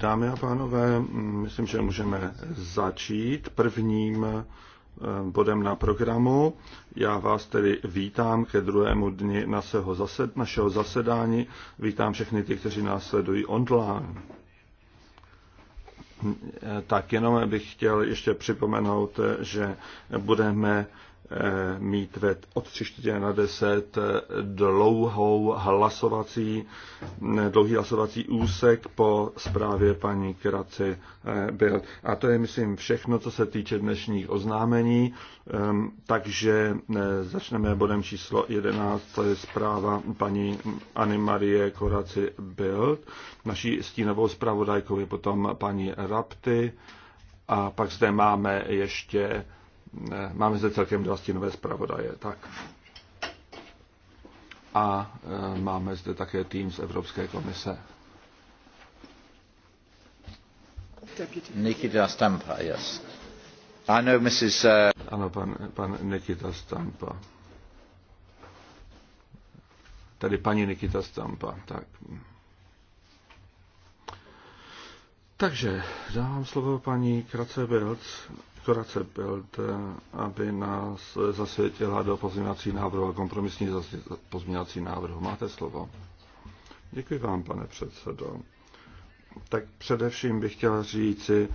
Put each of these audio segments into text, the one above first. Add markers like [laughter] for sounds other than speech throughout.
Dámy a pánové, myslím, že můžeme začít prvním eh, bodem na programu. Já vás tedy vítám ke druhému dni našeho, zased, našeho zasedání. Vítám všechny ty, kteří nás sledují online. Eh, tak jenom bych chtěl ještě připomenout, že budeme Eh, mít ve od 3 čtvrtě na 10 eh, dlouhou hlasovací, dlouhý hlasovací úsek po zprávě paní Kraci eh, byl. A to je, myslím, všechno, co se týče dnešních oznámení. Ehm, takže začneme bodem číslo 11, to je zpráva paní Anny Marie Koraci byl. Naší stínovou zpravodajkou je potom paní Rapty. A pak zde máme ještě Máme zde celkem dva stínové zpravodaje. Tak. A e, máme zde také tým z Evropské komise. Nikita Stampa, yes. I know Mrs. Uh... Ano, pan, pan Nikita Stampa. Tady paní Nikita Stampa, tak. Takže dávám slovo paní Kracebelc doktora Bild, aby nás zasvětila do pozměňovací návrhu a kompromisní pozměňovací návrhu. Máte slovo. Děkuji vám, pane předsedo. Tak především bych chtěl říci,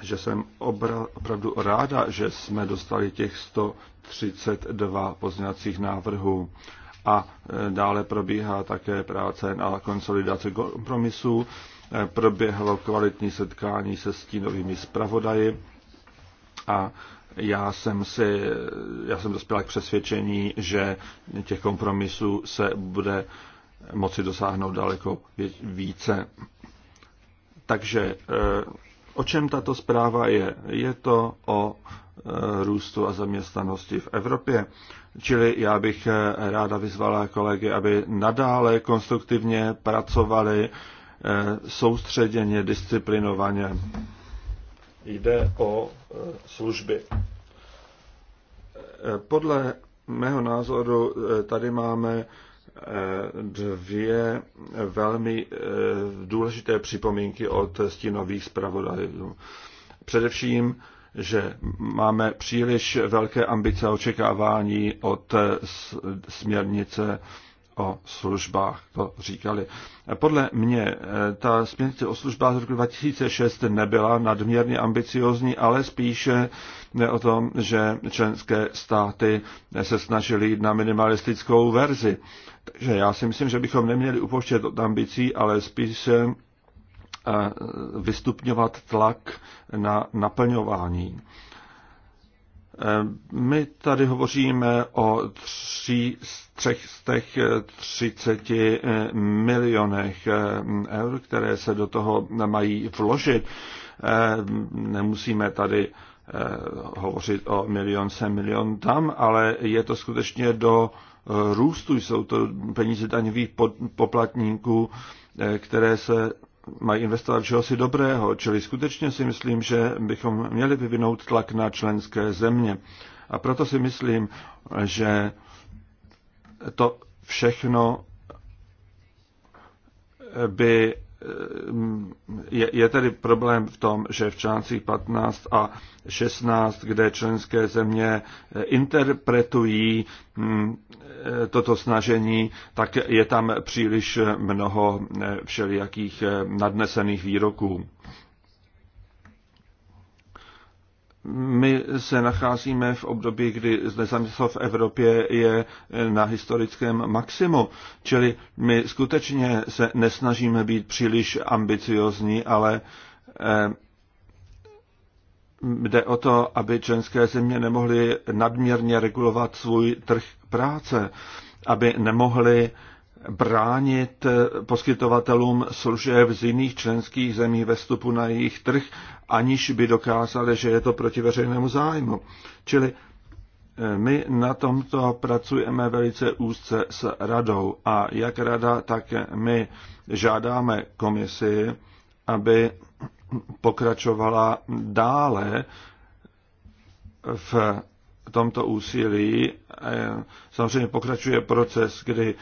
že jsem obra, opravdu ráda, že jsme dostali těch 132 pozměňovacích návrhů a e, dále probíhá také práce na konsolidaci kompromisů. E, proběhlo kvalitní setkání se stínovými zpravodaji a já jsem, si, já jsem dospěl k přesvědčení, že těch kompromisů se bude moci dosáhnout daleko více. Takže eh, o čem tato zpráva je? Je to o eh, růstu a zaměstnanosti v Evropě. Čili já bych eh, ráda vyzvala kolegy, aby nadále konstruktivně pracovali soustředěně, disciplinovaně jde o e, služby. E, podle mého názoru e, tady máme dvě velmi důležité připomínky od stínových zpravodajů. Především, že máme příliš velké ambice a očekávání od směrnice o službách to říkali. Podle mě eh, ta směrnice o službách z roku 2006 nebyla nadměrně ambiciozní, ale spíše ne o tom, že členské státy se snažily jít na minimalistickou verzi. Takže já si myslím, že bychom neměli upouštět od ambicí, ale spíše eh, vystupňovat tlak na naplňování. Eh, my tady hovoříme o tří, třech z těch eh, eh, milionech eur, které se do toho mají vložit. Nemusíme tady hovořit o milion sem, milion tam, ale je to skutečně do růstu. Jsou to peníze daňových poplatníků, které se mají investovat všeho si dobrého. Čili skutečně si myslím, že bychom měli vyvinout tlak na členské země. A proto si myslím, že to všechno by je, je tedy problém v tom, že v článcích 15 a 16, kde členské země interpretují hm, toto snažení, tak je tam příliš mnoho eh, všelijakých eh, nadnesených výroků. My se nacházíme v období, kdy nezaměstnanost v Evropě je na historickém maximu, čili my skutečně se nesnažíme být příliš ambiciozní, ale eh, jde o to, aby členské země nemohly nadměrně regulovat svůj trh práce, aby nemohly bránit poskytovatelům služeb z jiných členských zemí ve vstupu na jejich trh, aniž by dokázali, že je to proti veřejnému zájmu. Čili eh, my na tomto pracujeme velice úzce s radou a jak rada, tak my žádáme komisi, aby pokračovala dále v tomto úsilí. Eh, samozřejmě pokračuje proces, kdy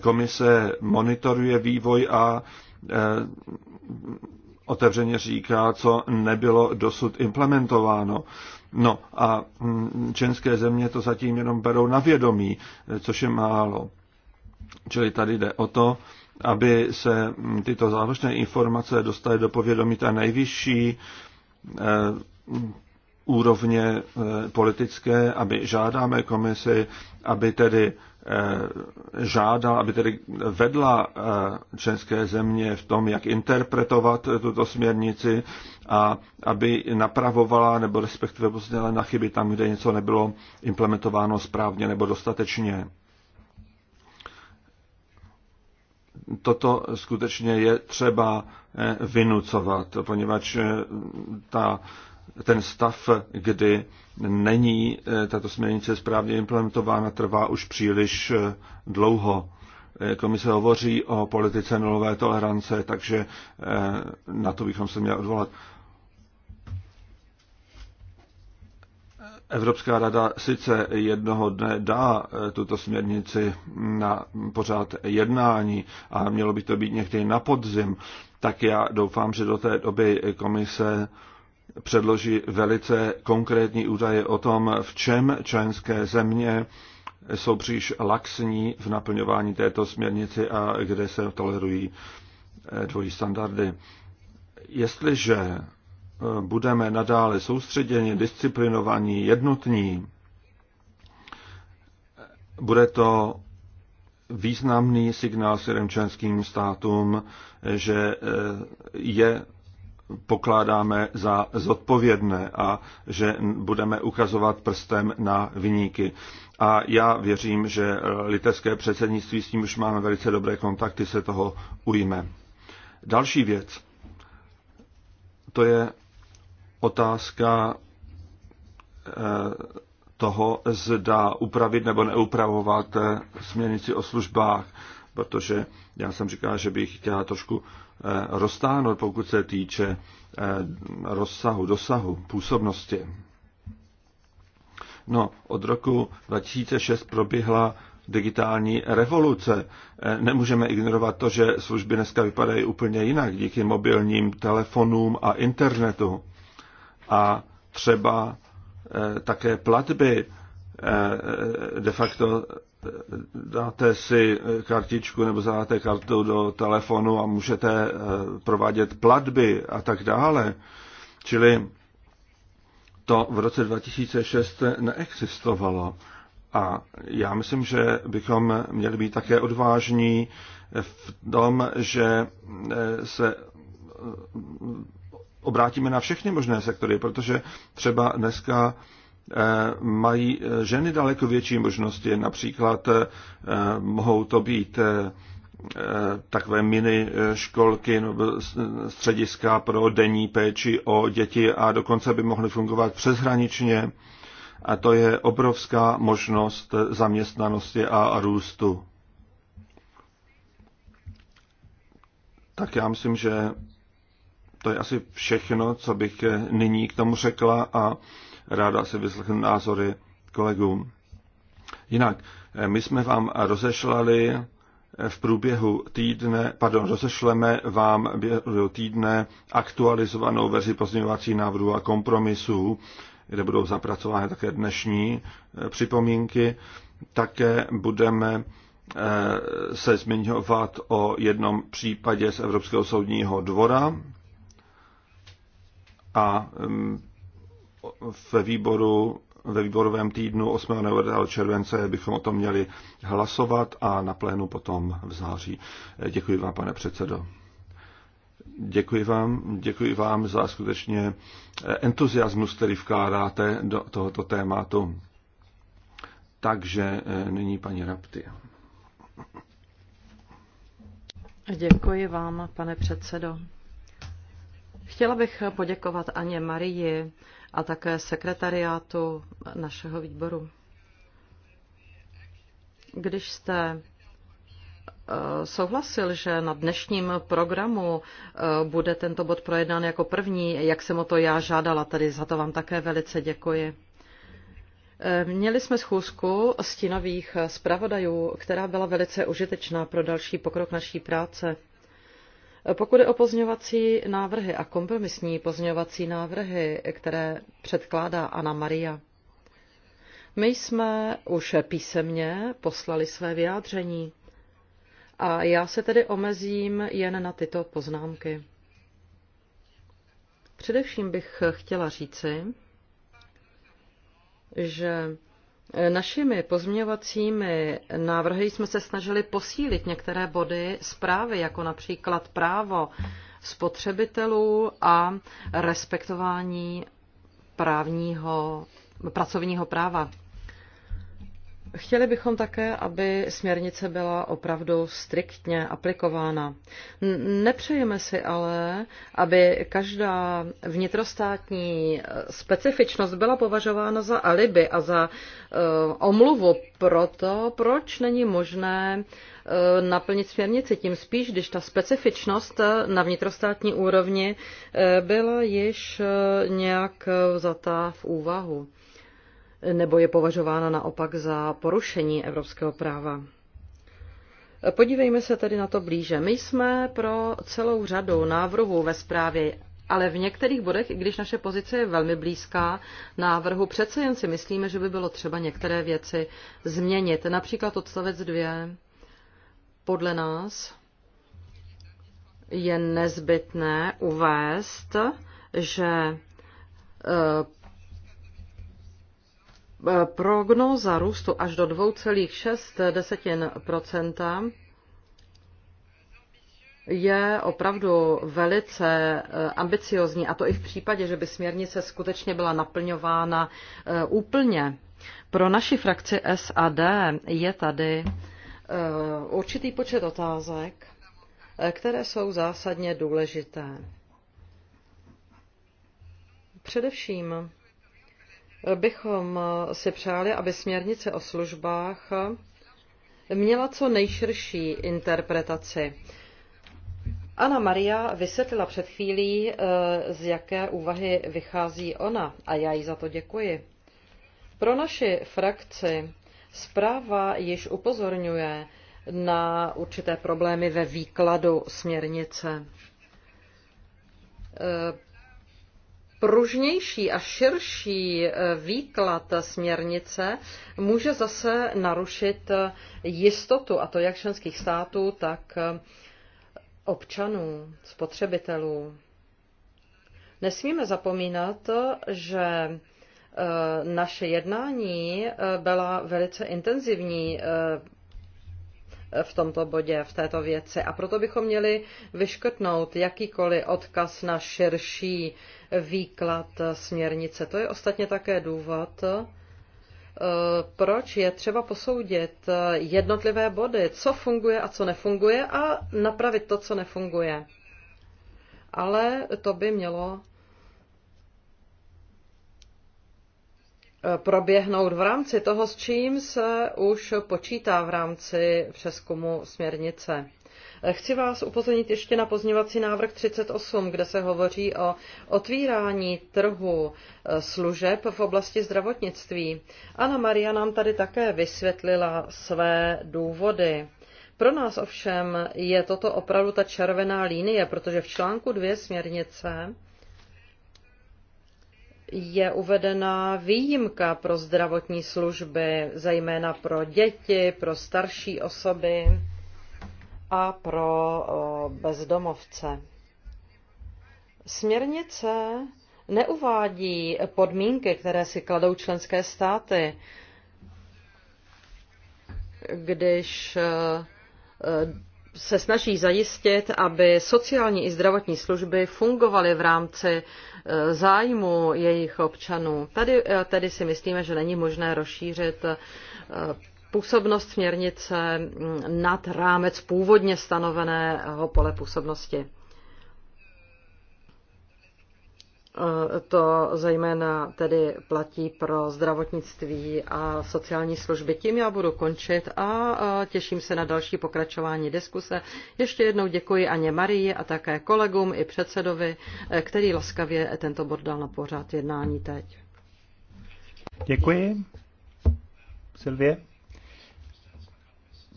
komise monitoruje vývoj a eh, otevřeně říká, co nebylo dosud implementováno. No a hm, české země to zatím jenom berou na vědomí, eh, což je málo. Čili tady jde o to, aby se hm, tyto závažné informace dostaly do povědomí té nejvyšší úrovně eh, politické, aby žádáme komisi, aby tedy eh, žádala, aby tedy vedla eh, české země v tom, jak interpretovat tuto směrnici a aby napravovala nebo respektive pozděla na chyby tam, kde něco nebylo implementováno správně nebo dostatečně. Toto skutečně je třeba vynucovat, poněvadž ta ten stav, kdy není eh, tato směrnice správně implementována, trvá už příliš eh, dlouho. Eh, komise hovoří o politice nulové tolerance, takže na to bychom se měli odvolat. Evropská rada sice jednoho dne dá tuto směrnici na pořád jednání a mělo by to být někdy na podzim, tak já doufám, že do té doby komise předloží velice konkrétní údaje o tom, v čem členské země jsou příliš laxní v naplňování této směrnici a kde se tolerují eh, dvojí standardy. Jestliže eh, budeme nadále soustředěni, disciplinovaní, jednotní, eh, bude to významný signál svým členským státům, že je pokládáme za zodpovědné a že budeme ukazovat prstem na vyníky. A já věřím, že litevské předsednictví, s tím už máme velice dobré kontakty, se toho ujme. Další věc, to je otázka eh, toho, zda upravit nebo neupravovat eh, směrnici o službách, protože já jsem říkal, že bych chtěla trošku Eh, roztáhnout, pokud se týče eh, rozsahu, dosahu, působnosti. No, od roku 2006 proběhla digitální revoluce. Eh, nemůžeme ignorovat to, že služby dneska vypadají úplně jinak díky mobilním telefonům a internetu. A třeba také platby de facto dáte si eh, kartičku nebo zadáte kartu do telefonu a můžete eh, provádět platby a tak dále. Čili to v roce 2006 neexistovalo. A já myslím, že bychom měli být také odvážní v tom, že eh, se obrátíme na všechny možné sektory, protože třeba dneska Eh, mají eh, ženy daleko větší možnosti. Například eh, mohou to být takové mini školky nebo střediska pro denní péči o děti a dokonce by mohly fungovat přeshraničně. A to je obrovská možnost zaměstnanosti a růstu. Tak já myslím, že to je asi všechno, co bych nyní k tomu řekla a ráda si vyslechnu názory kolegů. Jinak, eh, my jsme vám rozešlali eh, v průběhu týdne, pardon, rozešleme vám během týdne aktualizovanou verzi pozměňovací návrhu a kompromisů, kde budou zapracovány také dnešní eh, připomínky. Také budeme se zmiňovat o jednom případě z Evropského soudního dvora a mm, ve výboru ve výborovém týdnu 8. nebo července bychom o tom měli hlasovat a na plénu potom v září. Děkuji vám, pane předsedo. Děkuji vám, děkuji vám za skutečně entuziasmus, který vkládáte do tohoto tématu. Takže eh, nyní paní Rapty. Děkuji vám, pane předsedo. Chtěla bych poděkovat Aně Marii a také sekretariátu našeho výboru. Když jste eh, souhlasil, že na dnešním programu eh, bude tento bod projednán jako první, jak jsem o to já žádala, tedy za to vám také velice děkuji. Eh, měli jsme schůzku stínových zpravodajů, která byla velice užitečná pro další pokrok naší práce. Pokud jde o pozměňovací návrhy a kompromisní pozměňovací návrhy, které předkládá Anna Maria, my jsme už písemně poslali své vyjádření a já se tedy omezím jen na tyto poznámky. Především bych chtěla říci, že Našimi pozměňovacími návrhy jsme se snažili posílit některé body zprávy, jako například právo spotřebitelů a respektování právního, pracovního práva. Chtěli bychom také, aby směrnice byla opravdu striktně aplikována. Nepřejeme si ale, aby každá vnitrostátní eh, specifičnost byla považována za alibi a za uh, omluvu pro to, proč není možné uh, naplnit směrnici. Tím spíš, když ta specifičnost na vnitrostátní úrovni uh, byla již uh, nějak vzata v úvahu nebo je považována naopak za porušení evropského práva. Podívejme se tedy na to blíže. My jsme pro celou řadu návrhů ve zprávě, ale v některých bodech, i když naše pozice je velmi blízká návrhu, přece jen si myslíme, že by bylo třeba některé věci změnit. Například odstavec 2 podle nás je nezbytné uvést, že prognóza růstu až do 2,6 je opravdu velice eh, ambiciozní, a to i v případě, že by směrnice skutečně byla naplňována eh, úplně. Pro naši frakci SAD je tady eh, určitý počet otázek, které jsou zásadně důležité. Především bychom si přáli, aby směrnice o službách měla co nejširší interpretaci. Ana Maria vysvětlila před chvílí, eh, z jaké úvahy vychází ona a já jí za to děkuji. Pro naši frakci zpráva již upozorňuje na určité problémy ve výkladu směrnice eh, pružnější a širší eh, výklad směrnice může zase narušit eh, jistotu, a to jak členských států, tak eh, občanů, spotřebitelů. Nesmíme zapomínat, že naše jednání byla velice intenzivní v tomto bodě, v této věci. A proto bychom měli vyškrtnout jakýkoliv odkaz na širší výklad směrnice. To je ostatně také důvod, eh, proč je třeba posoudit eh, jednotlivé body, co funguje a co nefunguje a napravit to, co nefunguje. Ale to by mělo proběhnout v rámci toho, s čím se už počítá v rámci přeskumu směrnice. Chci vás upozornit ještě na pozněvací návrh 38, kde se hovoří o otvírání trhu eh, služeb v oblasti zdravotnictví. Ana Maria nám tady také vysvětlila své důvody. Pro nás ovšem je toto opravdu ta červená línie, protože v článku 2 směrnice je uvedena výjimka pro zdravotní služby, zejména pro děti, pro starší osoby a pro bezdomovce. Směrnice neuvádí podmínky, které si kladou členské státy, když se snaží zajistit, aby sociální i zdravotní služby fungovaly v rámci e, zájmu jejich občanů. Tady e, tady si myslíme, že není možné rozšířit e, působnost směrnice nad rámec původně stanoveného pole působnosti. Eh, to zejména tedy platí pro zdravotnictví a sociální služby. Tím já budu končit a eh, těším se na další pokračování diskuse. Ještě jednou děkuji Aně Marii a také kolegům i předsedovi, eh, který laskavě tento bod dal na pořád jednání teď. Děkuji. Silvie.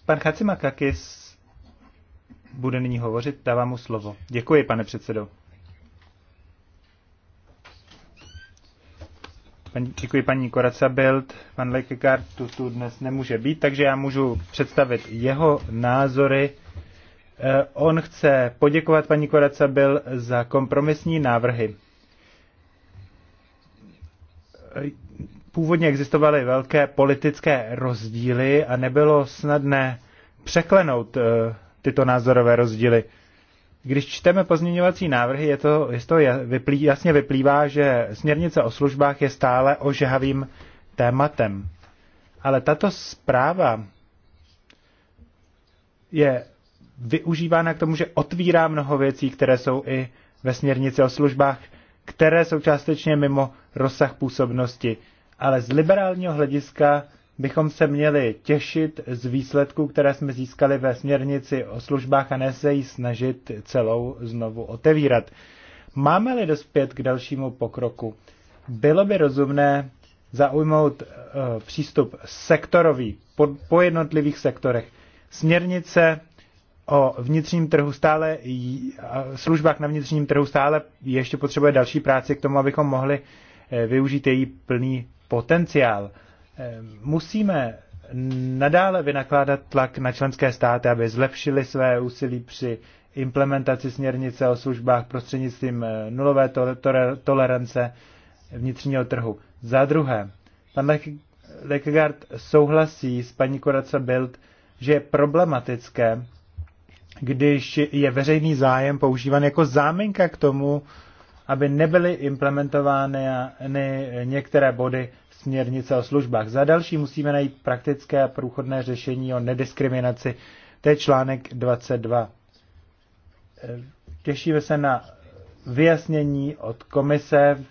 Pan Chacimakakis bude nyní hovořit, dávám mu slovo. Děkuji, pane předsedo. děkuji paní Koraca Bild. Pan Lekekard tu, tu dnes nemůže být, takže já můžu představit jeho názory. Eh, on chce poděkovat paní Koraca Bild za kompromisní návrhy. Eh, původně existovaly velké politické rozdíly a nebylo snadné překlenout eh, tyto názorové rozdíly. Když čteme pozměňovací návrhy, je to, je to vyplý, jasně vyplývá, že směrnice o službách je stále ožehavým tématem. Ale tato zpráva je využívána k tomu, že otvírá mnoho věcí, které jsou i ve směrnici o službách, které jsou částečně mimo rozsah působnosti. Ale z liberálního hlediska bychom se měli těšit z výsledků, které jsme získali ve směrnici o službách a ne se ji snažit celou znovu otevírat. Máme-li dospět k dalšímu pokroku, bylo by rozumné zaujmout uh, přístup sektorový, po, po jednotlivých sektorech. Směrnice o vnitřním trhu stále, službách na vnitřním trhu stále ještě potřebuje další práci k tomu, abychom mohli eh, využít její plný potenciál. Ehm, musíme nadále vynakládat tlak na členské státy, aby zlepšili své úsilí při implementaci směrnice o službách prostřednictvím eh, nulové tolerance vnitřního trhu. Za druhé, pan Lekegaard souhlasí s paní Koraca Bild, že je problematické, když je veřejný zájem používán jako záminka k tomu, aby nebyly implementovány některé body směrnice o službách. Za další musíme najít praktické a průchodné řešení o nediskriminaci. To je článek 22. Těšíme se na vyjasnění od komise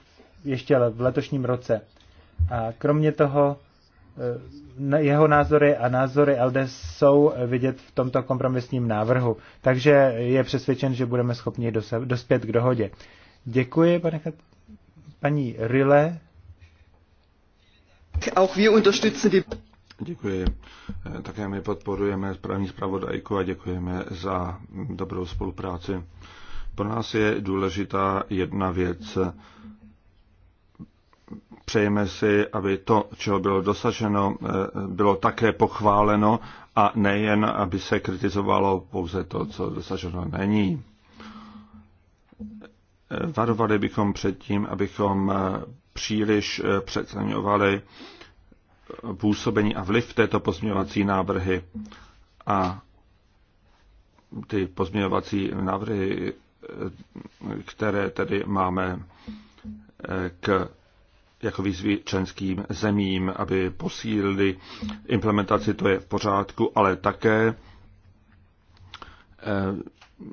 ještě v letošním roce. A kromě toho eh, jeho názory a názory LDS jsou vidět v tomto kompromisním návrhu. Takže je přesvědčen, že budeme schopni dospět k dohodě. Děkuji, pane, paní Rille. Auch wir unterstützen die... Děkuji. Eh, také my podporujeme správní zpravodajku a děkujeme za dobrou spolupráci. Pro nás je důležitá jedna věc. Přejeme si, aby to, čeho bylo dosaženo, eh, bylo také pochváleno a nejen, aby se kritizovalo pouze to, co dosaženo není. Eh, varovali bychom před tím, abychom příliš přeceňovali působení a vliv této pozměňovací návrhy a ty pozměňovací návrhy, které tedy máme eh, k jako výzvy členským zemím, aby posílili implementaci, to je v pořádku, ale také eh,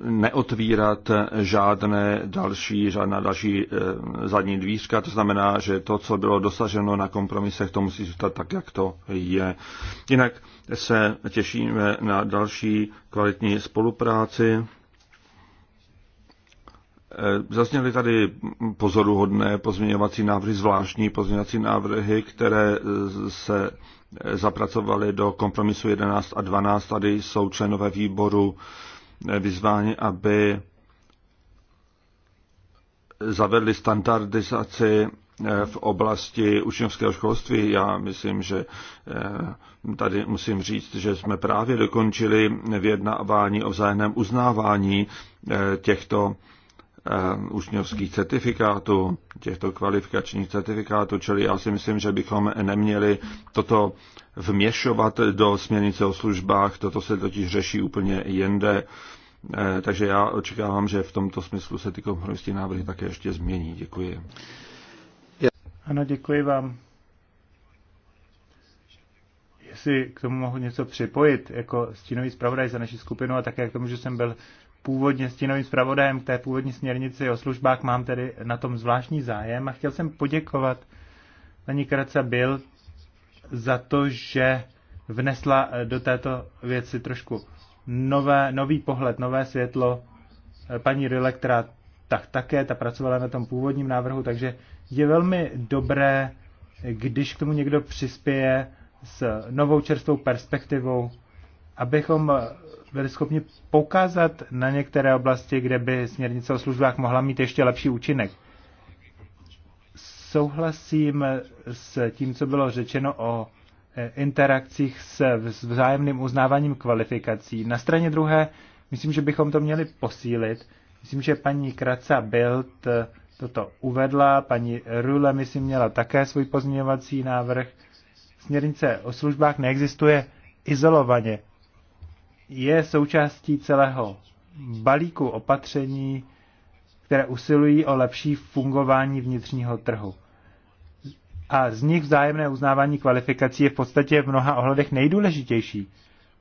neotvírat žádné další, žádná další eh, zadní dvířka. To znamená, že to, co bylo dosaženo na kompromisech, to musí zůstat tak, jak to je. Jinak se těšíme na další kvalitní spolupráci. Eh, zazněly tady pozoruhodné pozměňovací návrhy, zvláštní pozměňovací návrhy, které eh, se zapracovaly do kompromisu 11 a 12. Tady jsou členové výboru vyzváni, aby zavedli standardizaci eh, v oblasti učňovského školství. Já myslím, že eh, tady musím říct, že jsme právě dokončili vyjednávání o vzájemném uznávání eh, těchto Eh, učňovských certifikátů, těchto kvalifikačních certifikátů, čili já si myslím, že bychom neměli toto vměšovat do směrnice o službách, toto se totiž řeší úplně jinde. Eh, takže já očekávám, že v tomto smyslu se ty kompromisní návrhy také ještě změní. Děkuji. Ano, děkuji vám. Jestli k tomu mohu něco připojit, jako stínový zpravodaj za naši skupinu a také k tomu, že jsem byl původně stínovým zpravodajem k té původní směrnici o službách, mám tedy na tom zvláštní zájem a chtěl jsem poděkovat paní Kraca Bill za to, že vnesla eh, do této věci trošku nové, nový pohled, nové světlo. Eh, paní Rile, která tak také, ta pracovala na tom původním návrhu, takže je velmi dobré, když k tomu někdo přispěje s novou čerstvou perspektivou, abychom eh, byli schopni poukázat na některé oblasti, kde by směrnice o službách mohla mít ještě lepší účinek. Souhlasím s tím, co bylo řečeno o e, interakcích s vzájemným uznáváním kvalifikací. Na straně druhé, myslím, že bychom to měli posílit. Myslím, že paní Kraca Bild e, toto uvedla, paní Rule, myslím, měla také svůj pozměňovací návrh. Směrnice o službách neexistuje izolovaně je součástí celého balíku opatření, které usilují o lepší fungování vnitřního trhu. A z nich vzájemné uznávání kvalifikací je v podstatě v mnoha ohledech nejdůležitější,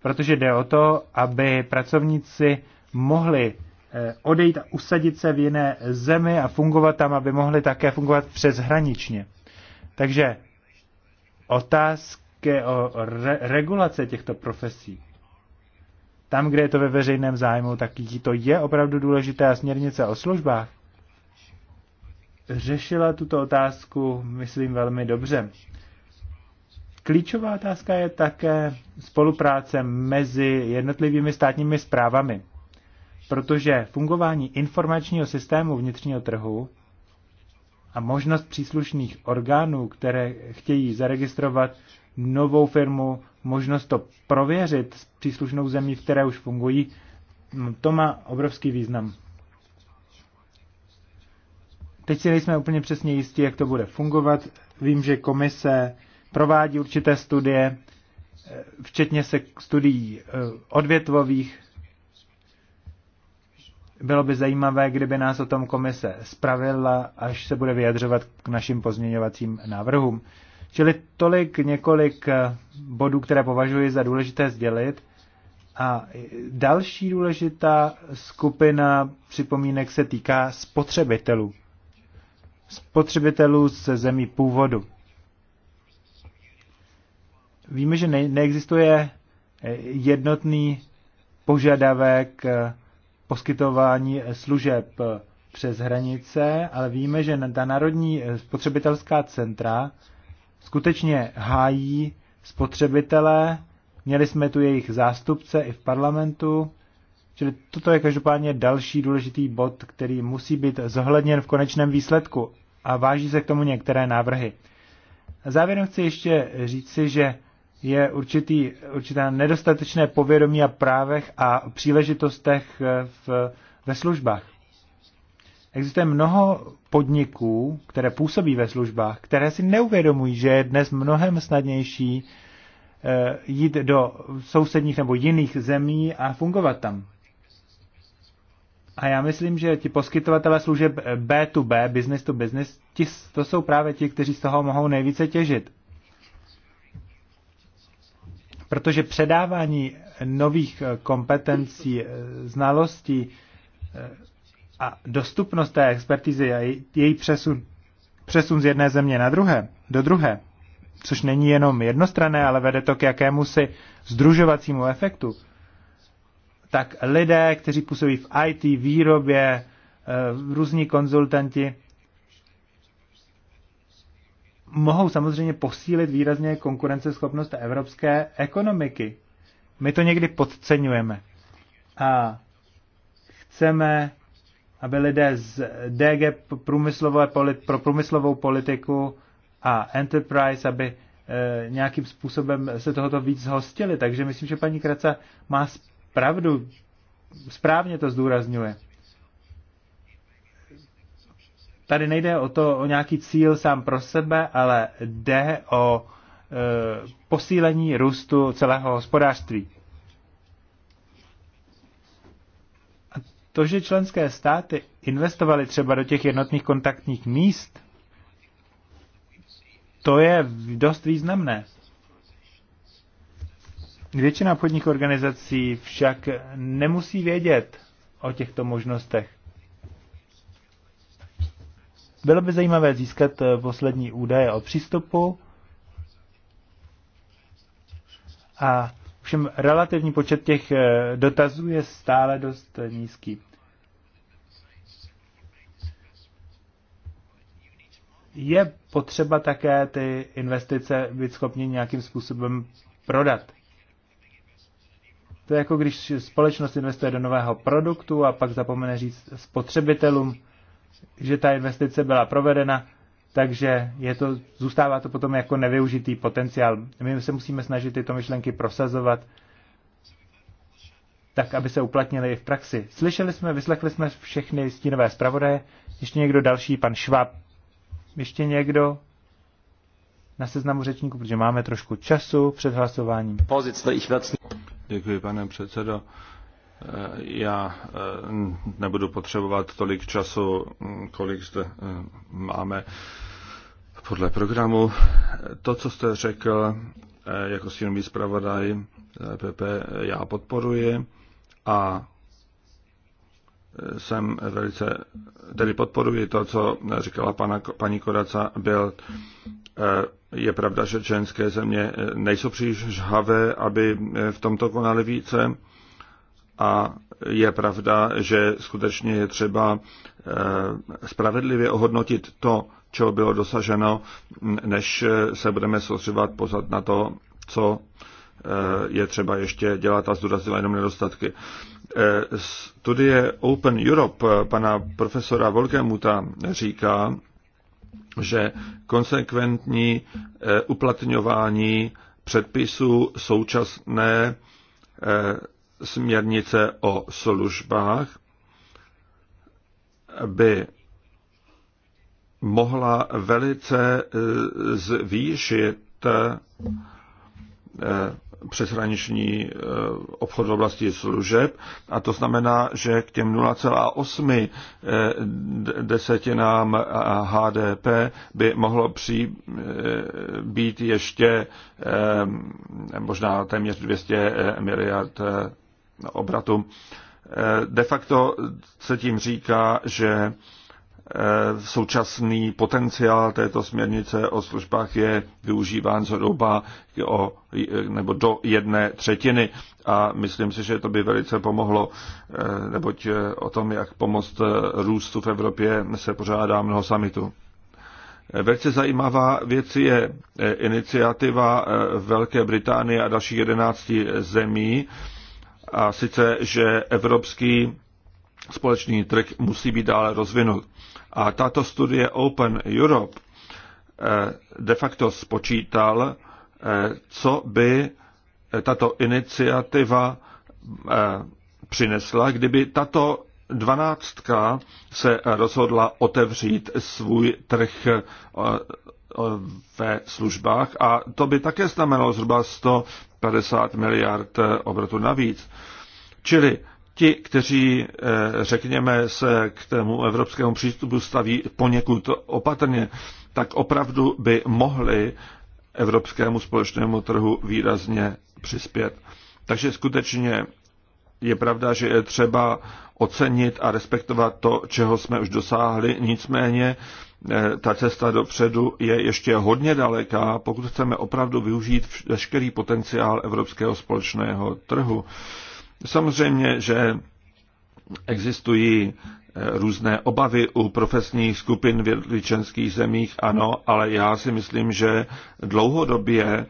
protože jde o to, aby pracovníci mohli eh, odejít a usadit se v jiné zemi a fungovat tam, aby mohli také fungovat přeshraničně. Takže otázky o re- regulace těchto profesí tam, kde je to ve veřejném zájmu, tak to je opravdu důležité a směrnice o službách řešila tuto otázku, myslím, velmi dobře. Klíčová otázka je také spolupráce mezi jednotlivými státními zprávami, protože fungování informačního systému vnitřního trhu a možnost příslušných orgánů, které chtějí zaregistrovat novou firmu možnost to prověřit s příslušnou zemí, v které už fungují, no, to má obrovský význam. Teď si nejsme úplně přesně jistí, jak to bude fungovat. Vím, že komise provádí určité studie, eh, včetně se studií eh, odvětvových. Bylo by zajímavé, kdyby nás o tom komise spravila, až se bude vyjadřovat k našim pozměňovacím návrhům. Čili tolik několik eh, bodů, které považuji za důležité sdělit. A další důležitá skupina připomínek se týká spotřebitelů. Spotřebitelů ze zemí původu. Víme, že ne- neexistuje eh, jednotný požadavek eh, poskytování služeb přes hranice, ale víme, že ta národní spotřebitelská centra skutečně hájí spotřebitelé. Měli jsme tu jejich zástupce i v parlamentu. Čili toto je každopádně další důležitý bod, který musí být zohledněn v konečném výsledku a váží se k tomu některé návrhy. Závěrem chci ještě říci, že je určitý, určitá nedostatečné povědomí a právech a příležitostech eh, v, ve službách. Existuje mnoho podniků, které působí ve službách, které si neuvědomují, že je dnes mnohem snadnější eh, jít do sousedních nebo jiných zemí a fungovat tam. A já myslím, že ti poskytovatelé služeb B2B, eh, business to business, ti, to jsou právě ti, kteří z toho mohou nejvíce těžit. Protože předávání nových eh, kompetencí, znalostí, a dostupnost té expertizy a její přesun, přesun z jedné země na druhé, do druhé, což není jenom jednostrané, ale vede to k jakémusi združovacímu efektu, tak lidé, kteří působí v IT, výrobě, eh, různí konzultanti, mohou samozřejmě posílit výrazně konkurenceschopnost evropské ekonomiky. My to někdy podceňujeme. A chceme aby lidé z DG průmyslové pro průmyslovou politiku a Enterprise, aby e, nějakým způsobem se tohoto víc zhostili. Takže myslím, že paní Kraca má pravdu, správně to zdůrazňuje. Tady nejde o to, o nějaký cíl sám pro sebe, ale jde o e, posílení růstu celého hospodářství. To, že členské státy investovaly třeba do těch jednotných kontaktních míst, to je dost významné. Většina obchodních organizací však nemusí vědět o těchto možnostech. Bylo by zajímavé získat eh, poslední údaje o přístupu a Ovšem relativní počet těch eh, dotazů je stále dost eh, nízký. Je potřeba také ty investice být schopni nějakým způsobem prodat. To je jako když společnost investuje do nového produktu a pak zapomene říct spotřebitelům, že ta investice byla provedena takže je to, zůstává to potom jako nevyužitý potenciál. My se musíme snažit tyto myšlenky prosazovat tak, aby se uplatnily i v praxi. Slyšeli jsme, vyslechli jsme všechny stínové zpravodaje. Ještě někdo další, pan Švab. Ještě někdo na seznamu řečníků, protože máme trošku času před hlasováním. Děkuji, pane předsedo. Já eh, nebudu potřebovat tolik času, kolik zde eh, máme podle programu. To, co jste řekl eh, jako silný zpravodaj PP, já podporuji a jsem velice, tedy podporuji to, co říkala pana, paní Koraca, byl, je pravda, že ženské země nejsou příliš žhavé, aby v tomto konali více, a je pravda, že skutečně je třeba eh, spravedlivě ohodnotit to, čeho bylo dosaženo, než eh, se budeme soustředovat pozad na to, co eh, je třeba ještě dělat a zdůraznila jenom nedostatky. Studie Open Europe pana profesora Volkemuta říká, že konsekventní uplatňování předpisů současné směrnice o službách by mohla velice e, zvýšit e, přeshraniční e, obchod v oblasti služeb a to znamená, že k těm 0,8 desetinám HDP by mohlo při, být ještě možná téměř 200 miliard obratu. Eh, de facto se tím říká, že eh, současný potenciál této směrnice o službách je využíván zhruba o, nebo do jedné třetiny a myslím si, že to by velice pomohlo, eh, neboť o tom, jak pomoct růstu v Evropě, se pořádá mnoho samitu. Velice zajímavá věc je iniciativa Velké Británie a dalších jedenácti zemí, a sice, že evropský společný trh musí být dále rozvinut. A tato studie Open Europe eh, de facto spočítal, eh, co by eh, tato iniciativa přinesla, kdyby tato dvanáctka se rozhodla otevřít svůj trh ve službách a to by také znamenalo zhruba 150 miliard eh, obratu navíc. Čili ti, kteří, eh, řekněme, se k tomu evropskému přístupu staví poněkud opatrně, tak opravdu by mohli evropskému společnému trhu výrazně přispět. Takže skutečně je pravda, že je třeba ocenit a respektovat to, čeho jsme už dosáhli, nicméně Eh, ta cesta dopředu je ještě hodně daleká, pokud chceme opravdu využít veškerý potenciál evropského společného trhu. Samozřejmě, že existují eh, různé obavy u profesních skupin v jednotlivých zemích, ano, ale já si myslím, že dlouhodobě eh,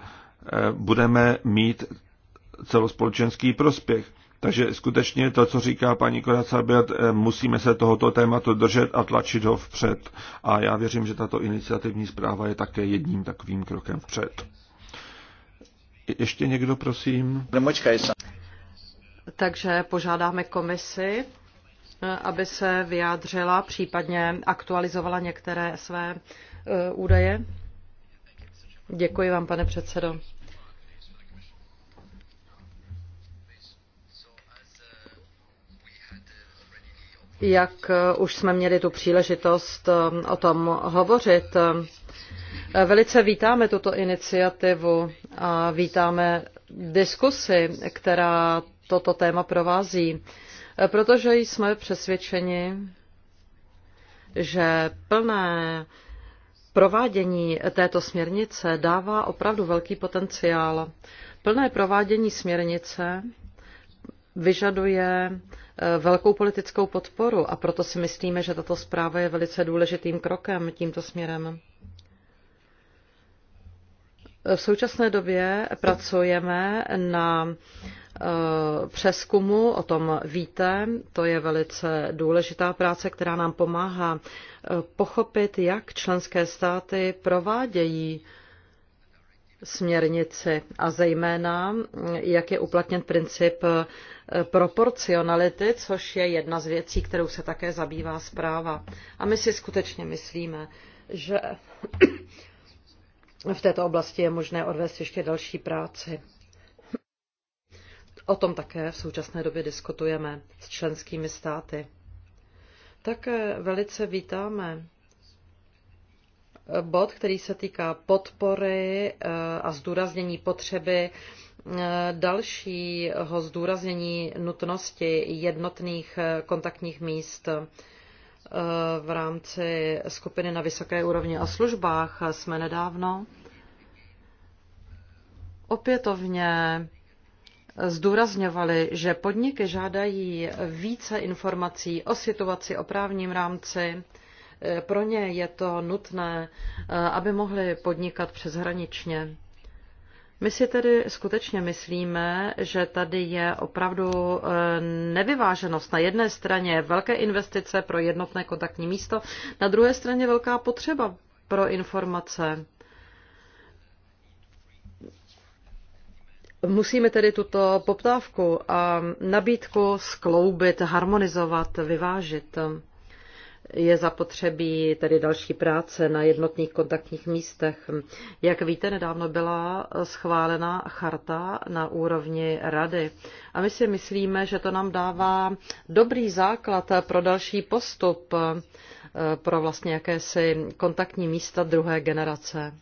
budeme mít celospolečenský prospěch. Takže skutečně to, co říká paní Bert, eh, musíme se tohoto tématu držet a tlačit ho vpřed. A já věřím, že tato iniciativní zpráva je také jedním takovým krokem vpřed. Ještě někdo, prosím? Nemočkej se. Takže požádáme komisi, eh, aby se vyjádřila, případně aktualizovala některé své eh, údaje. Děkuji vám, pane předsedo. jak eh, už jsme měli tu příležitost eh, o tom hovořit, eh, velice vítáme tuto iniciativu a vítáme diskusi, která toto téma provází, protože jsme přesvědčeni, že plné provádění této směrnice dává opravdu velký potenciál. Plné provádění směrnice vyžaduje eh, velkou politickou podporu a proto si myslíme, že tato zpráva je velice důležitým krokem tímto směrem. Eh, v současné době pracujeme na eh, přeskumu, o tom víte, to je velice důležitá práce, která nám pomáhá pochopit, jak členské státy provádějí směrnici a zejména, jak je uplatněn princip eh, proporcionality, což je jedna z věcí, kterou se také zabývá zpráva. A my si skutečně myslíme, že [clears throat] v této oblasti je možné odvést ještě další práci. O tom také v současné době diskutujeme s členskými státy. Také velice vítáme bod, který se týká podpory eh, a zdůraznění potřeby eh, dalšího zdůraznění nutnosti jednotných eh, kontaktních míst v rámci skupiny na vysoké úrovni a službách jsme nedávno opětovně zdůrazňovali, že podniky žádají více informací o situaci, o právním rámci, pro ně je to nutné, eh, aby mohli podnikat přeshraničně. My si tedy skutečně myslíme, že tady je opravdu eh, nevyváženost. Na jedné straně velké investice pro jednotné kontaktní místo, na druhé straně velká potřeba pro informace. Musíme tedy tuto poptávku a nabídku skloubit, harmonizovat, vyvážit je zapotřebí tedy další práce na jednotných kontaktních místech. Jak víte, nedávno byla schválena charta na úrovni rady a my si myslíme, že to nám dává dobrý základ pro další postup eh, pro vlastně jakési kontaktní místa druhé generace.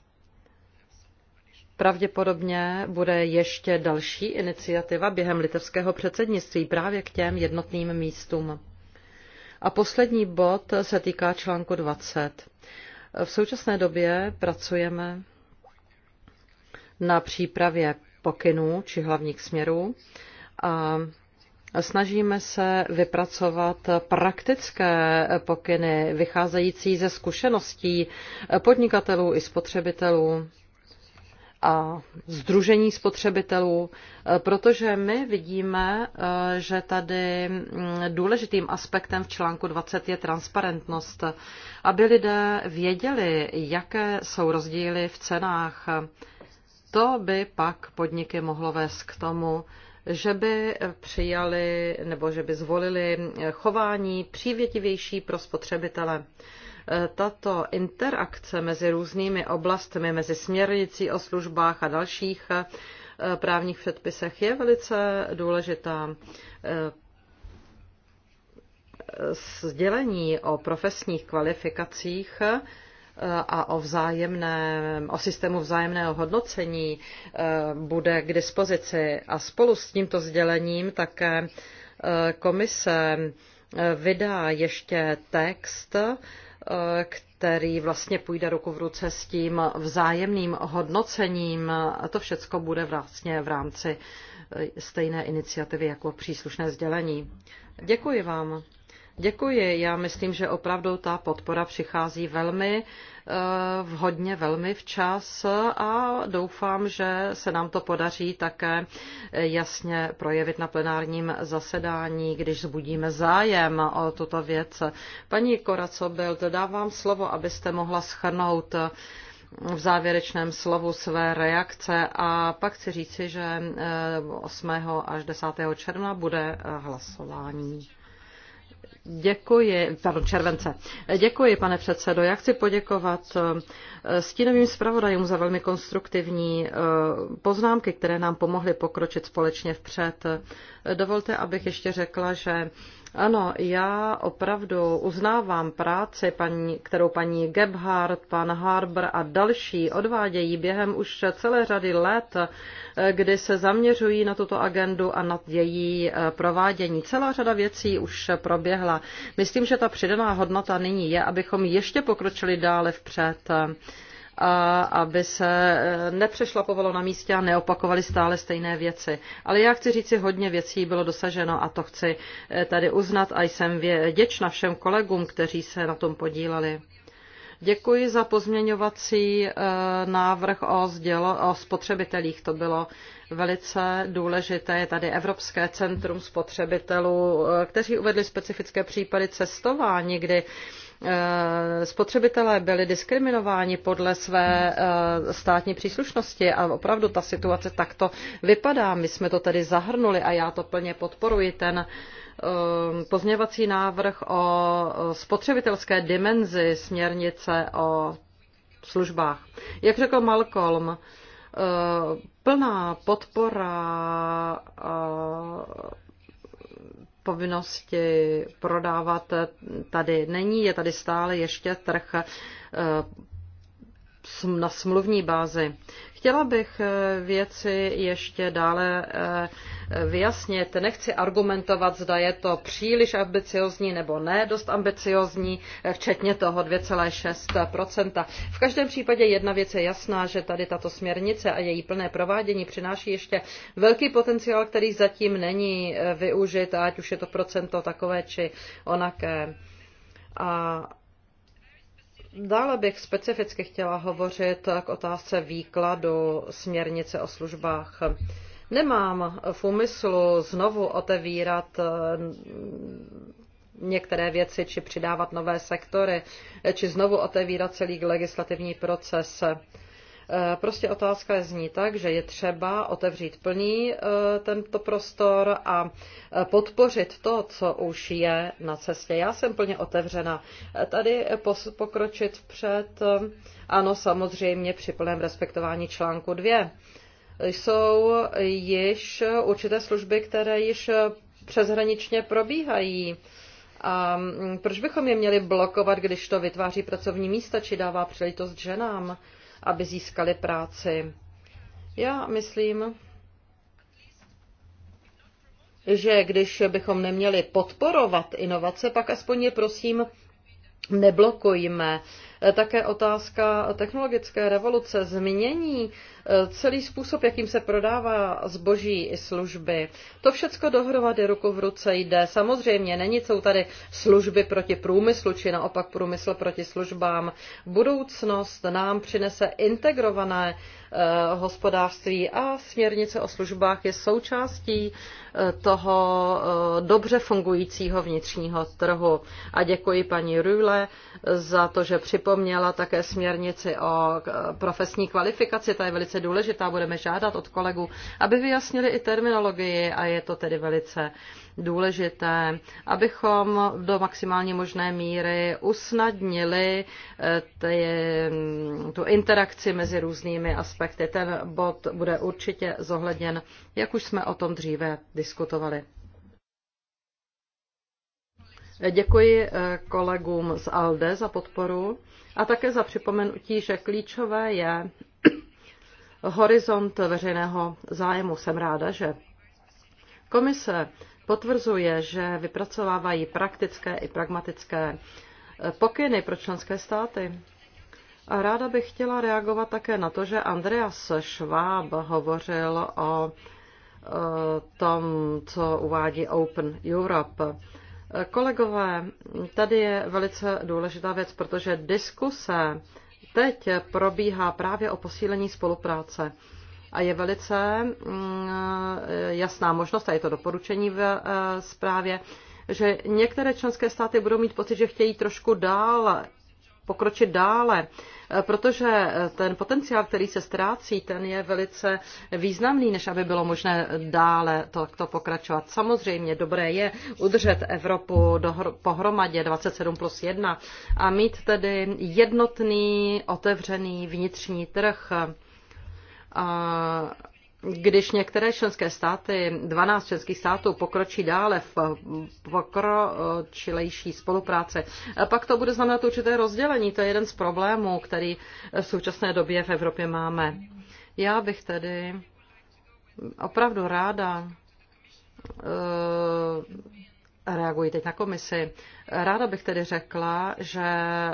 Pravděpodobně bude ještě další iniciativa během litevského předsednictví právě k těm jednotným místům. A poslední bod se týká článku 20. V současné době pracujeme na přípravě pokynů či hlavních směrů a Snažíme se vypracovat praktické pokyny vycházející ze zkušeností podnikatelů i spotřebitelů a združení spotřebitelů, eh, protože my vidíme, eh, že tady mm, důležitým aspektem v článku 20 je transparentnost, aby lidé věděli, jaké jsou rozdíly v cenách. To by pak podniky mohlo vést k tomu, že by přijali nebo že by zvolili chování přívětivější pro spotřebitele tato interakce mezi různými oblastmi, mezi směrnicí o službách a dalších eh, právních předpisech je velice důležitá. Eh, sdělení o profesních kvalifikacích eh, a o, vzájemném, o systému vzájemného hodnocení bude k dispozici. A spolu s tímto sdělením také komise vydá ještě text, Eh, který vlastně půjde ruku v ruce s tím vzájemným hodnocením. A to všechno bude vlastně v rámci eh, stejné iniciativy jako příslušné sdělení. Děkuji vám. Děkuji. Já myslím, že opravdu ta podpora přichází velmi eh, vhodně, velmi včas a doufám, že se nám to podaří také jasně projevit na plenárním zasedání, když zbudíme zájem o tuto věc. Paní Koraco, byl, dodávám slovo, abyste mohla schrnout v závěrečném slovu své reakce a pak chci říci, že 8. Eh, až 10. června bude eh, hlasování. Děkuji, pardon, července. Děkuji, pane předsedo. Já chci poděkovat eh, stínovým zpravodajům za velmi konstruktivní eh, poznámky, které nám pomohly pokročit společně vpřed. Dovolte, abych ještě řekla, že ano, já opravdu uznávám práci, paní, kterou paní Gebhardt, pan Harbour a další odvádějí během už celé řady let, kdy se zaměřují na tuto agendu a na její eh, provádění. Celá řada věcí už proběhla. Myslím, že ta přidaná hodnota nyní je, abychom ještě pokročili dále vpřed a aby se eh, nepřešlapovalo na místě a neopakovaly stále stejné věci. Ale já chci říct, že hodně věcí bylo dosaženo a to chci eh, tady uznat a jsem vděčna všem kolegům, kteří se na tom podíleli. Děkuji za pozměňovací eh, návrh o, sdělo, o spotřebitelích. To bylo velice důležité. Je tady Evropské centrum spotřebitelů, kteří uvedli specifické případy cestování, kdy Eh, spotřebitelé byli diskriminováni podle své eh, státní příslušnosti a opravdu ta situace takto vypadá. My jsme to tedy zahrnuli a já to plně podporuji, ten eh, pozměňovací návrh o spotřebitelské dimenzi směrnice o službách. Jak řekl Malcolm, plná podpora povinnosti prodávat tady není, je tady stále ještě trh eh, na smluvní bázi. Chtěla bych eh, věci ještě dále eh, vyjasnit. Nechci argumentovat, zda je to příliš ambiciozní nebo ne dost ambiciozní, eh, včetně toho 2,6 V každém případě jedna věc je jasná, že tady tato směrnice a její plné provádění přináší ještě velký potenciál, který zatím není využit, ať už je to procento takové či onaké. A Dále bych specificky chtěla hovořit k otázce výkladu směrnice o službách. Nemám v úmyslu znovu otevírat eh, některé věci, či přidávat nové sektory, či znovu otevírat celý legislativní proces. Eh, prostě otázka je zní tak, že je třeba otevřít plný eh, tento prostor a eh, podpořit to, co už je na cestě. Já jsem plně otevřena tady pokročit vpřed, ano, samozřejmě při plném respektování článku 2 jsou již určité služby, které již přeshraničně probíhají. A mm, proč bychom je měli blokovat, když to vytváří pracovní místa či dává příležitost ženám? aby získali práci. Já myslím, že když bychom neměli podporovat inovace, pak aspoň je prosím neblokujme Eh, také otázka technologické revoluce změní eh, celý způsob, jakým se prodává zboží i služby. To všechno dohromady ruku v ruce jde. Samozřejmě není, jsou tady služby proti průmyslu, či naopak průmysl proti službám. Budoucnost nám přinese integrované eh, hospodářství a směrnice o službách je součástí toho dobře fungujícího vnitřního trhu. A děkuji paní Rule za to, že připomíná připomněla také směrnici o profesní kvalifikaci, ta je velice důležitá, budeme žádat od kolegů, aby vyjasnili i terminologii a je to tedy velice důležité, abychom do maximální možné míry usnadnili eh, ty, mm, tu interakci mezi různými aspekty. Ten bod bude určitě zohledněn, jak už jsme o tom dříve diskutovali. Děkuji eh, kolegům z ALDE za podporu a také za připomenutí, že klíčové je [clears throat] horizont veřejného zájmu. Jsem ráda, že komise potvrzuje, že vypracovávají praktické i pragmatické eh, pokyny pro členské státy. A ráda bych chtěla reagovat také na to, že Andreas Schwab hovořil o eh, tom, co uvádí Open Europe. Kolegové, tady je velice důležitá věc, protože diskuse teď probíhá právě o posílení spolupráce. A je velice mm, jasná možnost, a je to doporučení v eh, zprávě, že některé členské státy budou mít pocit, že chtějí trošku dál pokročit dále, eh, protože eh, ten potenciál, který se ztrácí, ten je velice významný, než aby bylo možné dále to, to pokračovat. Samozřejmě dobré je udržet Evropu dohr- pohromadě 27 plus 1 a mít tedy jednotný, otevřený vnitřní trh. A když některé členské státy, 12 členských států, pokročí dále v pokročilejší spolupráci, pak to bude znamenat určité rozdělení. To je jeden z problémů, který v současné době v Evropě máme. Já bych tedy opravdu ráda eh, reaguji teď na komisi. Ráda bych tedy řekla, že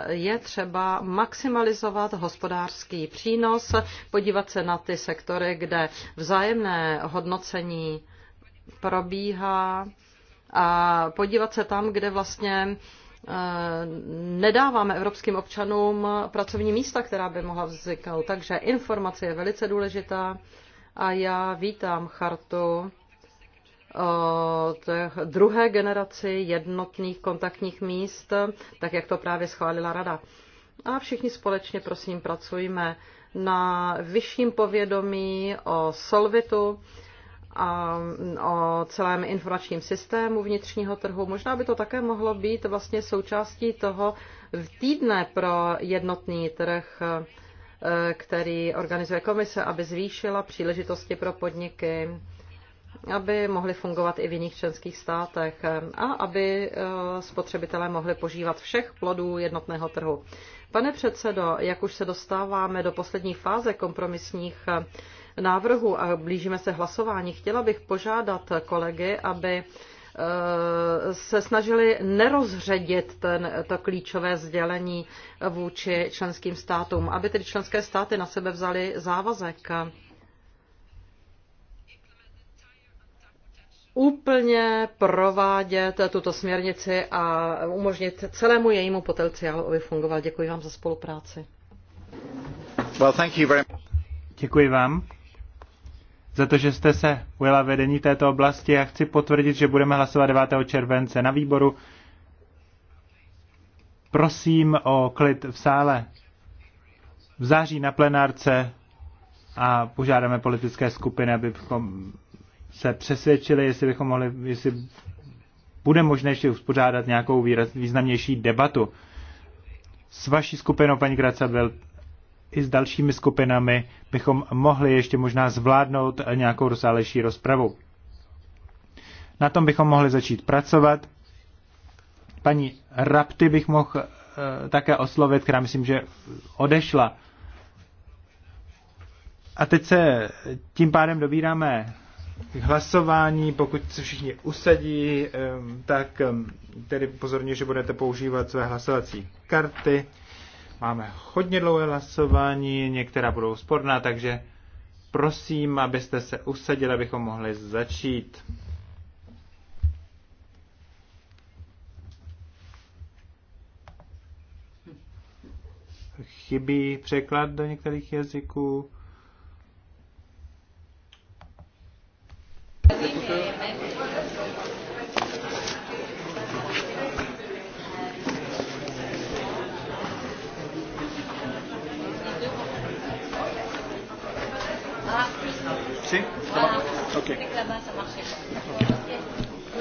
je třeba maximalizovat hospodářský přínos, podívat se na ty sektory, kde vzájemné hodnocení probíhá a podívat se tam, kde vlastně eh, nedáváme evropským občanům pracovní místa, která by mohla vzniknout. Takže informace je velice důležitá a já vítám chartu o druhé generaci jednotných kontaktních míst, tak jak to právě schválila Rada. A všichni společně, prosím, pracujeme na vyšším povědomí o solvitu, a o celém informačním systému vnitřního trhu. Možná by to také mohlo být vlastně součástí toho v týdne pro jednotný trh, eh, který organizuje komise, aby zvýšila příležitosti pro podniky aby mohly fungovat i v jiných členských státech a aby eh, spotřebitelé mohli požívat všech plodů jednotného trhu. Pane předsedo, jak už se dostáváme do poslední fáze kompromisních eh, návrhů a blížíme se hlasování, chtěla bych požádat kolegy, aby eh, se snažili nerozředit ten, to klíčové sdělení vůči členským státům, aby tedy členské státy na sebe vzali závazek úplně provádět tuto směrnici a umožnit celému jejímu potenciálu, aby fungoval. Děkuji vám za spolupráci. Well, thank you very much. Děkuji vám za to, že jste se ujela vedení této oblasti a chci potvrdit, že budeme hlasovat 9. července na výboru. Prosím o klid v sále. V září na plenárce a požádáme politické skupiny, abychom se přesvědčili, jestli bychom mohli, jestli bude možné ještě uspořádat nějakou výraz, významnější debatu. S vaší skupinou, paní Graca, byl i s dalšími skupinami bychom mohli ještě možná zvládnout nějakou rozsálejší rozpravu. Na tom bychom mohli začít pracovat. Paní Rapty bych mohl eh, také oslovit, která myslím, že odešla. A teď se tím pádem dobíráme hlasování, pokud se všichni usadí, tak tedy pozorně, že budete používat své hlasovací karty. Máme hodně dlouhé hlasování, některá budou sporná, takže prosím, abyste se usadili, abychom mohli začít. Chybí překlad do některých jazyků. Si, ça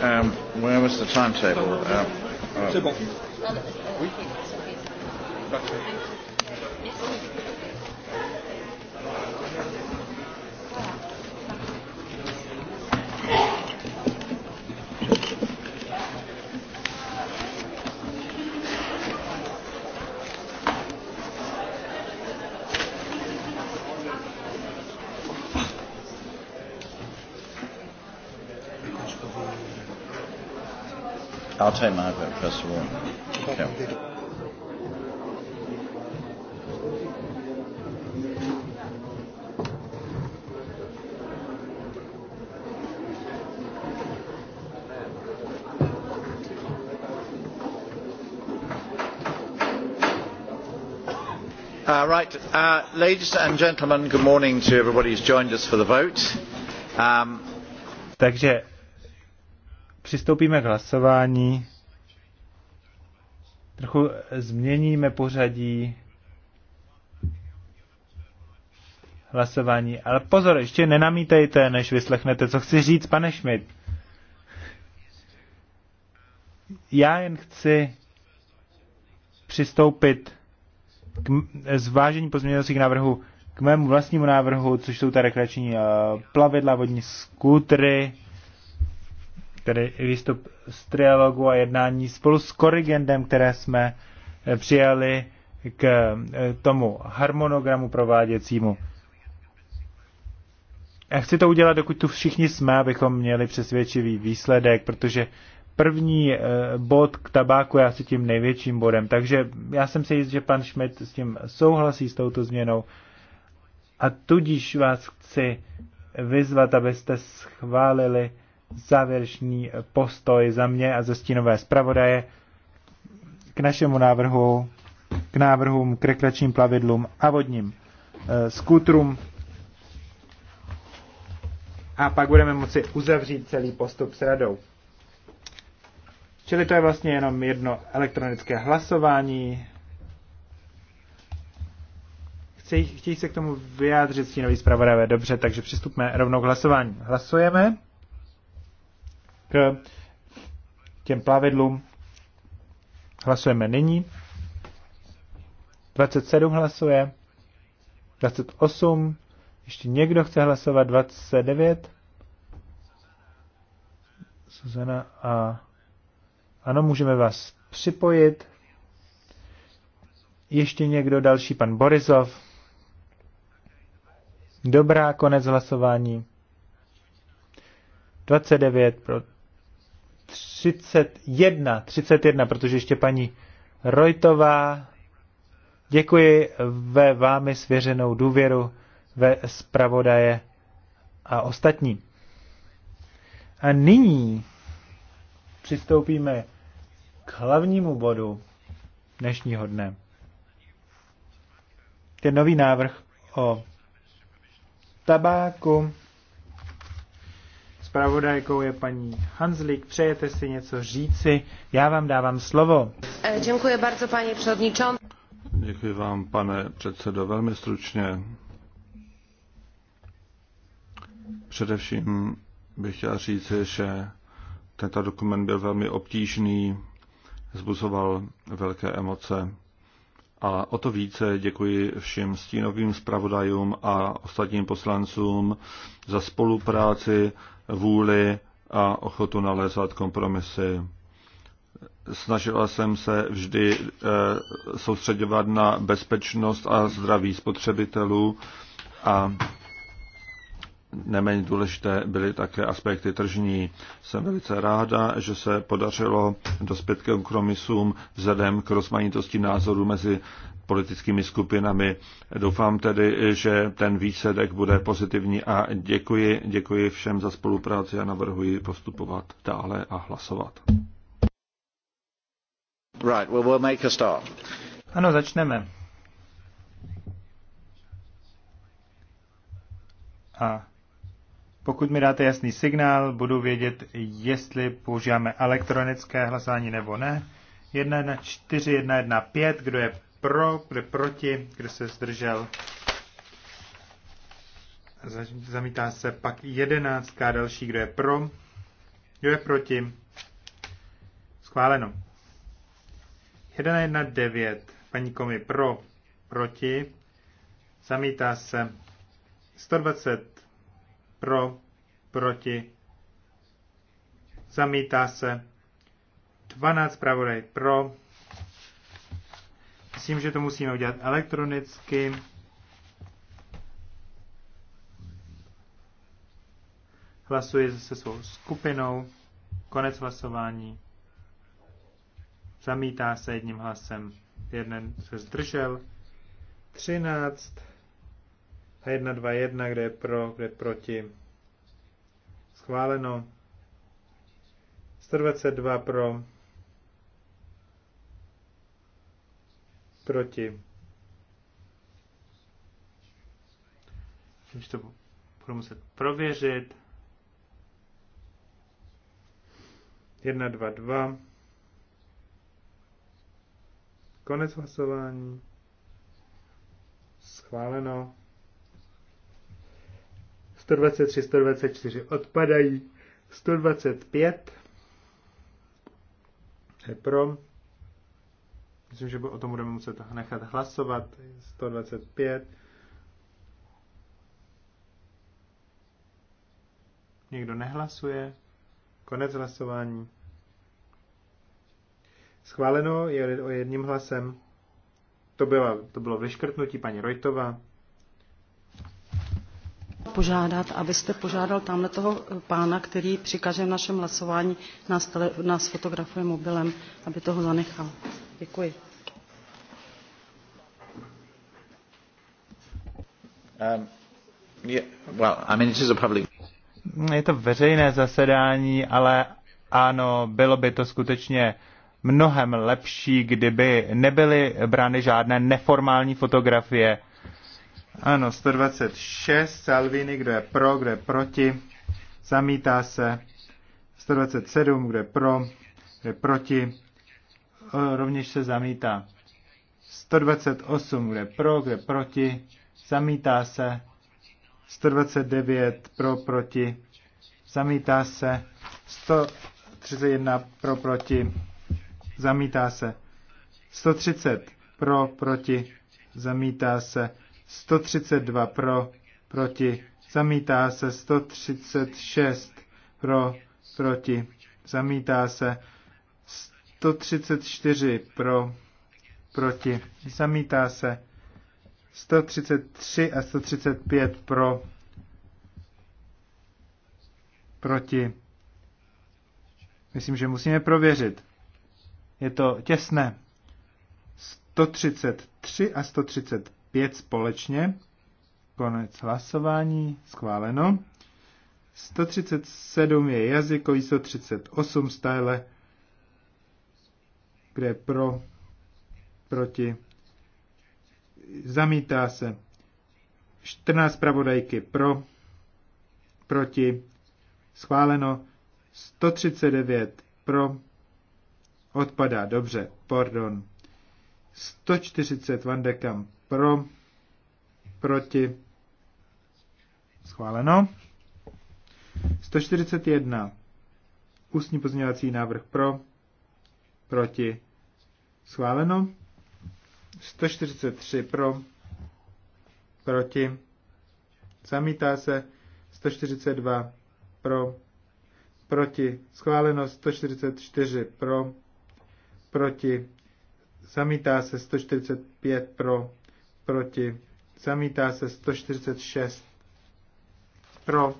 Um, where was the timetable? Uh, oh. C'est bon. Oui. Parfait. I'll take my vote first of all. Okay. Uh, right, uh, ladies and gentlemen, good morning to everybody who's joined us for the vote. Um, takže přistoupíme k hlasování. Trochu změníme pořadí hlasování. Ale pozor, ještě nenamítejte, než vyslechnete, co chci říct, pane Schmidt. Já jen chci přistoupit k zvážení pozměňovacích návrhů k mému vlastnímu návrhu, což jsou ta rekreační eh, plavidla, vodní skútry, tedy výstup z trialogu a jednání spolu s korigendem, které jsme eh, přijali k eh, tomu harmonogramu prováděcímu. Já chci to udělat, dokud tu všichni jsme, abychom měli přesvědčivý výsledek, protože první eh, bod k tabáku je asi tím největším bodem. Takže já jsem si jist, že pan Schmidt s tím souhlasí s touto změnou. A tudíž vás chci vyzvat, abyste schválili závěrečný postoj za mě a ze stínové zpravodaje k našemu návrhu, k návrhům, k rekreačním plavidlům a vodním e, eh, skutrům. A pak budeme moci uzavřít celý postup s radou. Čili to je vlastně jenom jedno elektronické hlasování. Chtějí, chtějí se k tomu vyjádřit stínový zpravodajové. Dobře, takže přistupme rovnou k hlasování. Hlasujeme k těm plavidlům. Hlasujeme nyní. 27 hlasuje. 28. Ještě někdo chce hlasovat? 29. Suzana a... Ano, můžeme vás připojit. Ještě někdo další? Pan Borisov. Dobrá, konec hlasování. 29 pro 31, 31, protože ještě paní Rojtová. Děkuji ve vámi svěřenou důvěru ve zpravodaje a ostatní. A nyní přistoupíme k hlavnímu bodu dnešního dne. Ten nový návrh o tabáku Spravodajkou je paní Hanslik. Přejete si něco říci? Já vám dávám slovo. E, děkuji bardzo, paní předničon. Děkuji vám, pane předsedo, velmi stručně. Především bych chtěl říci, že tento dokument byl velmi obtížný, zbuzoval velké emoce. A o to více děkuji všem stínovým zpravodajům a ostatním poslancům za spolupráci, vůli a ochotu nalézat kompromisy. Snažila jsem se vždy eh, soustředovat na bezpečnost a zdraví spotřebitelů a neméně důležité byly také aspekty tržní. Jsem velice ráda, že se podařilo dospět ke kompromisům vzhledem k rozmanitosti názorů mezi politickými skupinami. Doufám tedy, že ten výsledek bude pozitivní a děkuji, děkuji všem za spolupráci a navrhuji postupovat dále a hlasovat. Right, well, we'll make a start. Ano, začneme. A pokud mi dáte jasný signál, budu vědět, jestli používáme elektronické hlasování nebo ne. 114, 5, kdo je pro, kde proti, kde se zdržel. Zamítá se pak jedenáctka, další, kdo je pro, kdo je proti. Schváleno. 1.1.9. Paní Komi pro, proti. Zamítá se 120 pro, proti. Zamítá se 12 pravodaj pro, s tím, že to musíme udělat elektronicky. Hlasuji se svou skupinou. Konec hlasování. Zamítá se jedním hlasem. Jeden se zdržel. 13 a 1, 2, 1, kde je pro, kde je proti. Schváleno. 122 pro, proti. Když to budu muset prověřit. 1, 2, 2. Konec hlasování. Schváleno. 123, 124 odpadají. 125 je pro Myslím, že o tom budeme muset nechat hlasovat. 125. Někdo nehlasuje. Konec hlasování. Schváleno je o jedním hlasem. To, byla, to bylo vyškrtnutí paní Rojtova požádat, abyste požádal tamhle toho eh, pána, který při každém našem hlasování nás, tele, nás fotografuje mobilem, aby toho zanechal. Děkuji. Um, well, I mean, it is a public... Je to veřejné zasedání, ale ano, bylo by to skutečně mnohem lepší, kdyby nebyly brány žádné neformální fotografie ano, 126 Salvini, kdo je pro, kdo je proti. Zamítá se. 127, kdo je pro, kdo je proti. Rovněž se zamítá. 128, kdo je pro, kdo je proti. Zamítá se. 129 pro, proti. Zamítá se. 131 pro, proti. Zamítá se. 130 pro, proti. Zamítá se. 132 pro, proti, zamítá se 136 pro, proti, zamítá se 134 pro, proti, zamítá se 133 a 135 pro, proti. Myslím, že musíme prověřit. Je to těsné. 133 a 135. 5 společně. Konec hlasování, schváleno. 137 je jazykový, 138 stále kde pro, proti, zamítá se. 14 pravodajky pro, proti, schváleno. 139 pro, odpadá, dobře, pardon. 140 Van pro, proti, schváleno. 141. Ústní pozměňovací návrh pro, proti, schváleno. 143 pro, proti, zamítá se. 142 pro, proti, schváleno. 144 pro, proti, zamítá se. 145 pro, proti, zamítá se 146 pro.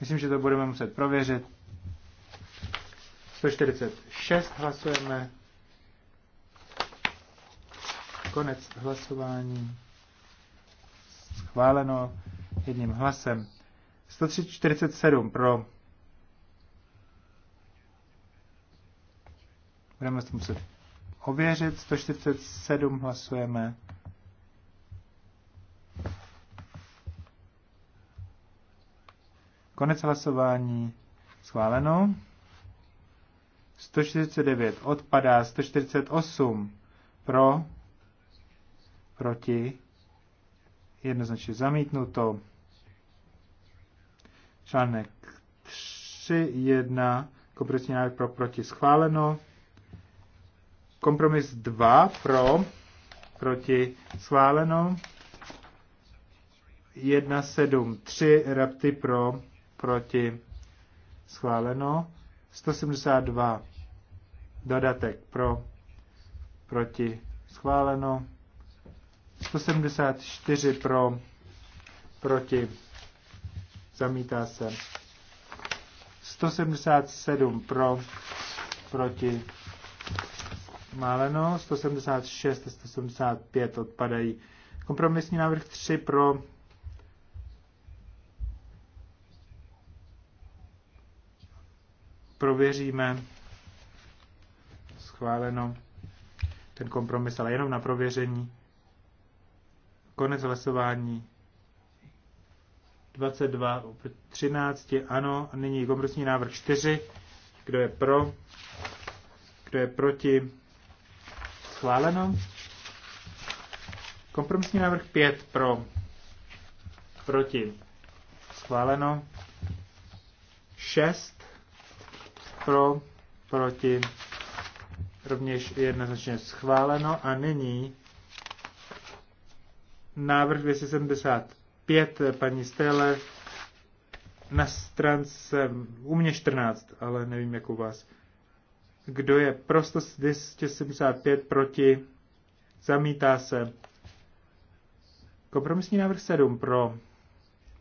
Myslím, že to budeme muset prověřit. 146 hlasujeme. Konec hlasování. Schváleno jedním hlasem. 147 pro. Budeme muset ověřit. 147 hlasujeme. Konec hlasování schváleno. 149 odpadá, 148 pro, proti, jednoznačně zamítnuto. Článek 3, 1, kompresní návrh pro, proti schváleno. Kompromis 2 pro, proti schváleno. 173 repty pro, proti schváleno. 172 dodatek pro, proti schváleno. 174 pro, proti zamítá se. 177 pro, proti Schváleno. 176 a 175 odpadají. Kompromisní návrh 3 pro prověříme. Schváleno. Ten kompromis, ale jenom na prověření. Konec hlasování. 22, 13, ano. A nyní kompromisní návrh 4. Kdo je pro? Kdo je proti? Schváleno. Kompromisní návrh 5 pro. Proti. Schváleno. 6 pro. Proti. Rovněž jednoznačně schváleno. A nyní návrh 275 paní Stele na stránce u mě 14, ale nevím jak u vás. Kdo je pro 275 proti? Zamítá se. Kompromisní návrh 7 pro,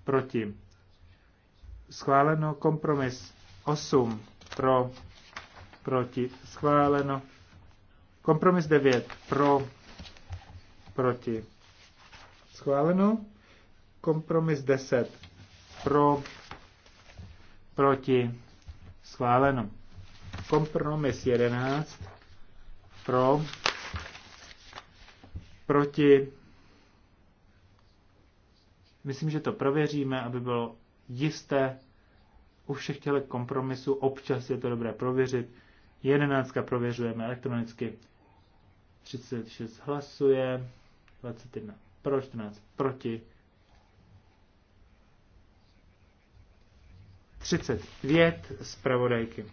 proti. Schváleno kompromis 8 pro, proti. Schváleno. Kompromis 9 pro, proti. Schváleno. Kompromis 10 pro, proti. Schváleno. Kompromis 11 pro, proti. Myslím, že to prověříme, aby bylo jisté. U všech těchto kompromisů občas je to dobré prověřit. 11 prověřujeme elektronicky. 36 hlasuje, 21 pro, 14 proti. 35 zpravodajky.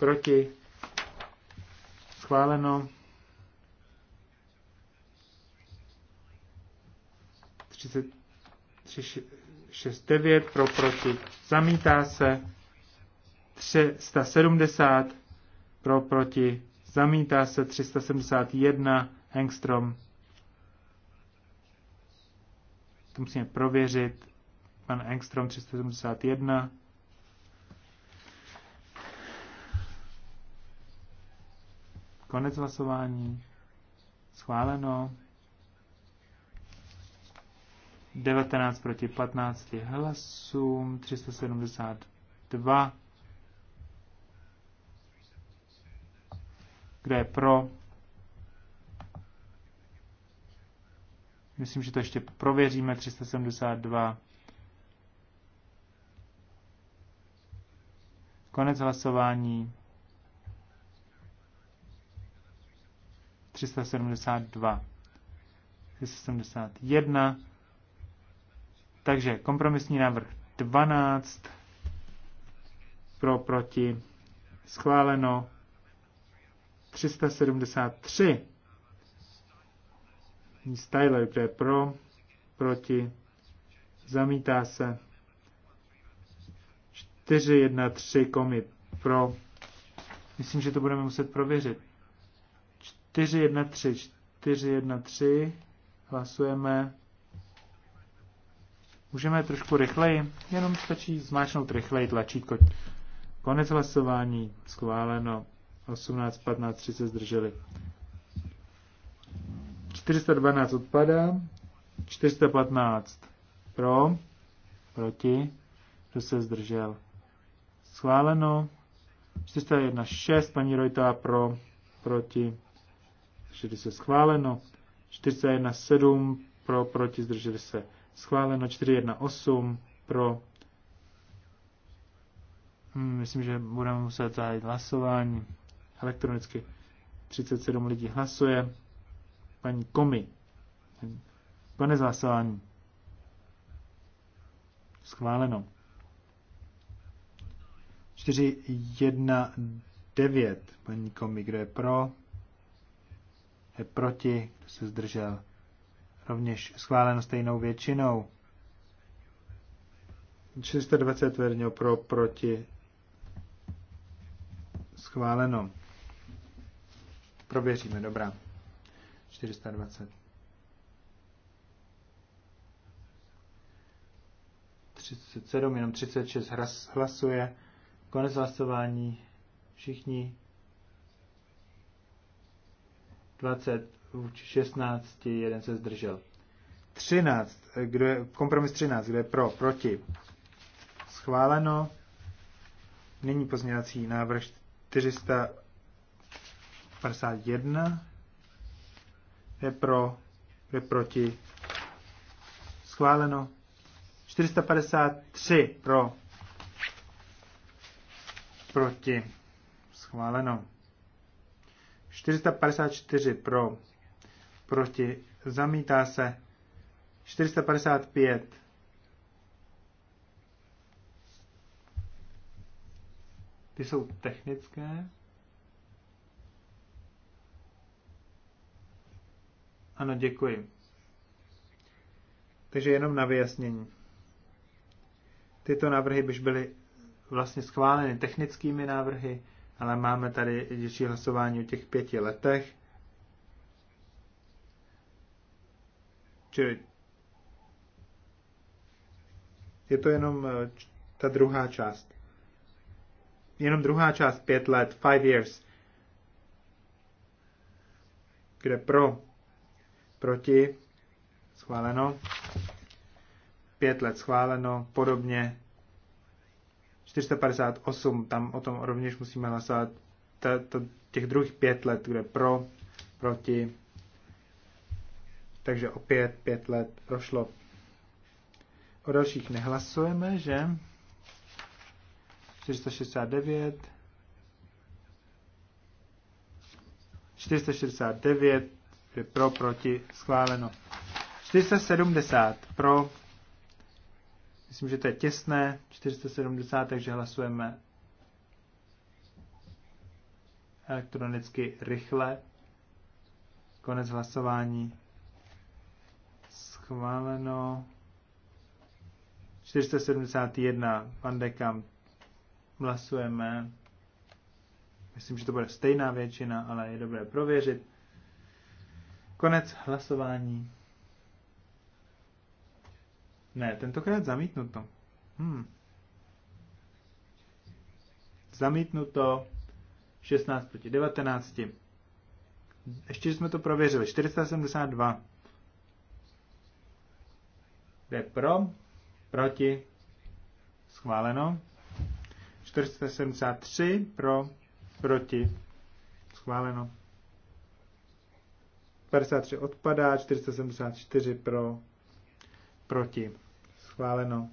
proti, schváleno. 3369 pro proti, zamítá se. 370 pro proti, zamítá se. 371 Engstrom. To musíme prověřit. Pan Engstrom 371. Konec hlasování. Schváleno. 19 proti 15 hlasům, 372. Kdo je pro? Myslím, že to ještě prověříme. 372. Konec hlasování. 372, 371. Takže kompromisní návrh 12 pro proti schváleno 373. Styler, kde je pro, proti, zamítá se 413 komi pro. Myslím, že to budeme muset prověřit. 4, 4, 1, 3, 1, 3. hlasujeme. Můžeme trošku rychleji, jenom stačí zmáčknout rychleji tlačítko. Konec hlasování, schváleno, 18, 15, 3 se zdrželi. 412 odpadá, 415 pro, proti, kdo se zdržel. Schváleno, 401, 6, paní Rojtová pro, proti, 40 se schváleno, 417 pro, proti, zdrželi se schváleno, 418 pro, hmm, myslím, že budeme muset zahájit hlasování elektronicky. 37 lidí hlasuje. Paní Komi. pane hlasování. Schváleno. 419 Paní Komi, kdo je pro? je proti, kdo se zdržel. Rovněž schváleno stejnou většinou. 320 verňo pro, proti, schváleno. Prověříme, dobrá. 420. 37, jenom 36 hlasuje. Konec hlasování. Všichni 20 vůči 16, jeden se zdržel. 13, eh, kdo je, kompromis 13, kdo je pro, proti. Schváleno. Nyní pozměňovací návrh 451. Je pro, je proti. Schváleno. 453 pro, proti. Schváleno. 454 pro, proti, zamítá se. 455 Ty jsou technické. Ano, děkuji. Takže jenom na vyjasnění. Tyto návrhy byž byly vlastně schváleny technickými návrhy, ale máme tady ještě hlasování o těch pěti letech. Čili je to jenom eh, ta druhá část. Jenom druhá část, pět let, five years. Kde pro, proti, schváleno. Pět let schváleno, podobně 458, tam o tom rovněž musíme hlasovat. Ta, těch druhých pět let, kde pro, proti. Takže opět pět let prošlo. O dalších nehlasujeme, že? 469. 469 pro, proti, schváleno. 470 pro, Myslím, že to je těsné, 470, takže hlasujeme elektronicky rychle. Konec hlasování. Schváleno. 471, pan Dekam, hlasujeme. Myslím, že to bude stejná většina, ale je dobré prověřit. Konec hlasování. Ne, tentokrát zamítnuto. Hmm. Zamítnuto 16 proti 19. Ještě jsme to prověřili. 472. Jde pro, proti, schváleno. 473 pro, proti, schváleno. 53 odpadá, 474 pro, proti schváleno.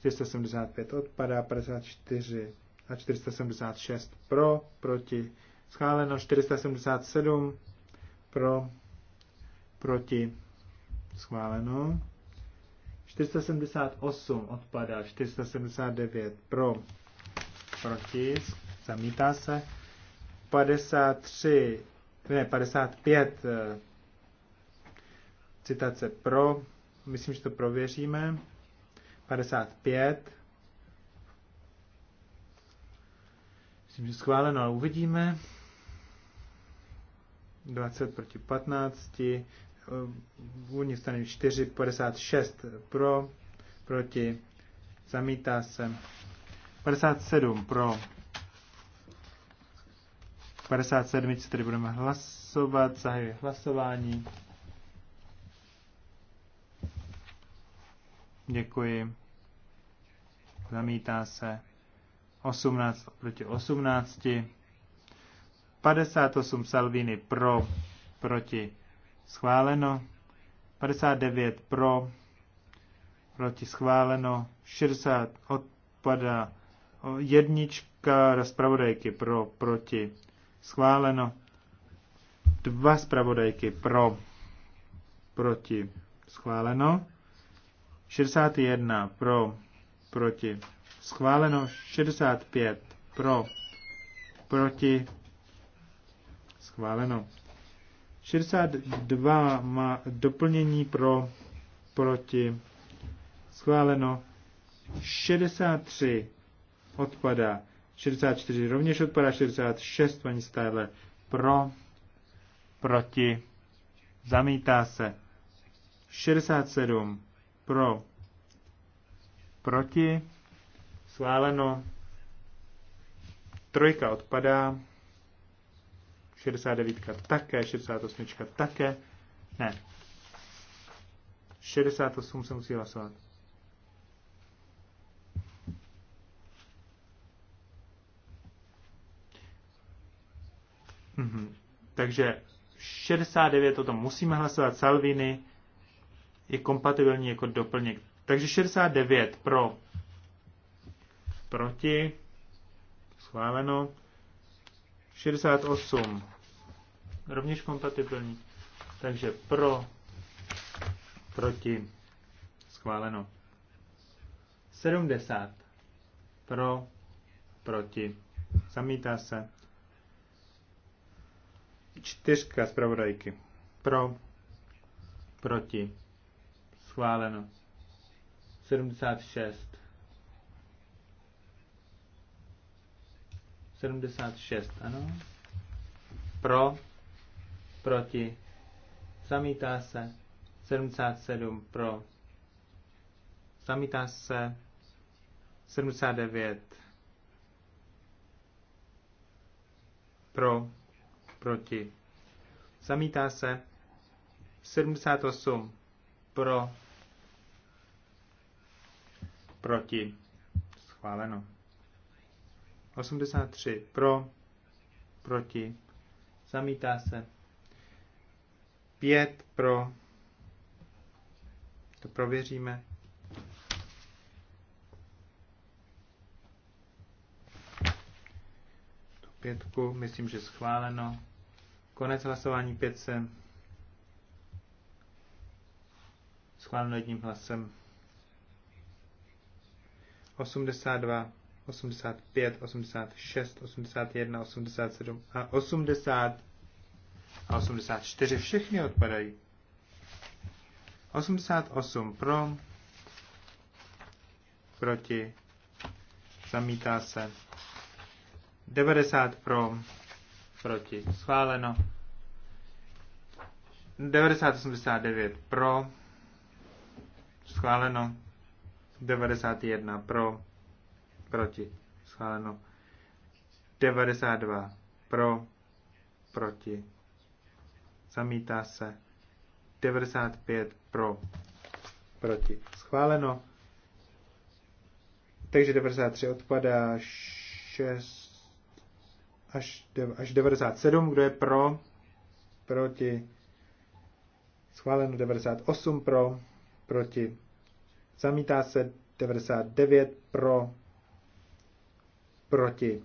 475 odpadá, 54 a 476 pro, proti, schváleno. 477 pro, proti, schváleno. 478 odpadá, 479 pro, proti, zamítá se. 53, ne, 55 eh, citace pro, myslím, že to prověříme. 55. Myslím, že schváleno, ale uvidíme. 20 proti 15. Vůni stane 4, 56 pro, proti, zamítá se. 57 pro. 57, tedy budeme hlasovat, zahajuje hlasování. Děkuji. Zamítá se 18 proti 18. 58 Salvini pro, proti schváleno. 59 pro, proti schváleno. 60 odpada jednička zpravodajky pro, proti schváleno. Dva zpravodajky pro, proti schváleno. 61 pro, proti, schváleno 65 pro, proti, schváleno. 62 má doplnění pro, proti, schváleno. 63 odpadá, 64 rovněž odpadá, 66 paní Stadler pro, proti, zamítá se. 67 pro, proti, sváleno, trojka odpadá, 69 také, 68 také, ne, 68 se musí hlasovat. Mhm. Takže 69 o tom musíme hlasovat Salvini, je kompatibilní jako doplněk. Takže 69 pro, proti, schváleno. 68 rovněž kompatibilní, takže pro, proti, schváleno. 70 pro, proti, zamítá se. Čtyřka zpravodajky pro, proti, Schváleno. 76. 76, ano. Pro, proti, zamítá se. 77 pro, zamítá se. 79 pro, proti, zamítá se. 78 pro, proti, schváleno. 83 pro, proti, zamítá se. 5 pro, to prověříme. Tu pětku, myslím, že schváleno. Konec hlasování 5 se schváleno jedním hlasem. 82, 85, 86, 81, 87 a 80 a 84 všechny odpadají. 88 pro, proti, zamítá se. 90 pro, proti, schváleno. 89 pro, schváleno. 91 pro, proti, schváleno. 92 pro, proti, zamítá se. 95 pro, proti, schváleno. Takže 93 odpadá 6 až, až 97, kdo je pro, proti, schváleno 98 pro, proti, Zamítá se 99 pro, proti.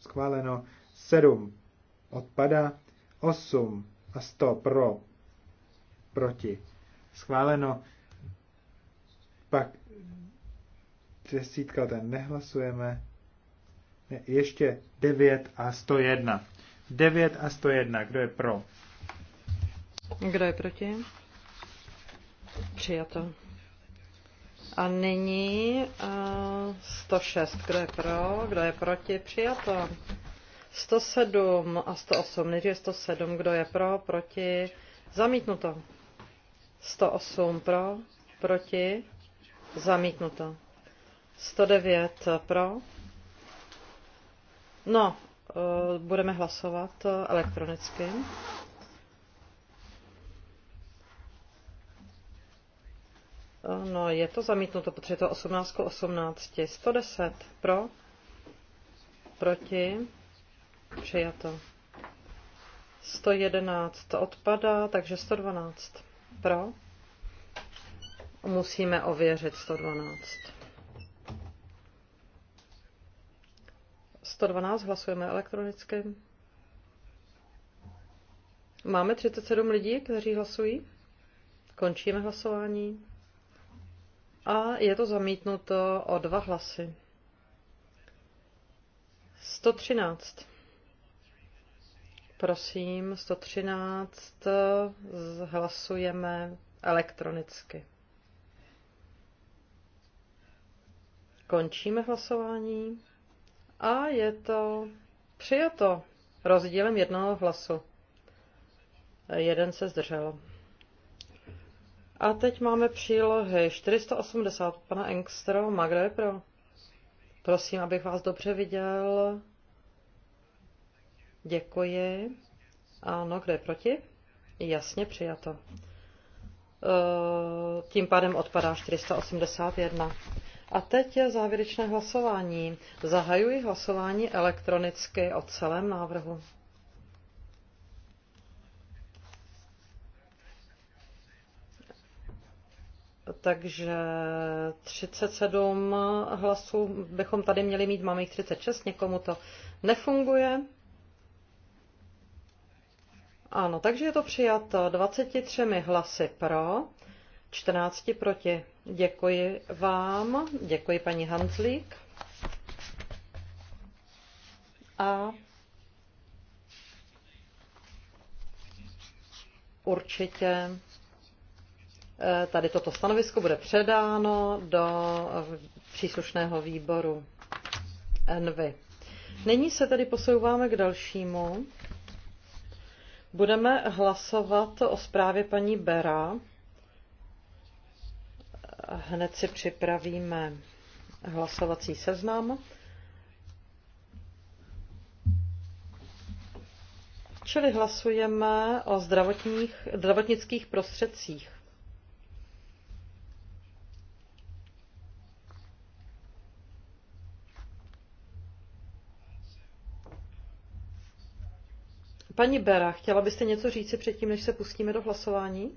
Schváleno 7 odpada, 8 a 100 pro, proti. Schváleno pak desítka, ten nehlasujeme. Ne, ještě 9 a 101. 9 a 101, kdo je pro? Kdo je proti? Přijato. A nyní 106. Eh, Kdo je pro? Kdo je proti? Přijato. 107 a 108. Nejdříve 107. Kdo je pro? Proti? Zamítnuto. 108 pro? Proti? Zamítnuto. 109 pro? No, eh, budeme hlasovat eh, elektronicky. No, je to zamítnuto, protože je to 18 k 18. 110 pro, proti, přijato. 111 odpadá, takže 112 pro. Musíme ověřit 112. 112 hlasujeme elektronicky. Máme 37 lidí, kteří hlasují. Končíme hlasování a je to zamítnuto o dva hlasy. 113. Prosím, 113 hlasujeme elektronicky. Končíme hlasování a je to přijato rozdílem jednoho hlasu. Jeden se zdržel. A teď máme přílohy 480 pana Engstro, Kdo je pro? Prosím, abych vás dobře viděl. Děkuji. Ano, kde je proti? Jasně přijato. E, tím pádem odpadá 481. A teď je závěrečné hlasování. Zahajuji hlasování elektronicky o celém návrhu. Takže 37 hlasů bychom tady měli mít, máme jich 36, někomu to nefunguje. Ano, takže je to přijato 23 hlasy pro, 14 proti. Děkuji vám, děkuji paní Hanzlík. A určitě Eh, tady toto stanovisko bude předáno do příslušného výboru NV. Nyní se tedy posouváme k dalšímu. Budeme hlasovat o zprávě paní Bera. Hned si připravíme hlasovací seznam. Čili hlasujeme o zdravotních, zdravotnických prostředcích. Paní Bera, chtěla byste něco říci předtím, než se pustíme do hlasování?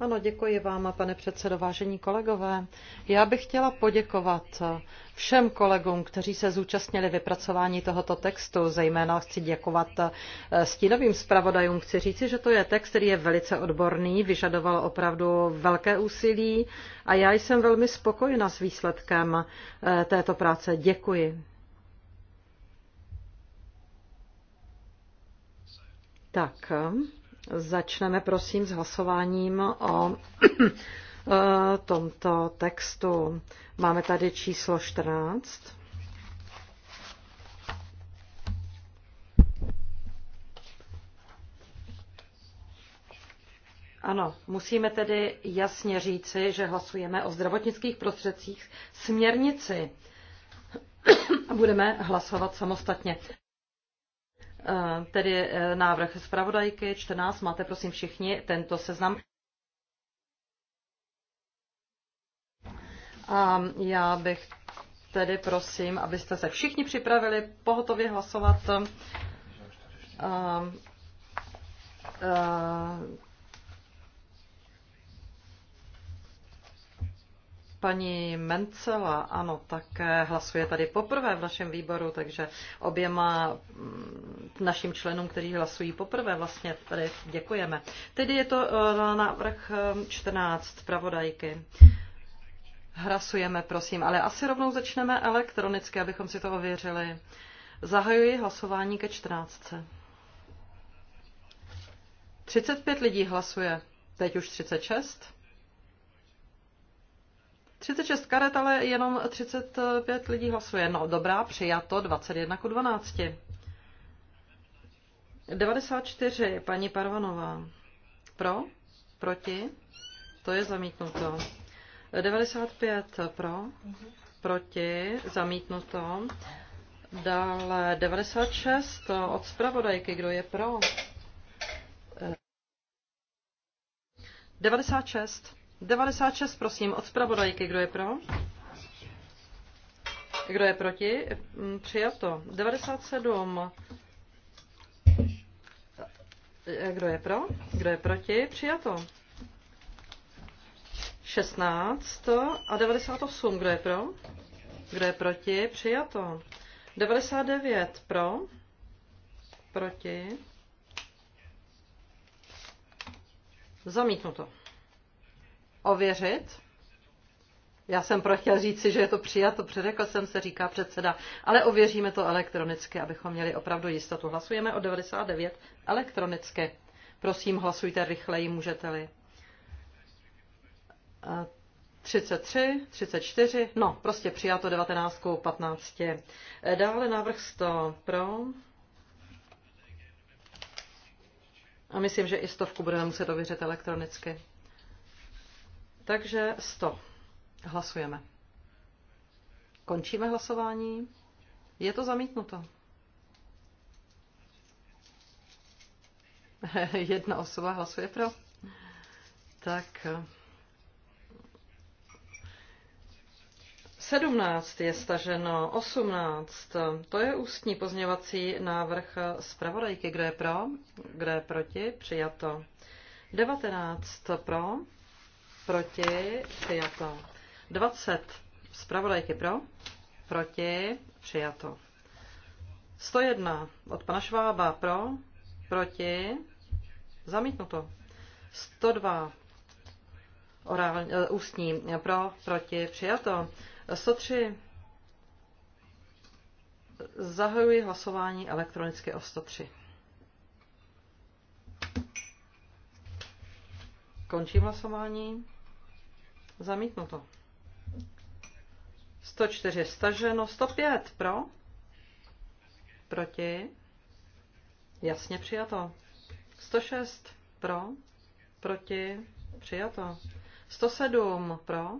Ano, děkuji vám, pane předsedo, vážení kolegové. Já bych chtěla poděkovat všem kolegům, kteří se zúčastnili vypracování tohoto textu. Zejména chci děkovat eh, stínovým zpravodajům. Chci říci, že to je text, který je velice odborný, vyžadoval opravdu velké úsilí a já jsem velmi spokojena s výsledkem eh, této práce. Děkuji. Tak, začneme prosím s hlasováním o [clears throat] eh, tomto textu. Máme tady číslo 14. Ano, musíme tedy jasně říci, že hlasujeme o zdravotnických prostředcích směrnici [clears throat] a budeme hlasovat samostatně. Eh, tedy eh, návrh zpravodajky 14. Máte prosím všichni tento seznam. A já bych tedy prosím, abyste se všichni připravili pohotově hlasovat. Uh, uh, Paní Mencela, ano, tak hlasuje tady poprvé v našem výboru, takže oběma mm, našim členům, kteří hlasují poprvé, vlastně tady děkujeme. Tedy je to eh, eh, návrh 14 pravodajky. Hlasujeme, prosím, ale asi rovnou začneme elektronicky, abychom si to ověřili. Zahajuji hlasování ke 14. 35 lidí hlasuje, teď už 36. 36 karet, ale jenom 35 lidí hlasuje. No dobrá, přijato 21 k 12. 94, paní Parvanová. Pro? Proti? To je zamítnuto. 95 pro? Proti? Zamítnuto. Dále 96 od zpravodajky, kdo je pro? 96. Eh, 96, prosím, od zpravodajky. Kdo je pro? Kdo je proti? Mm, přijato. 97. Kdo je pro? Kdo je proti? Přijato. 16 a 98. Kdo je pro? Kdo je proti? Přijato. 99 pro. Proti. Zamítnuto ověřit. Já jsem chtěl říct si, že je to přijato, přeřekl jsem se, říká předseda, ale ověříme to elektronicky, abychom měli opravdu jistotu. Hlasujeme o 99 elektronicky. Prosím, hlasujte rychleji, můžete-li. 33, eh, 34, no, prostě přijato 19 15. Eh, dále návrh 100 pro. A myslím, že i stovku budeme muset ověřit elektronicky. Takže 100. Hlasujeme. Končíme hlasování. Je to zamítnuto. [laughs] Jedna osoba hlasuje pro. Tak. 17 je staženo, 18. To je ústní pozměvací návrh zpravodajky. Kdo je pro? Kdo je proti? Přijato. 19 pro proti, přijato. 20 zpravodajky pro, proti, přijato. 101 od pana Švába pro, proti, zamítnuto. 102 orál, eh, ústní pro, proti, přijato. 103 Zahajuji hlasování elektronicky o 103. Končím hlasování. Zamítnuto. 104 staženo, 105 pro, proti, jasně přijato. 106 pro, proti, přijato. 107 pro,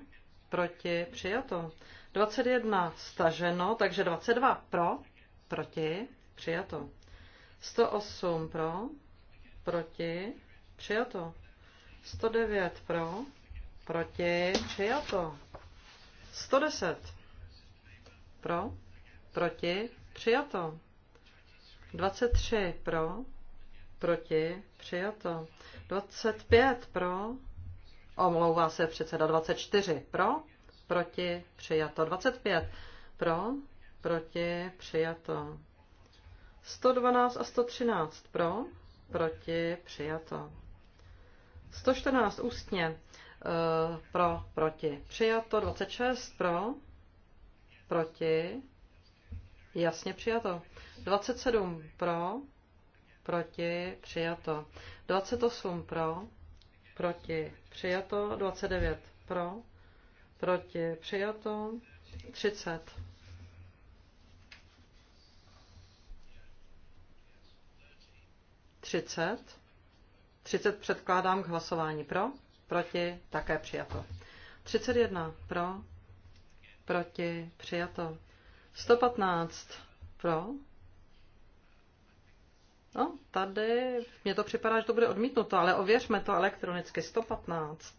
proti, přijato. 21 staženo, takže 22 pro, proti, přijato. 108 pro, proti, přijato. 109 pro, Proti. Přijato. 110. Pro. Proti. Přijato. 23. Pro. Proti. Přijato. 25. Pro. Omlouvá se předseda 24. Pro. Proti. Přijato. 25. Pro. Proti. Přijato. 112 a 113. Pro. Proti. Přijato. 114 ústně. Eh, pro, proti. Přijato 26 pro, proti. Jasně přijato. 27 pro, proti, přijato. 28 pro, proti, přijato. 29 pro, proti, přijato. 30. Třicet. Třicet předkládám k hlasování pro proti, také přijato. 31 pro, proti, přijato. 115 pro. No, tady mně to připadá, že to bude odmítnuto, ale ověřme to elektronicky. 115.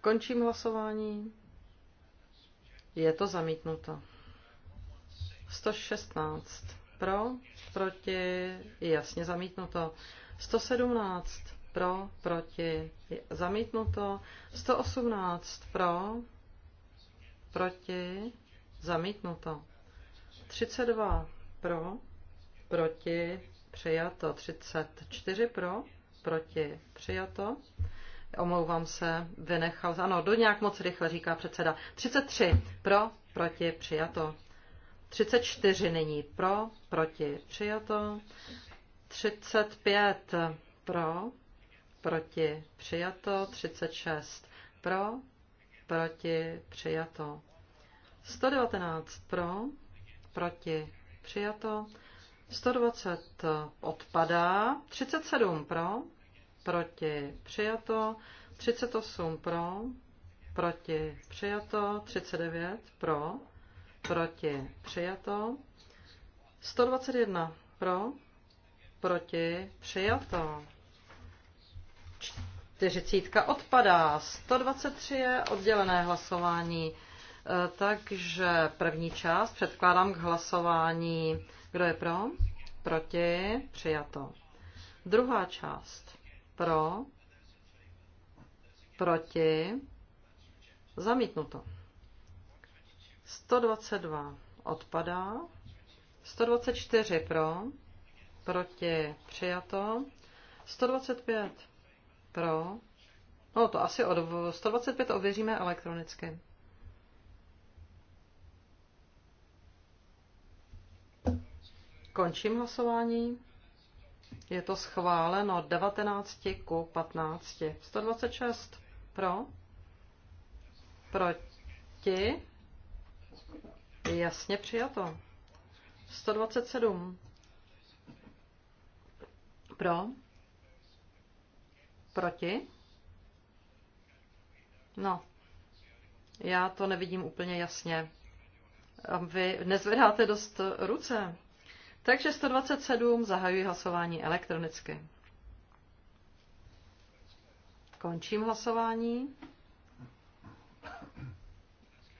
Končím hlasování. Je to zamítnuto. 116 pro, proti, jasně zamítnuto. 117 pro, proti, zamítnuto. 118 pro, proti, zamítnuto. 32 pro, proti, přijato. 34 pro, proti, přijato. Omlouvám se, vynechal. Ano, do nějak moc rychle, říká předseda. 33 pro, proti, přijato. 34 nyní pro, proti, přijato. 35 pro, proti přijato, 36 pro, proti přijato, 119 pro, proti přijato, 120 odpadá, 37 pro, proti přijato, 38 pro, proti přijato, 39 pro, proti přijato, 121 pro, proti, přijato. Čtyřicítka odpadá, 123 je oddělené hlasování. E, takže první část předkládám k hlasování. Kdo je pro? Proti? Přijato. Druhá část. Pro? Proti? Zamítnuto. 122 odpadá. 124 pro? proti, přijato. 125 pro. No to asi od 125 ověříme elektronicky. Končím hlasování. Je to schváleno 19 ku 15. 126 pro. Proti. Jasně přijato. 127 pro? Proti? No, já to nevidím úplně jasně. A vy nezvedáte dost ruce. Takže 127 zahajuji hlasování elektronicky. Končím hlasování.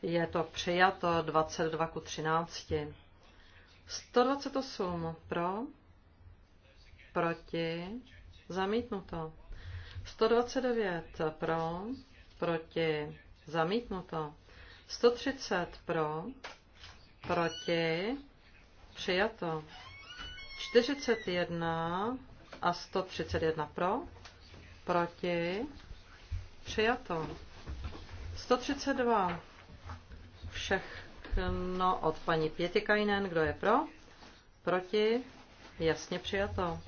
Je to přijato 22 ku 13. 128 pro proti, zamítnuto. 129 pro, proti, zamítnuto. 130 pro, proti, přijato. 41 a 131 pro, proti, přijato. 132 všechno od paní Pětikajnen, kdo je pro, proti, jasně přijato.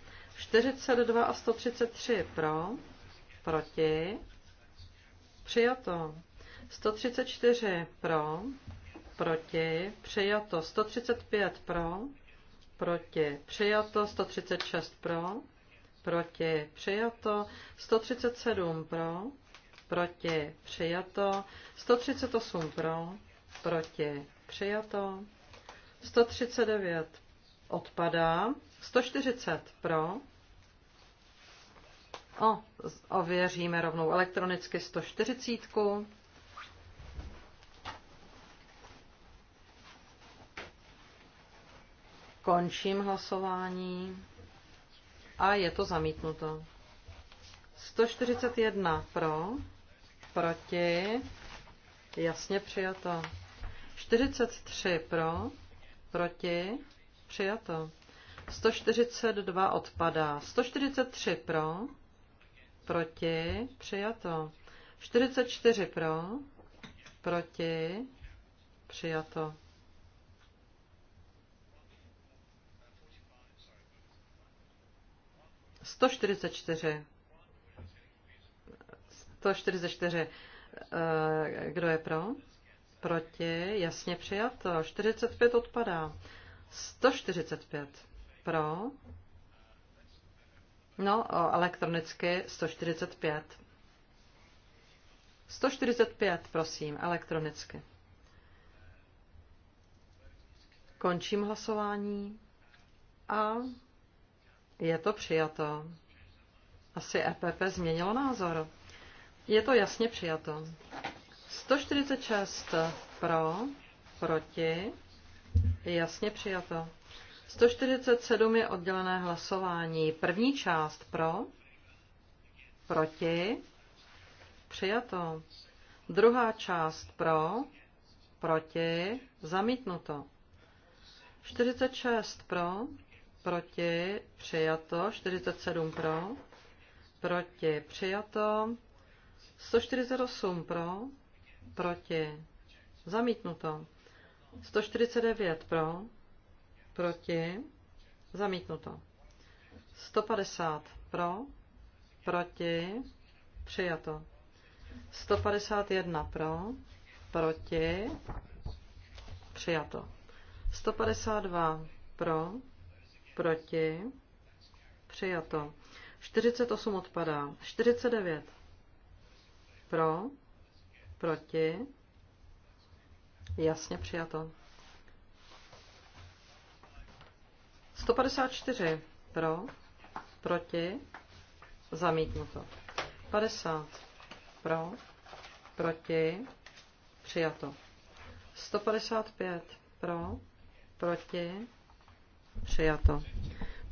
42 a 133 pro, proti, přijato. 134 pro, proti, přijato. 135 pro, proti, přijato. 136 pro, proti, přijato. 137 pro, proti, přijato. 138 pro, proti, přijato. 139 odpadá. 140 pro, O, ověříme rovnou elektronicky 140. Končím hlasování. A je to zamítnuto. 141 pro, proti, jasně přijato. 43 pro, proti, přijato. 142 odpadá. 143 pro, proti, přijato. 44 pro, proti, přijato. Sto čtyřicet čtyři. Sto čtyřicet čtyři. Eh, kdo je pro? Proti? Jasně přijato. 45 odpadá. 145 pro, No, elektronicky 145. 145, prosím, elektronicky. Končím hlasování a je to přijato. Asi EPP změnilo názor. Je to jasně přijato. 146 pro, proti, jasně přijato. 147 je oddělené hlasování. První část pro, proti, přijato. Druhá část pro, proti, zamítnuto. 46 pro, proti, přijato. 47 pro, proti, přijato. 148 pro, proti, zamítnuto. 149 pro, proti, zamítnuto. 150 pro, proti, přijato. 151 pro, proti, přijato. 152 pro, proti, přijato. 48 odpadá. 49 pro, proti, jasně přijato. 154 pro, proti, zamítnuto. 50 pro, proti, přijato. 155 pro, proti, přijato.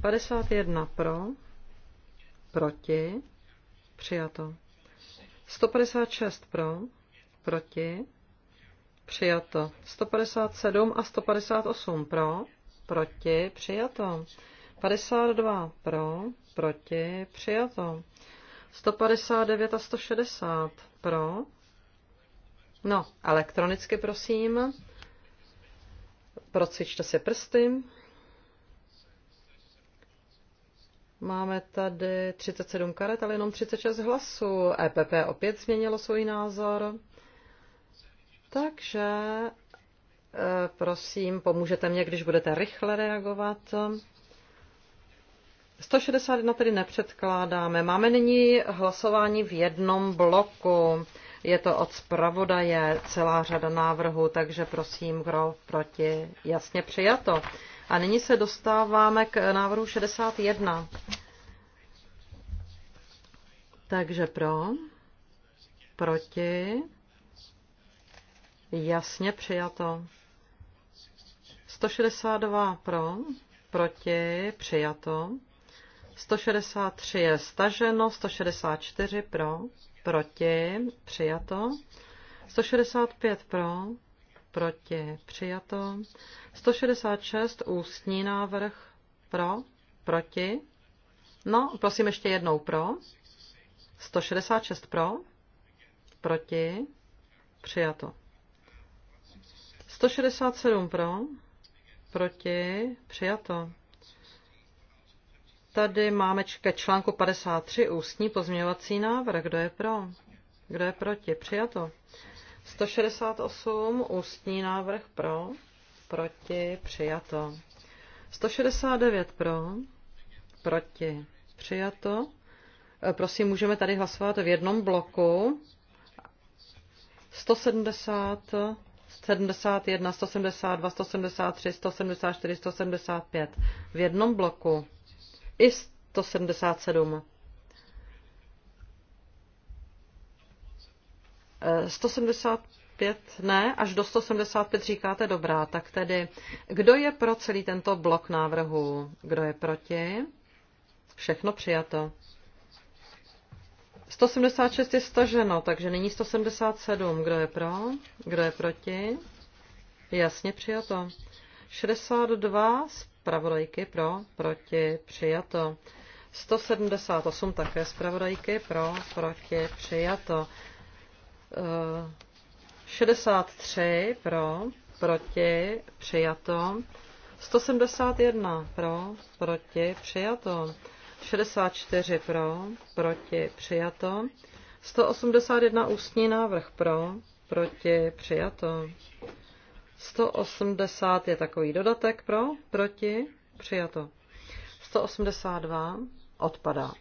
51 pro, proti, přijato. 156 pro, proti, přijato. 157 a 158 pro, proti, přijato. 52 pro, proti, přijato. 159 a 160 pro. No, elektronicky prosím. Procvičte si prsty. Máme tady 37 karet, ale jenom 36 hlasů. EPP opět změnilo svůj názor. Takže Eh, prosím, pomůžete mě, když budete rychle reagovat. 161 tedy nepředkládáme. Máme nyní hlasování v jednom bloku. Je to od zpravodaje celá řada návrhů, takže prosím, kdo proti, jasně přijato. A nyní se dostáváme k návrhu 61. Takže pro, proti, jasně přijato. 162 pro, proti, přijato. 163 je staženo, 164 pro, proti, přijato. 165 pro, proti, přijato. 166 ústní návrh pro, proti. No, prosím ještě jednou pro. 166 pro, proti, přijato. 167 pro, proti, přijato. Tady máme ke článku 53 ústní pozměňovací návrh. Kdo je pro? Kdo je proti? Přijato. 168 ústní návrh pro, proti, přijato. 169 pro, proti, přijato. E, prosím, můžeme tady hlasovat v jednom bloku. 170 71, 172, 173, 174, 175 v jednom bloku i 177. 175 eh, ne, až do 175 říkáte dobrá, tak tedy kdo je pro celý tento blok návrhu, kdo je proti? Všechno přijato. 176 je staženo, takže není 177. Kdo je pro? Kdo je proti? Jasně přijato. 62 zpravodajky pro, proti, přijato. 178 také zpravodajky pro, proti, přijato. 63 eh, pro, proti, přijato. 171 pro, proti, přijato. 64 pro, proti přijato. 181 ústní návrh pro, proti přijato. 180 je takový dodatek pro, proti přijato. 182 odpadá.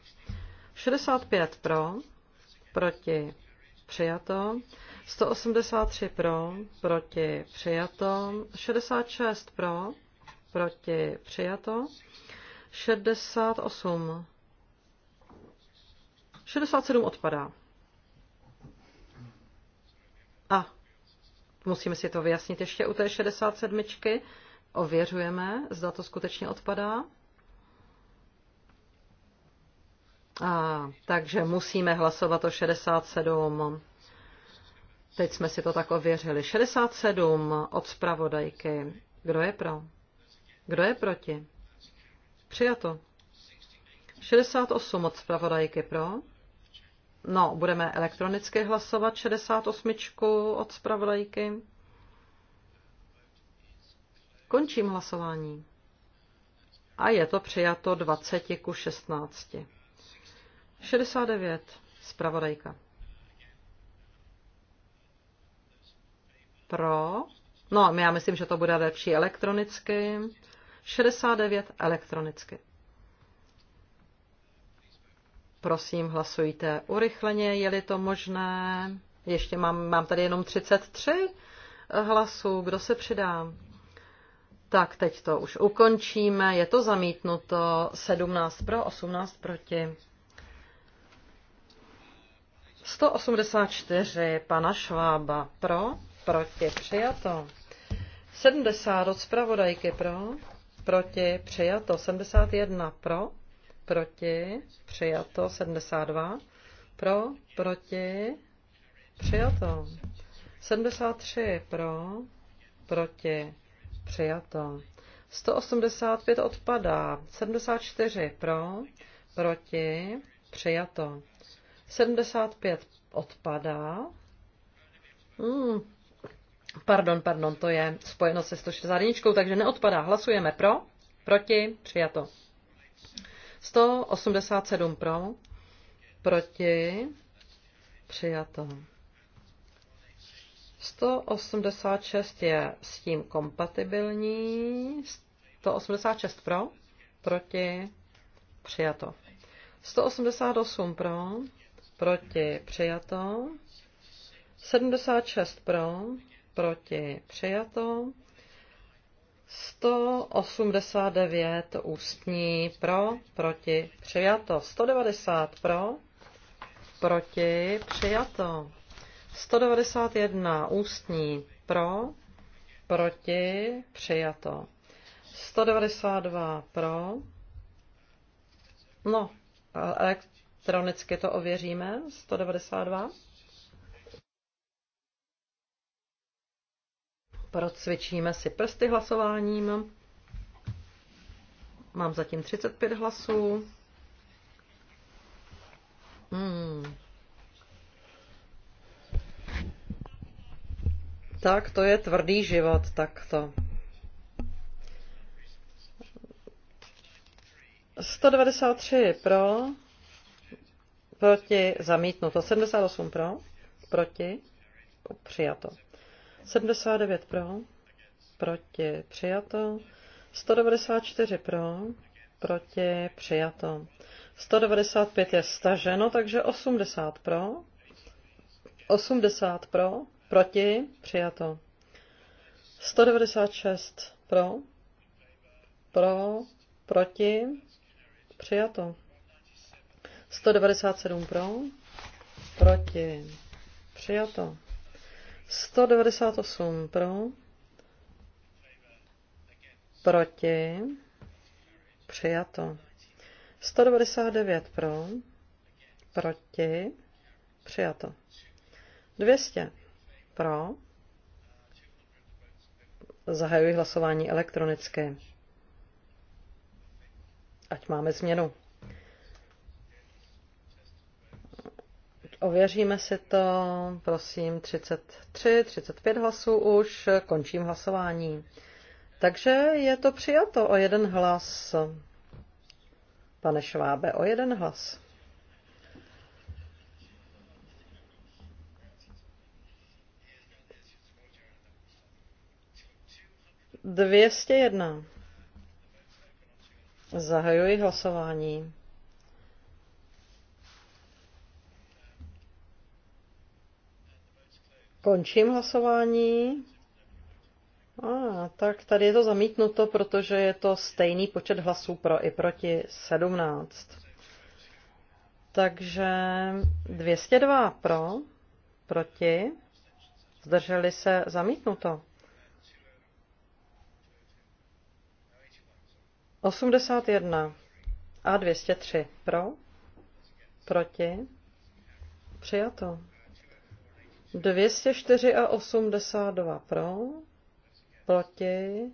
65 pro, proti přijato. 183 pro, proti přijato. 66 pro, proti přijato. 68. 67 odpadá. A musíme si to vyjasnit ještě u té 67. Ověřujeme, zda to skutečně odpadá. A, takže musíme hlasovat o 67. Teď jsme si to tak ověřili. 67 od zpravodajky. Kdo je pro? Kdo je proti? Přijato. 68 od zpravodajky pro. No, budeme elektronicky hlasovat 68 od zpravodajky. Končím hlasování. A je to přijato 20 ku 16. 69. Spravodajka. Pro. No, já myslím, že to bude lepší elektronicky. 69 elektronicky. Prosím, hlasujte urychleně, je-li to možné. Ještě mám, mám tady jenom 33 hlasů. Kdo se přidá? Tak, teď to už ukončíme. Je to zamítnuto 17 pro, 18 proti. 184 pana Švába pro, proti přijato. 70 od zpravodajky pro, proti, přijato 71 pro, proti, přijato 72 pro, proti, přijato 73 pro, proti, přijato 185 odpadá, 74 pro, proti, přijato 75 odpadá, hmm, Pardon, pardon, to je spojeno se 161, takže neodpadá. Hlasujeme pro, proti, přijato. 187 pro, proti, přijato. 186 je s tím kompatibilní, 186 pro, proti, přijato. 188 pro, proti, přijato. 76 pro, proti přijato. 189 ústní pro, proti přijato. 190 pro, proti přijato. 191 ústní pro, proti přijato. 192 pro. No, elektronicky to ověříme. 192. Procvičíme si prsty hlasováním. Mám zatím 35 hlasů. Hmm. Tak to je tvrdý život, takto. 193 pro, proti zamítnuto, 78 pro, proti přijato. 79 pro, proti přijato, 194 pro, proti přijato. 195 je staženo, takže 80 pro, 80 pro, proti přijato. 196 pro, pro, proti přijato. 197 pro, proti přijato. 198 pro, proti, přijato. 199 pro, proti, přijato. 200 pro, zahajuji hlasování elektronicky. Ať máme změnu. Ověříme si to, prosím, 33, 35 hlasů už, končím hlasování. Takže je to přijato o jeden hlas. Pane Švábe, o jeden hlas. Dvěstě jedna. Zahajuji hlasování. Končím hlasování. A, tak tady je to zamítnuto, protože je to stejný počet hlasů pro i proti 17. Takže 202 pro, proti, zdrželi se zamítnuto. 81 a 203 pro, proti, přijato. 204 a 82 pro, proti,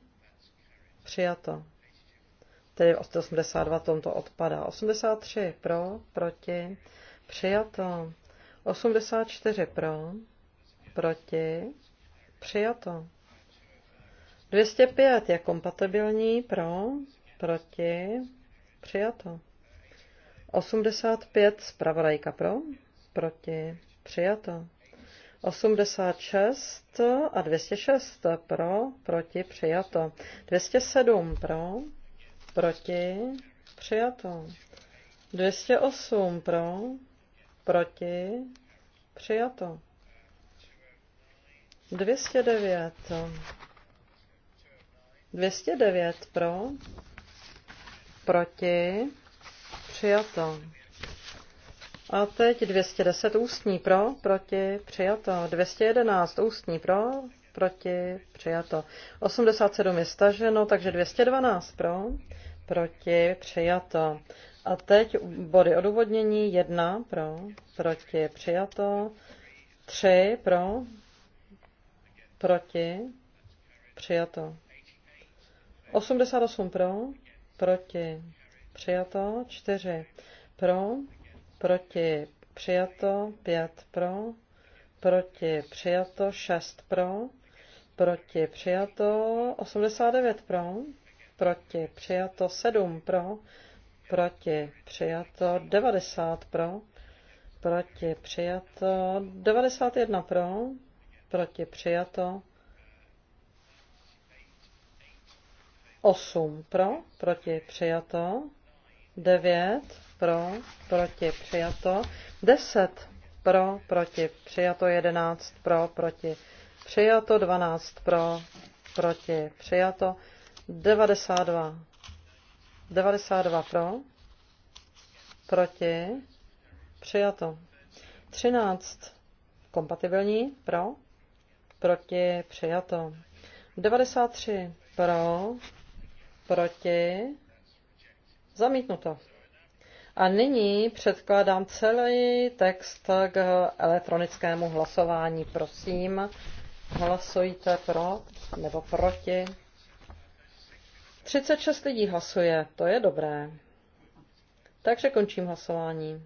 přijato. Tedy 82 tomto odpadá. 83 pro, proti, přijato. 84 pro, proti, přijato. 205 je kompatibilní pro, proti, přijato. 85 zpravodajka pro, proti, přijato. 86 a 206 pro, proti, přijato. 207 pro, proti, přijato. 208 pro, proti, přijato. 209. 209 pro, proti, přijato. A teď 210 ústní pro, proti, přijato. 211 ústní pro, proti, přijato. 87 je staženo, takže 212 pro, proti, přijato. A teď body odůvodnění 1 pro, proti, přijato. 3 pro, proti, přijato. 88 pro, proti, přijato. 4 pro, proti přijato, 5 pro, proti přijato, 6 pro, proti přijato, 89 pro, proti přijato, 7 pro, proti přijato, 90 pro, proti přijato, 91 pro, proti přijato, 8 pro, proti přijato, 9 pro, proti přijato, 10 pro, proti přijato, 11 pro, proti přijato, 12 pro, proti přijato, 92, 92 pro, proti přijato, 13 kompatibilní pro, proti přijato, 93 pro, proti Zamítnuto. A nyní předkládám celý text k elektronickému hlasování. Prosím, hlasujte pro nebo proti. 36 lidí hlasuje, to je dobré. Takže končím hlasování.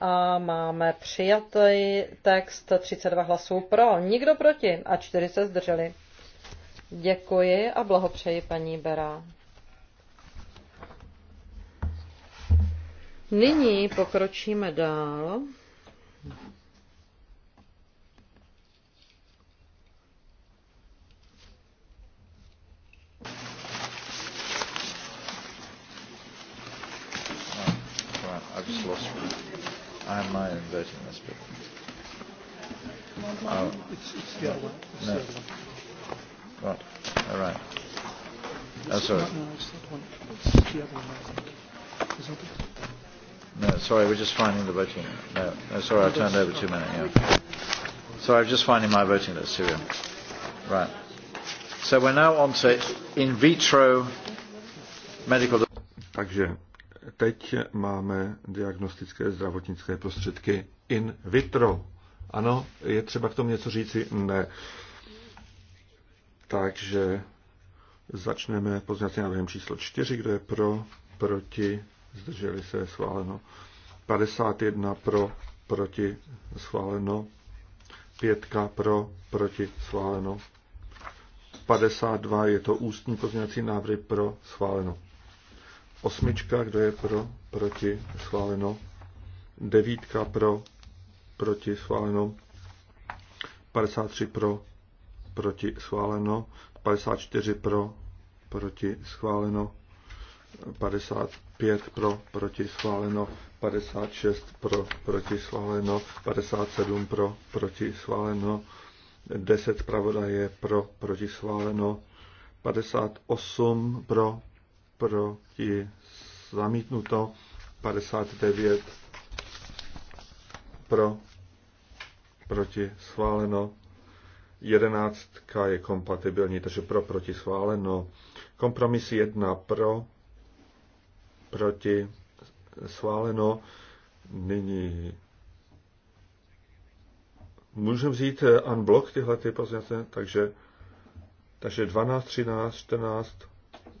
A máme přijatý text 32 hlasů pro, nikdo proti a 4 se zdrželi. Děkuji a blahopřeji paní Bera. Nyní pokročíme dál. Right. Oh, sorry. No, No, sorry, we're just finding the voting. No, no sorry, I turned over too many. Yeah. Sorry, I'm just finding my voting list. Here we are. Right. So we're now on to in vitro medical... Takže teď máme diagnostické zdravotnické prostředky in vitro. Ano, je třeba k tomu něco říci? Ne. Takže začneme pozněcí návrhem číslo 4, kdo je pro, proti, zdrželi se, schváleno. 51 pro, proti, schváleno. 5 pro, proti, schváleno. 52 je to ústní pozměňovací návrhy pro, schváleno. Osmička, kdo je pro, proti, schváleno. Devítka pro, proti, schváleno. 53 pro, proti, schváleno. 54 pro, proti, schváleno. 55 pro, proti schváleno, 56 pro, proti schváleno, 57 pro, proti schváleno, 10 zpravodaje pro, proti schváleno, 58 pro, proti zamítnuto, 59 pro, proti schváleno, 11 je kompatibilní, takže pro, proti schváleno, kompromis 1 pro, proti, schváleno. Nyní můžeme vzít eh, unblock tyhle ty pozice, takže, takže 12, 13, 14,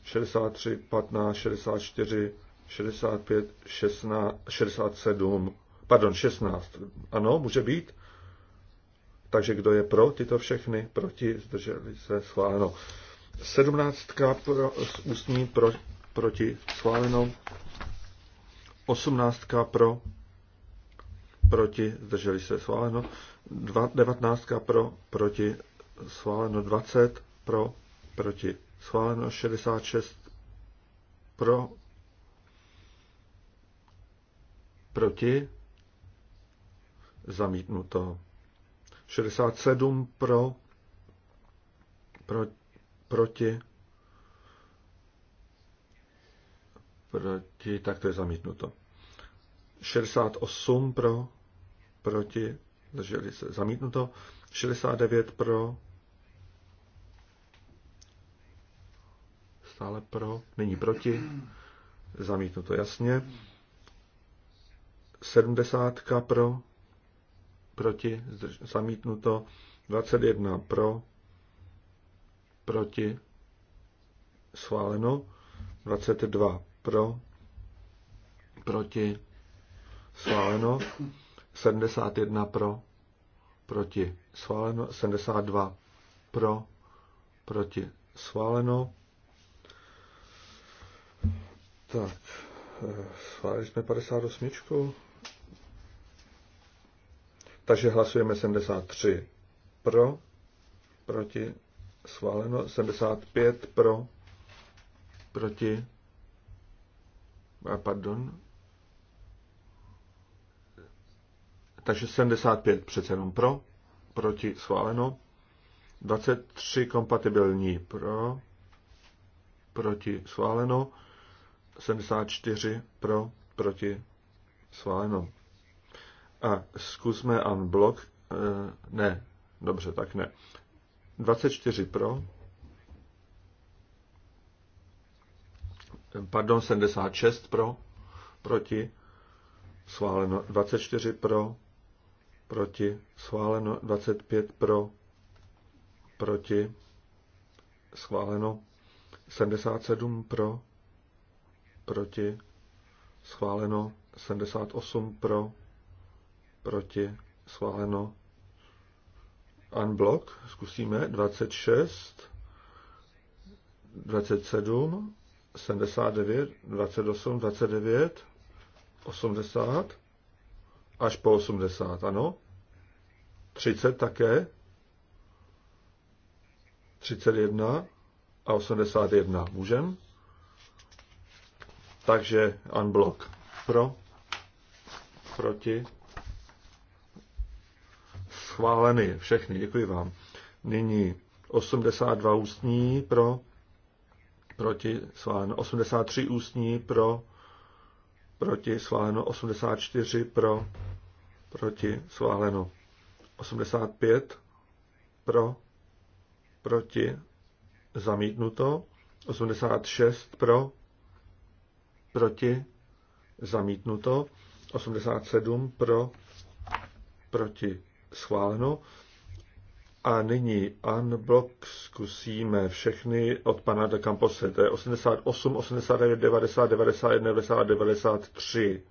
63, 15, 64, 65, 16, 67, pardon, 16. Ano, může být. Takže kdo je pro tyto všechny, proti, zdrželi se, schváleno. 17. Pro, ústní pro, proti, schváleno. 18 pro, proti, zdrželi se, schváleno. 19 pro, proti, schváleno. 20 pro, proti, schváleno. 66 pro, proti, zamítnuto. 67 pro, pro proti, proti, tak to je zamítnuto. 68 pro, proti, drželi se, zamítnuto. 69 pro, stále pro, není proti, zamítnuto jasně. 70 pro, proti, zamítnuto. 21 pro, proti, schváleno. 22 pro, proti, schváleno, 71 pro, proti, schváleno, 72 pro, proti, schváleno. Tak, eh, schválili jsme 58. Takže hlasujeme 73 pro, proti, schváleno, 75 pro, proti, Eh, pardon. Takže 75 přece jenom pro, proti schváleno. 23 kompatibilní pro, proti schváleno. 74 pro, proti schváleno. A zkusme unblock. Eh, ne, dobře, tak ne. 24 pro, pardon, 76 pro, proti, schváleno 24 pro, proti, schváleno 25 pro, proti, schváleno 77 pro, proti, schváleno 78 pro, proti, schváleno unblock, zkusíme 26, 27, 79, 28, 29, 80 až po 80, ano. 30 také. 31 a 81. Můžem? Takže unblock. Pro. Proti. Schváleny všechny. Děkuji vám. Nyní 82 ústní pro proti, schváleno 83 ústní, pro, proti, schváleno 84 pro, proti, schváleno 85 pro, proti, zamítnuto 86 pro, proti, zamítnuto 87 pro, proti, schváleno a nyní unblock zkusíme všechny od pana de Campose. To je 88, 89, 90, 91, 90, 93.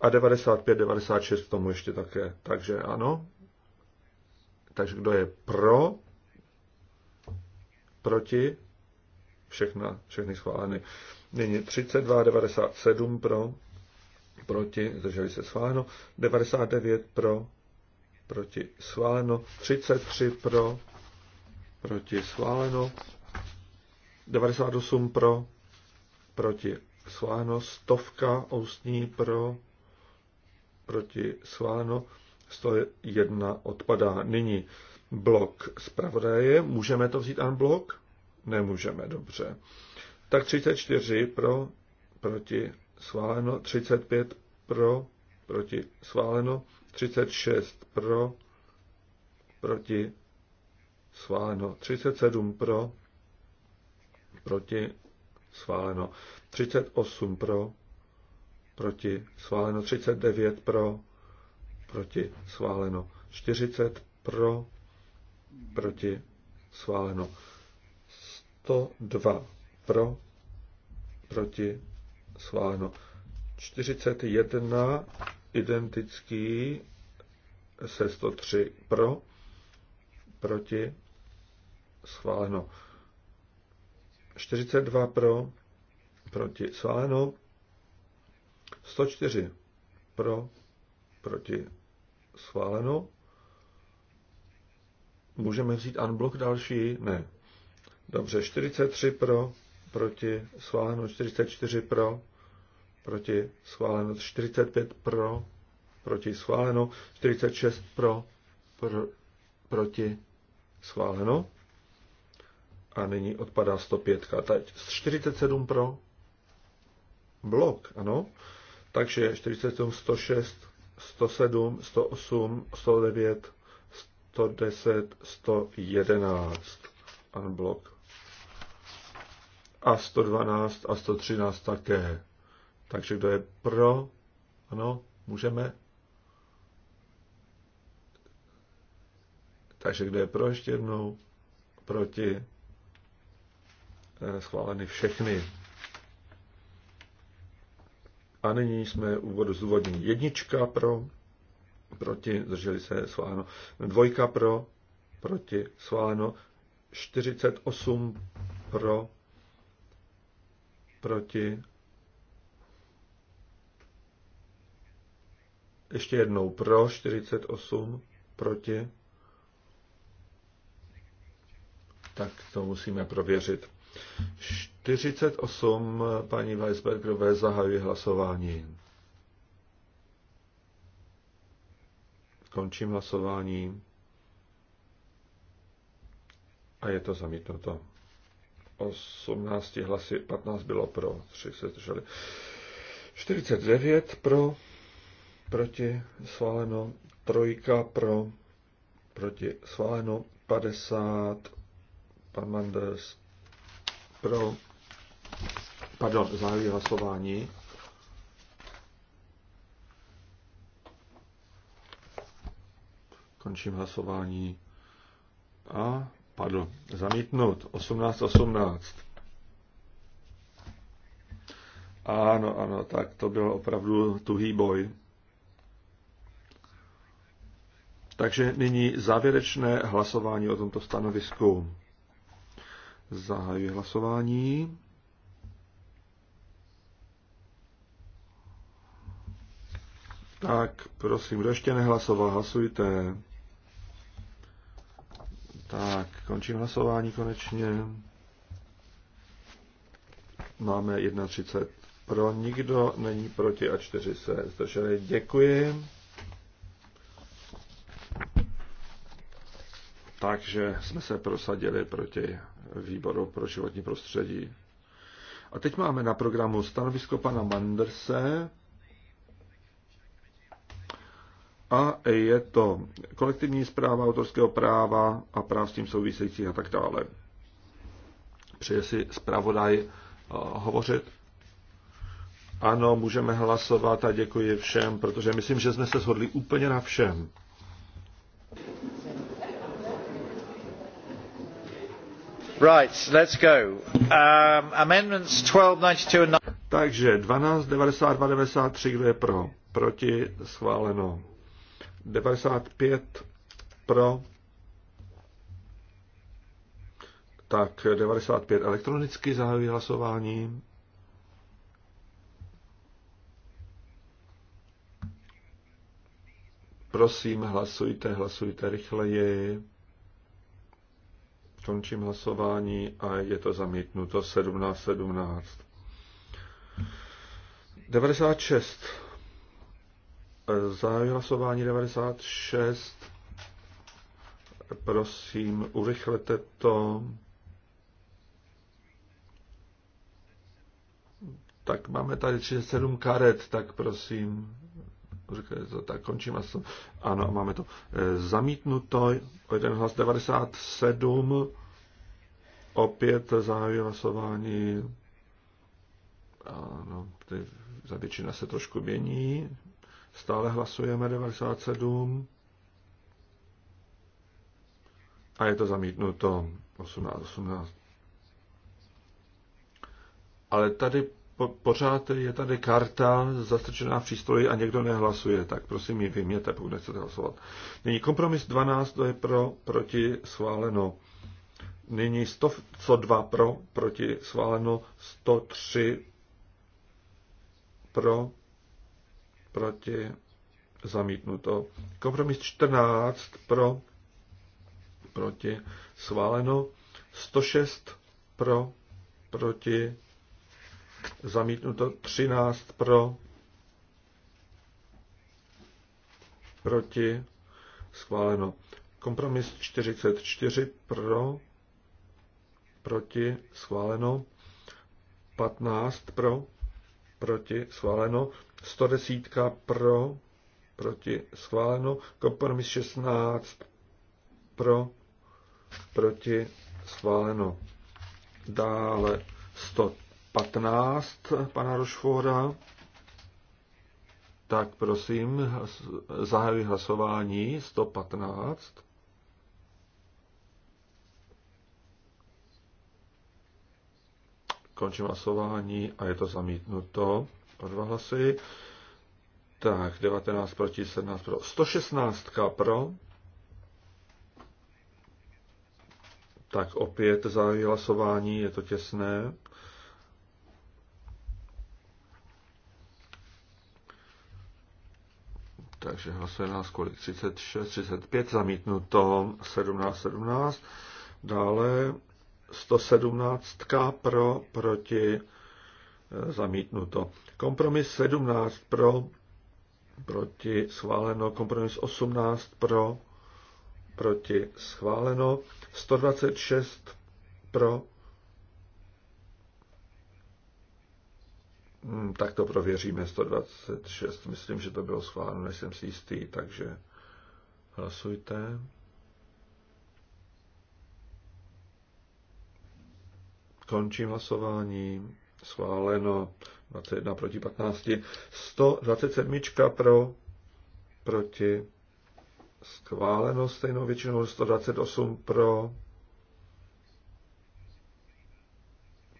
A 95, 96 k tomu ještě také. Takže ano. Takže kdo je pro? Proti? Všechna, všechny schváleny. Nyní 32, 97 pro. Proti? Zdrželi se schváleno. 99 pro proti schváleno, 33 pro, proti schváleno, 98 pro, proti schváleno, stovka ústní pro, proti schváleno, 101 odpadá. Nyní blok zpravodaje. Můžeme to vzít unblock? Nemůžeme, dobře. Tak 34 pro, proti schváleno, 35 pro, proti schváleno, 36 pro, proti, schváleno. 37 pro, proti, schváleno. 38 pro, proti, schváleno. 39 pro, proti, schváleno. 40 pro, proti, schváleno. 102 pro, proti, schváleno. 41 identický se 103 pro, proti, schváleno. 42 pro, proti, schváleno. 104 pro, proti, schváleno. Můžeme vzít unblock další? Ne. Dobře, 43 pro, proti, schváleno, 44 pro, proti schváleno, 45 pro, proti schváleno, 46 pro, pro proti schváleno. A nyní odpadá 105. Teď 47 pro blok, ano. Takže 47, 106, 107, 108, 109, 110, 111 unblock. A 112 a 113 také. Takže kdo je pro? Ano, můžeme. Takže kdo je pro ještě jednou? Proti? Eh, schváleny všechny. A nyní jsme u bodu zdůvodnění. Jednička pro, proti, zdrželi se, schváleno. Dvojka pro, proti, schváleno. 48 pro, proti, Ještě jednou pro 48, proti. Tak to musíme prověřit. 48 paní Weisbergerové zahajuje hlasování. Končím hlasování. A je to zamítnuto. 18 hlasy, 15 bylo pro, 3 se drželi. 49 pro, proti Svaleno trojka pro, proti Svaleno 50, pan Manders pro, pardon, zahájí hlasování. Končím hlasování. A padl. Zamítnout. 18, 18. Ano, ano, tak to byl opravdu tuhý boj. Takže nyní závěrečné hlasování o tomto stanovisku. Zahajuji hlasování. Tak, prosím, kdo ještě nehlasoval, hlasujte. Tak, končím hlasování konečně. Máme 31 pro, nikdo není proti a 4 se zdrželi. Děkuji. Takže jsme se prosadili proti výboru pro životní prostředí. A teď máme na programu stanovisko pana Manderse a je to kolektivní zpráva autorského práva a práv s tím souvisejících a tak dále. Přeje si zpravodaj eh, hovořit? Ano, můžeme hlasovat a děkuji všem, protože myslím, že jsme se shodli úplně na všem. Right, let's go. Um, amendments 1292 and... Takže 12, 92, 93, kdo je pro? Proti, schváleno. 95 pro. Tak 95 elektronicky zahájí hlasování. Prosím, hlasujte, hlasujte rychleji. Končím hlasování a je to zamítnuto 17.17. 17. 96. Zahajuji hlasování 96. Prosím, urychlete to. Tak máme tady 37 karet, tak prosím, Řekli to tak, končím. Ano, máme to e, zamítnuto. Jeden hlas 97. Opět zahájí hlasování. Ano, ty, za většina se trošku mění. Stále hlasujeme 97. A je to zamítnuto 18, 18. Ale tady po, pořád je tady karta zastrčená v přístroji a někdo nehlasuje, tak prosím ji vyměte, pokud nechcete hlasovat. Nyní kompromis 12, to je pro, proti, schváleno. Nyní 102 pro, proti, schváleno, 103 pro, proti, zamítnuto. Kompromis 14 pro, proti, schváleno, 106 pro, proti, zamítnuto 13 pro, proti, schváleno. Kompromis 44 pro, proti, schváleno. 15 pro, proti, schváleno. 110 pro, proti, schváleno. Kompromis 16 pro, proti, schváleno. Dále 100 15 pana Rošfora, tak prosím, zahajuji hlasování 115. Končím hlasování a je to zamítnuto o dva hlasy. Tak, 19 proti 17 pro. 116 pro. Tak opět zahájí hlasování, je to těsné. Takže hlasuje nás kolik? 36, 35, zamítnuto 17, 17. Dále 117 pro, proti, eh, zamítnuto. Kompromis 17 pro, proti, schváleno. Kompromis 18 pro, proti, schváleno. 126 pro, Mm, tak to prověříme 126. Myslím, že to bylo schváleno, nejsem si jistý, takže hlasujte. Končím hlasování. Schváleno 21 proti 15. 127 pro, proti. Schváleno stejnou většinou 128 pro,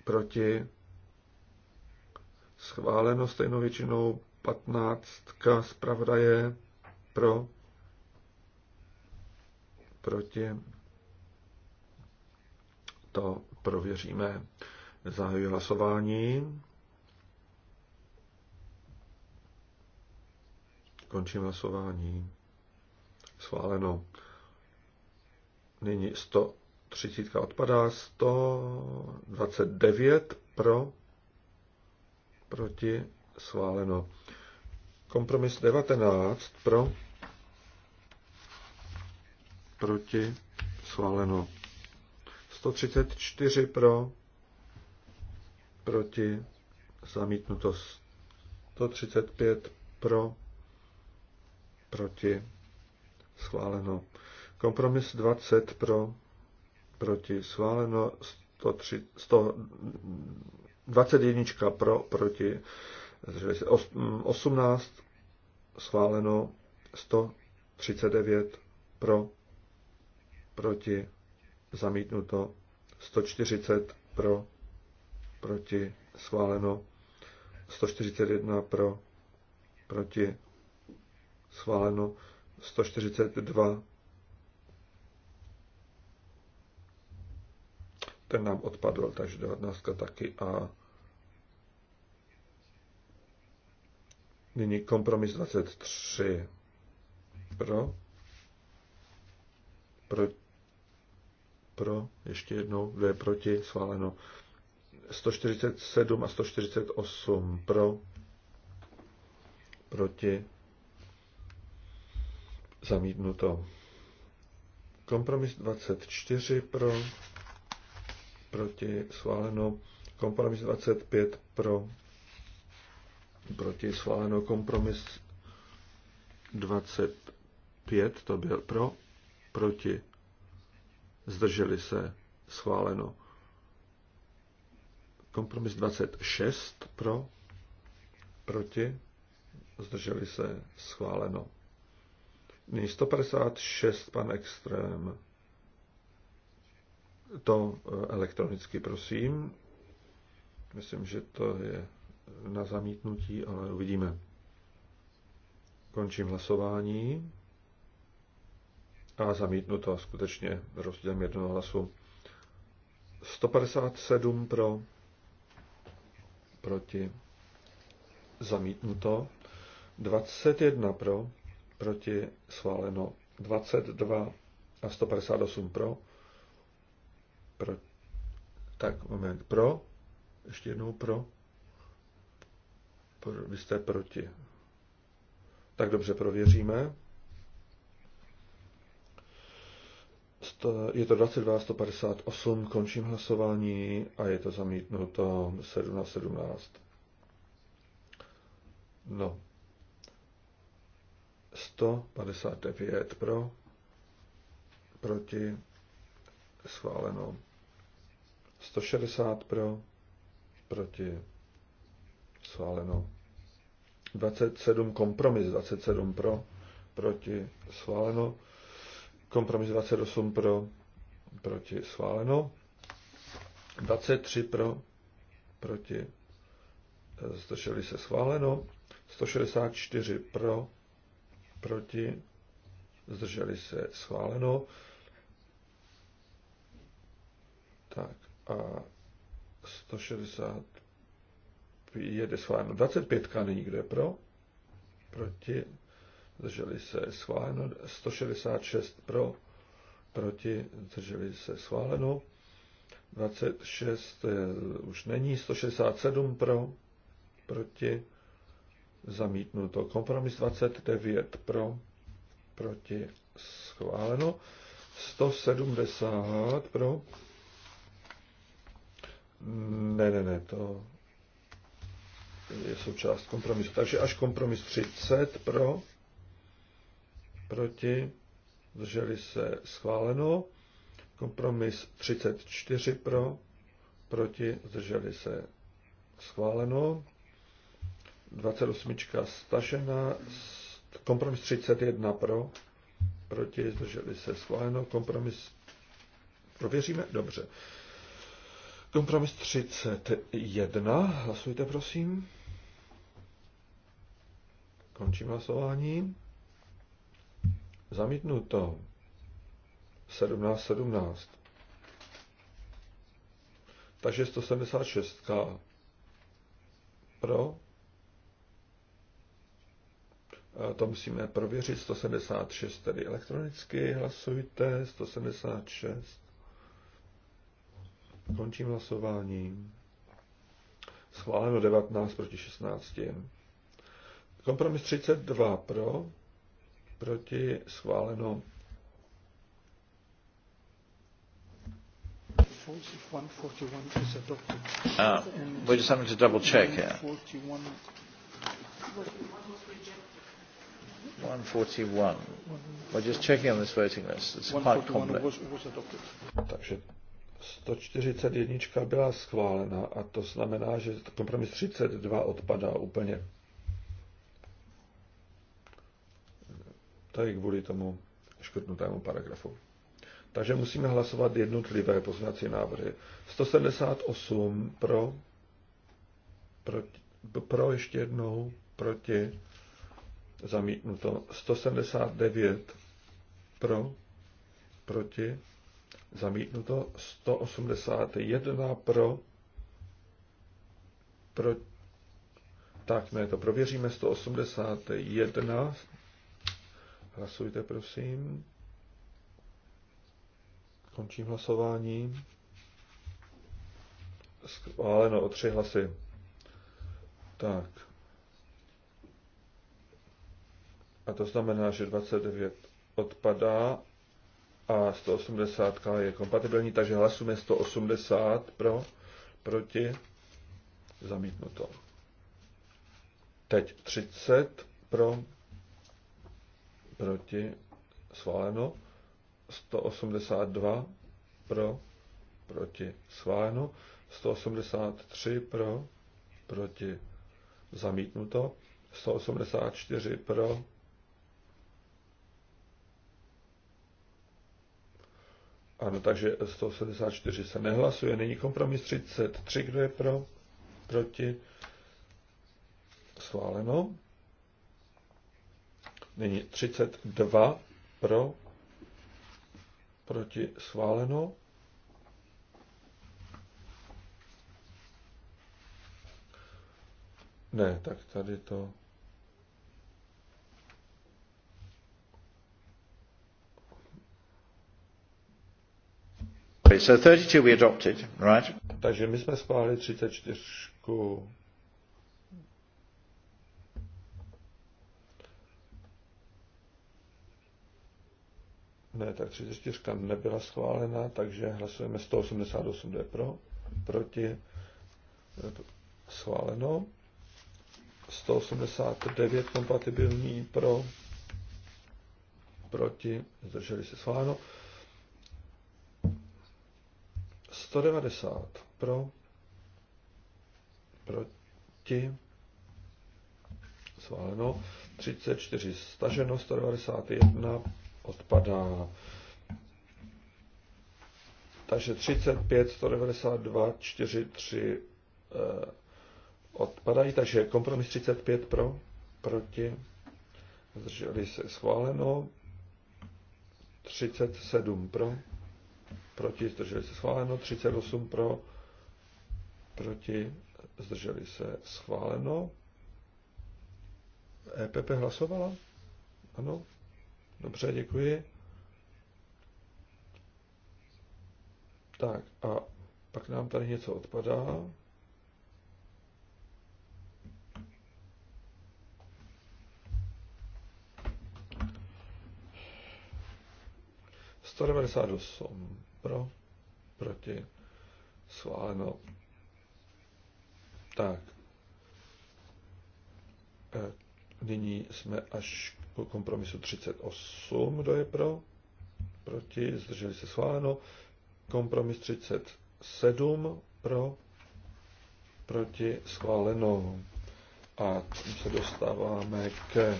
proti schváleno stejnou většinou 15 je pro, proti. To prověříme. Zahajuji hlasování. Končím hlasování. Schváleno. Nyní 130 odpadá, 129 pro, proti, schváleno. Kompromis 19 pro, proti, schváleno. 134 pro, proti, zamítnuto. 135 pro, proti, schváleno. Kompromis 20 pro, proti, schváleno. 103, 100, 21 pro, proti, 18, mm, schváleno 139 pro, proti, zamítnuto 140 pro, proti, schváleno 141 pro, proti, schváleno 142 ten nám odpadl, takže 19 taky a nyní kompromis 23 pro pro pro, ještě jednou, dvě proti, schváleno 147 a 148 pro proti zamítnuto kompromis 24 pro proti schváleno, kompromis 25 pro, proti schváleno, kompromis 25, to byl pro, proti, zdrželi se, schváleno. Kompromis 26 pro, proti, zdrželi se, schváleno. Nyní 156, pan Extrém to eh, elektronicky, prosím. Myslím, že to je na zamítnutí, ale uvidíme. Končím hlasování. A zamítnu to skutečně rozdílem jednoho hlasu. 157 pro, proti, zamítnuto. 21 pro, proti, schváleno. 22 a 158 pro, pro. Tak, moment. Pro. Ještě jednou pro. pro. Vy jste proti. Tak dobře, prověříme. Je to 22, 158, končím hlasování a je to zamítnuto 17, 17. No. 159 pro, proti schváleno. 160 pro, proti, schváleno. 27 kompromis, 27 pro, proti, schváleno. Kompromis 28 pro, proti, schváleno. 23 pro, proti, zdrželi se schváleno. 164 pro, proti, zdrželi se schváleno. Tak a 160 je schváleno. 25 není kdo je pro? Proti. Drželi se schváleno. 166 pro. Proti. Drželi se schváleno. 26 eh, už není. 167 pro. Proti. Zamítnuto. Kompromis 29 pro. Proti. Schváleno. 170 pro ne, ne, ne, to je součást kompromisu. Takže až kompromis 30 pro, proti, drželi se schváleno. Kompromis 34 pro, proti, zdrželi se schváleno. 28 stažena, kompromis 31 pro, proti, zdrželi se schváleno. Kompromis prověříme? Dobře. Kompromis 31. Hlasujte, prosím. Končím hlasování. Zamítnuto. 17, 17. Takže 176 pro. To musíme prověřit. 176 tedy elektronicky. Hlasujte. 176. Končím hlasování. Schváleno 19 proti 16. Kompromis 32 pro, proti schváleno 141 Uh, we just having to double check here. 141. We're just checking on this voting list. It's quite complex. Was, was Takže 141 byla schválena a to znamená, že kompromis 32 odpadá úplně. To je kvůli tomu škrtnutému paragrafu. Takže musíme hlasovat jednotlivé poznací návrhy. 178 pro, proti, pro ještě jednou, proti, zamítnuto. 179 pro, proti, zamítnuto 181 pro, pro tak ne, to prověříme 181 hlasujte prosím končím hlasování schváleno o tři hlasy tak a to znamená, že 29 odpadá a 180 je kompatibilní, takže hlasujeme 180 pro, proti, zamítnuto. Teď 30 pro, proti, schváleno, 182 pro, proti, schváleno, 183 pro, proti, zamítnuto, 184 pro, Ano, takže 174 se nehlasuje. Není kompromis 33. Kdo je pro? Proti? Schváleno. Není 32 pro, proti schváleno. Ne, tak tady to So 32 we adopted, right? Takže my jsme schválili 34. Ne, tak 34 nebyla schválena, takže hlasujeme 188 D pro, proti schváleno. 189 kompatibilní pro, proti, zdrželi se schváleno. 190 pro, proti, sváleno, 34 staženo, 191 odpadá. Takže 35, 192, 43 eh, odpadají, takže kompromis 35 pro, proti, zdrželi se schváleno, 37 pro, proti, zdrželi se schváleno, 38 pro, proti, zdrželi se schváleno. EPP hlasovala? Ano? Dobře, děkuji. Tak a pak nám tady něco odpadá. Sto devadesát pro, proti, schváleno. Tak. E, nyní jsme až k kompromisu 38, kdo je pro, proti, zdrželi se schváleno. Kompromis 37 pro, proti, schváleno. A tím se dostáváme ke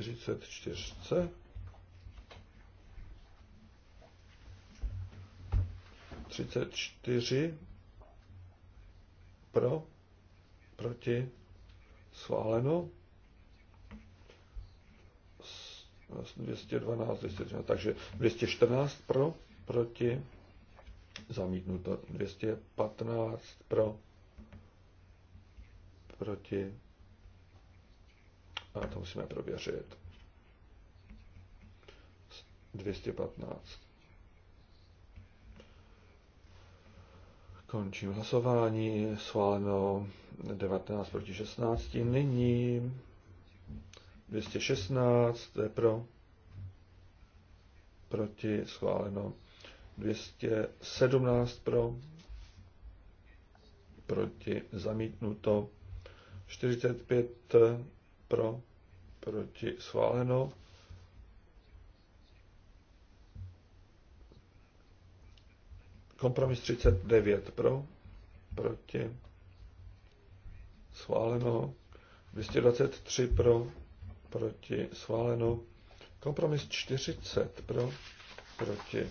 44. Třicet čtyři pro, proti, schváleno. 212, 214, takže 214 pro, proti, zamítnuto. 215 pro, proti, a to musíme prověřit. 215. Končím hlasování, schváleno 19 proti 16. Nyní 216, to je pro, proti, schváleno 217 pro, proti, zamítnuto 45 pro, proti schváleno. Kompromis 39 pro, proti schváleno. 223 pro, proti schváleno. Kompromis 40 pro, proti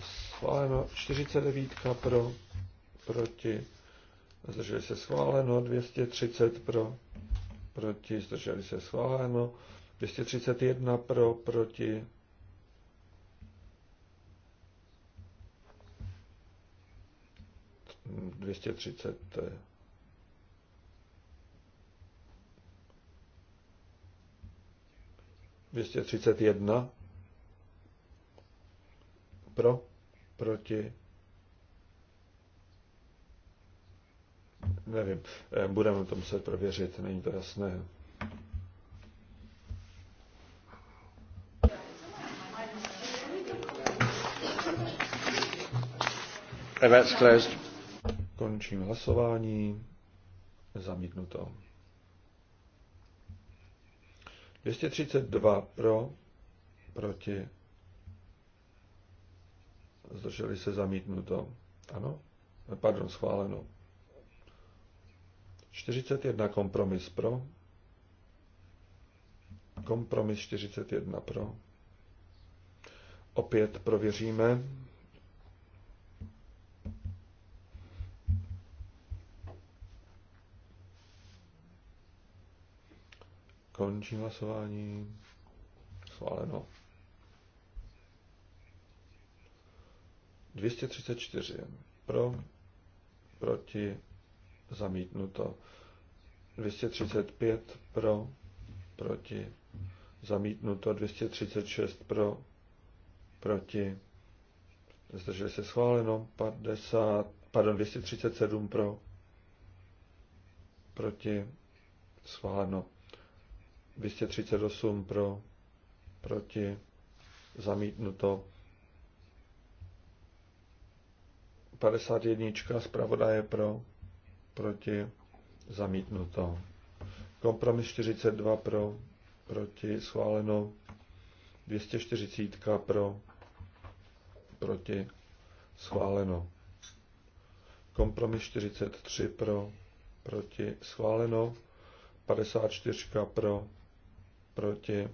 schváleno. 49 pro, proti zdrželi se schváleno. 230 pro, proti, zdrželi se schváleno, 231 pro, proti, dvěstě třicet dvěstě třicet jedna pro proti Nevím, eh, budeme to muset prověřit, není to jasné. Končím hlasování. Zamítnuto. 232 pro, proti. Zdrželi se zamítnuto. Ano? Pardon, schváleno. 41 kompromis pro. Kompromis 41 pro. Opět prověříme. Končí hlasování. Schváleno. 234 pro, proti, zamítnuto. 235 pro, proti, zamítnuto. 236 pro, proti, zdrželi se schváleno. 50, pardon, 237 pro, proti, schváleno. 238 pro, proti, zamítnuto. 51. zpravodaje pro, proti, zamítnuto. Kompromis 42 pro, proti, schváleno. 240 pro, proti, schváleno. Kompromis 43 pro, proti, schváleno. 54 pro, proti,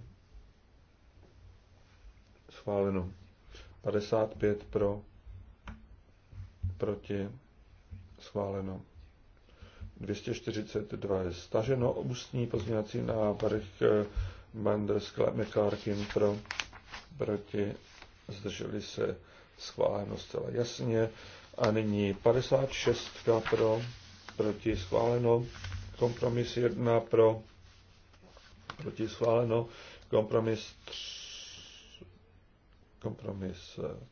schváleno. 55 pro, proti, schváleno. 242 je staženo, ústní pozměňovací návrh eh, Manders McClarkin pro, proti, zdrželi se schváleno zcela jasně. A nyní 56 pro, proti schváleno, kompromis 1 pro, proti schváleno, kompromis 3, kompromis eh,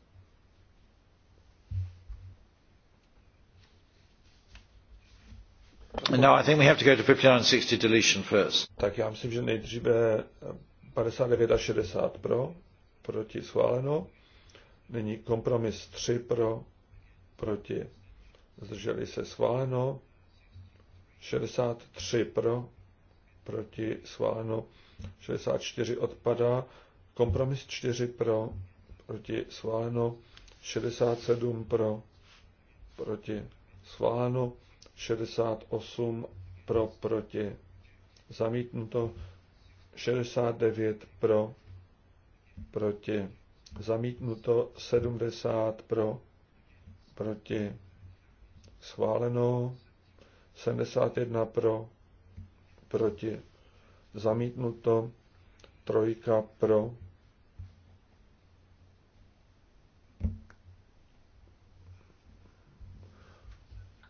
No, I think we have to go to 59 and 60 deletion first. Tak já myslím, že nejdříve 59 a 60 pro, proti schváleno. Nyní kompromis 3 pro, proti zdrželi se schváleno. 63 pro, proti schváleno. 64 odpadá. Kompromis 4 pro, proti schváleno. 67 pro, proti schváleno. 68 pro, proti, zamítnuto, 69 pro, proti, zamítnuto, 70 pro, proti, schváleno, 71 pro, proti, zamítnuto, trojka pro,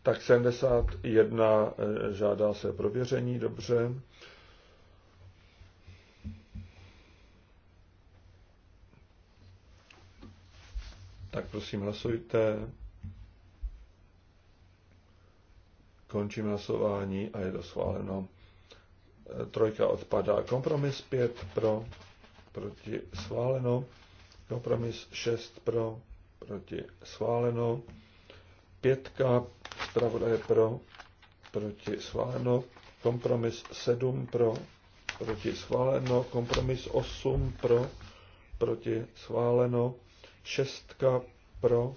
Tak 71 eh, žádá se prověření, dobře. Tak prosím hlasujte. Končím hlasování a je to schváleno. Eh, trojka odpadá. Kompromis 5 pro, proti schváleno. Kompromis 6 pro, proti schváleno. Pětka, zpravodaje pro, proti schváleno. Kompromis 7 pro, proti schváleno. Kompromis 8 pro, proti schváleno. Šestka pro,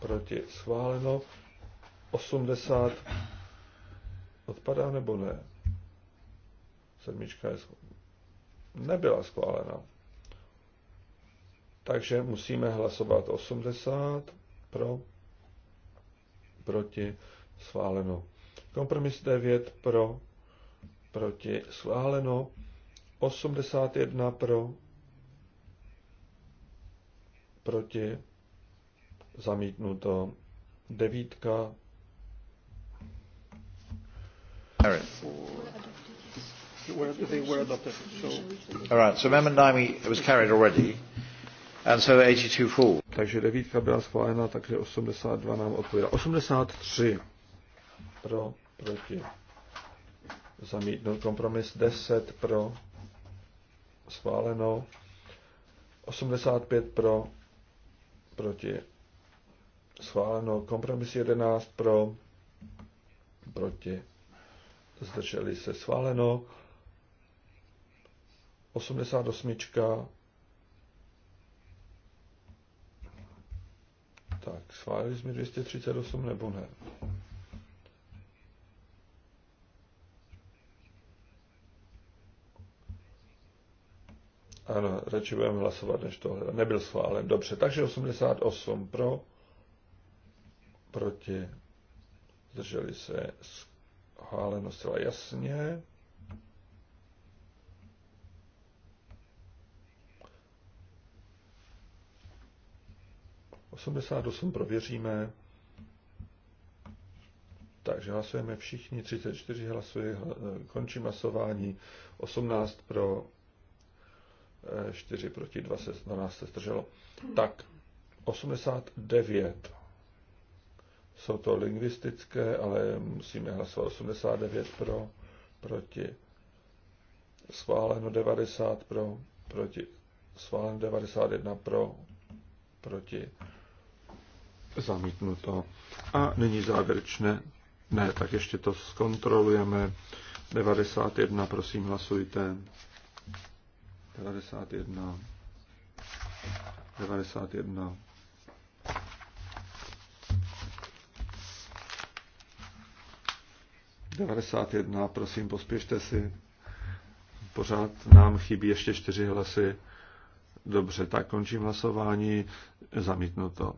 proti schváleno. 80 odpadá nebo ne? Sedmička je nebyla schválena. Takže musíme hlasovat 80 pro, proti, schváleno. Kompromis 9 pro, proti, schváleno. 81 pro, proti, zamítnuto. Devítka. All right. So amendment 9 was carried already, and so 82 falls. Takže devítka byla schválena, takže 82 nám odpovídá. 83 pro, proti. Zamítnout kompromis 10 pro, schváleno. 85 pro, proti. Schváleno. Kompromis 11 pro, proti. Zdrželi se schváleno. 88 Schválili jsme 238 nebo ne? Ano, radši budeme hlasovat, než tohle. Nebyl schválen. Dobře, takže 88 pro, proti, zdrželi se schváleno zcela jasně. 88 prověříme. Takže hlasujeme všichni, 34 hlasuje, eh, končí hlasování, 18 pro, 4 eh, proti, 2 se, 12 se zdrželo. Tak, 89. Jsou to lingvistické, ale musíme hlasovat 89 pro, proti, schváleno 90 pro, proti, schváleno 91 pro, proti, Zamítnuto. A nyní závěrečné. Ne, tak ještě to zkontrolujeme. 91, prosím, hlasujte. 91. 91. 91. prosím, pospěšte si. Pořád nám chybí ještě čtyři hlasy. Dobře, tak končím hlasování. Zamítnuto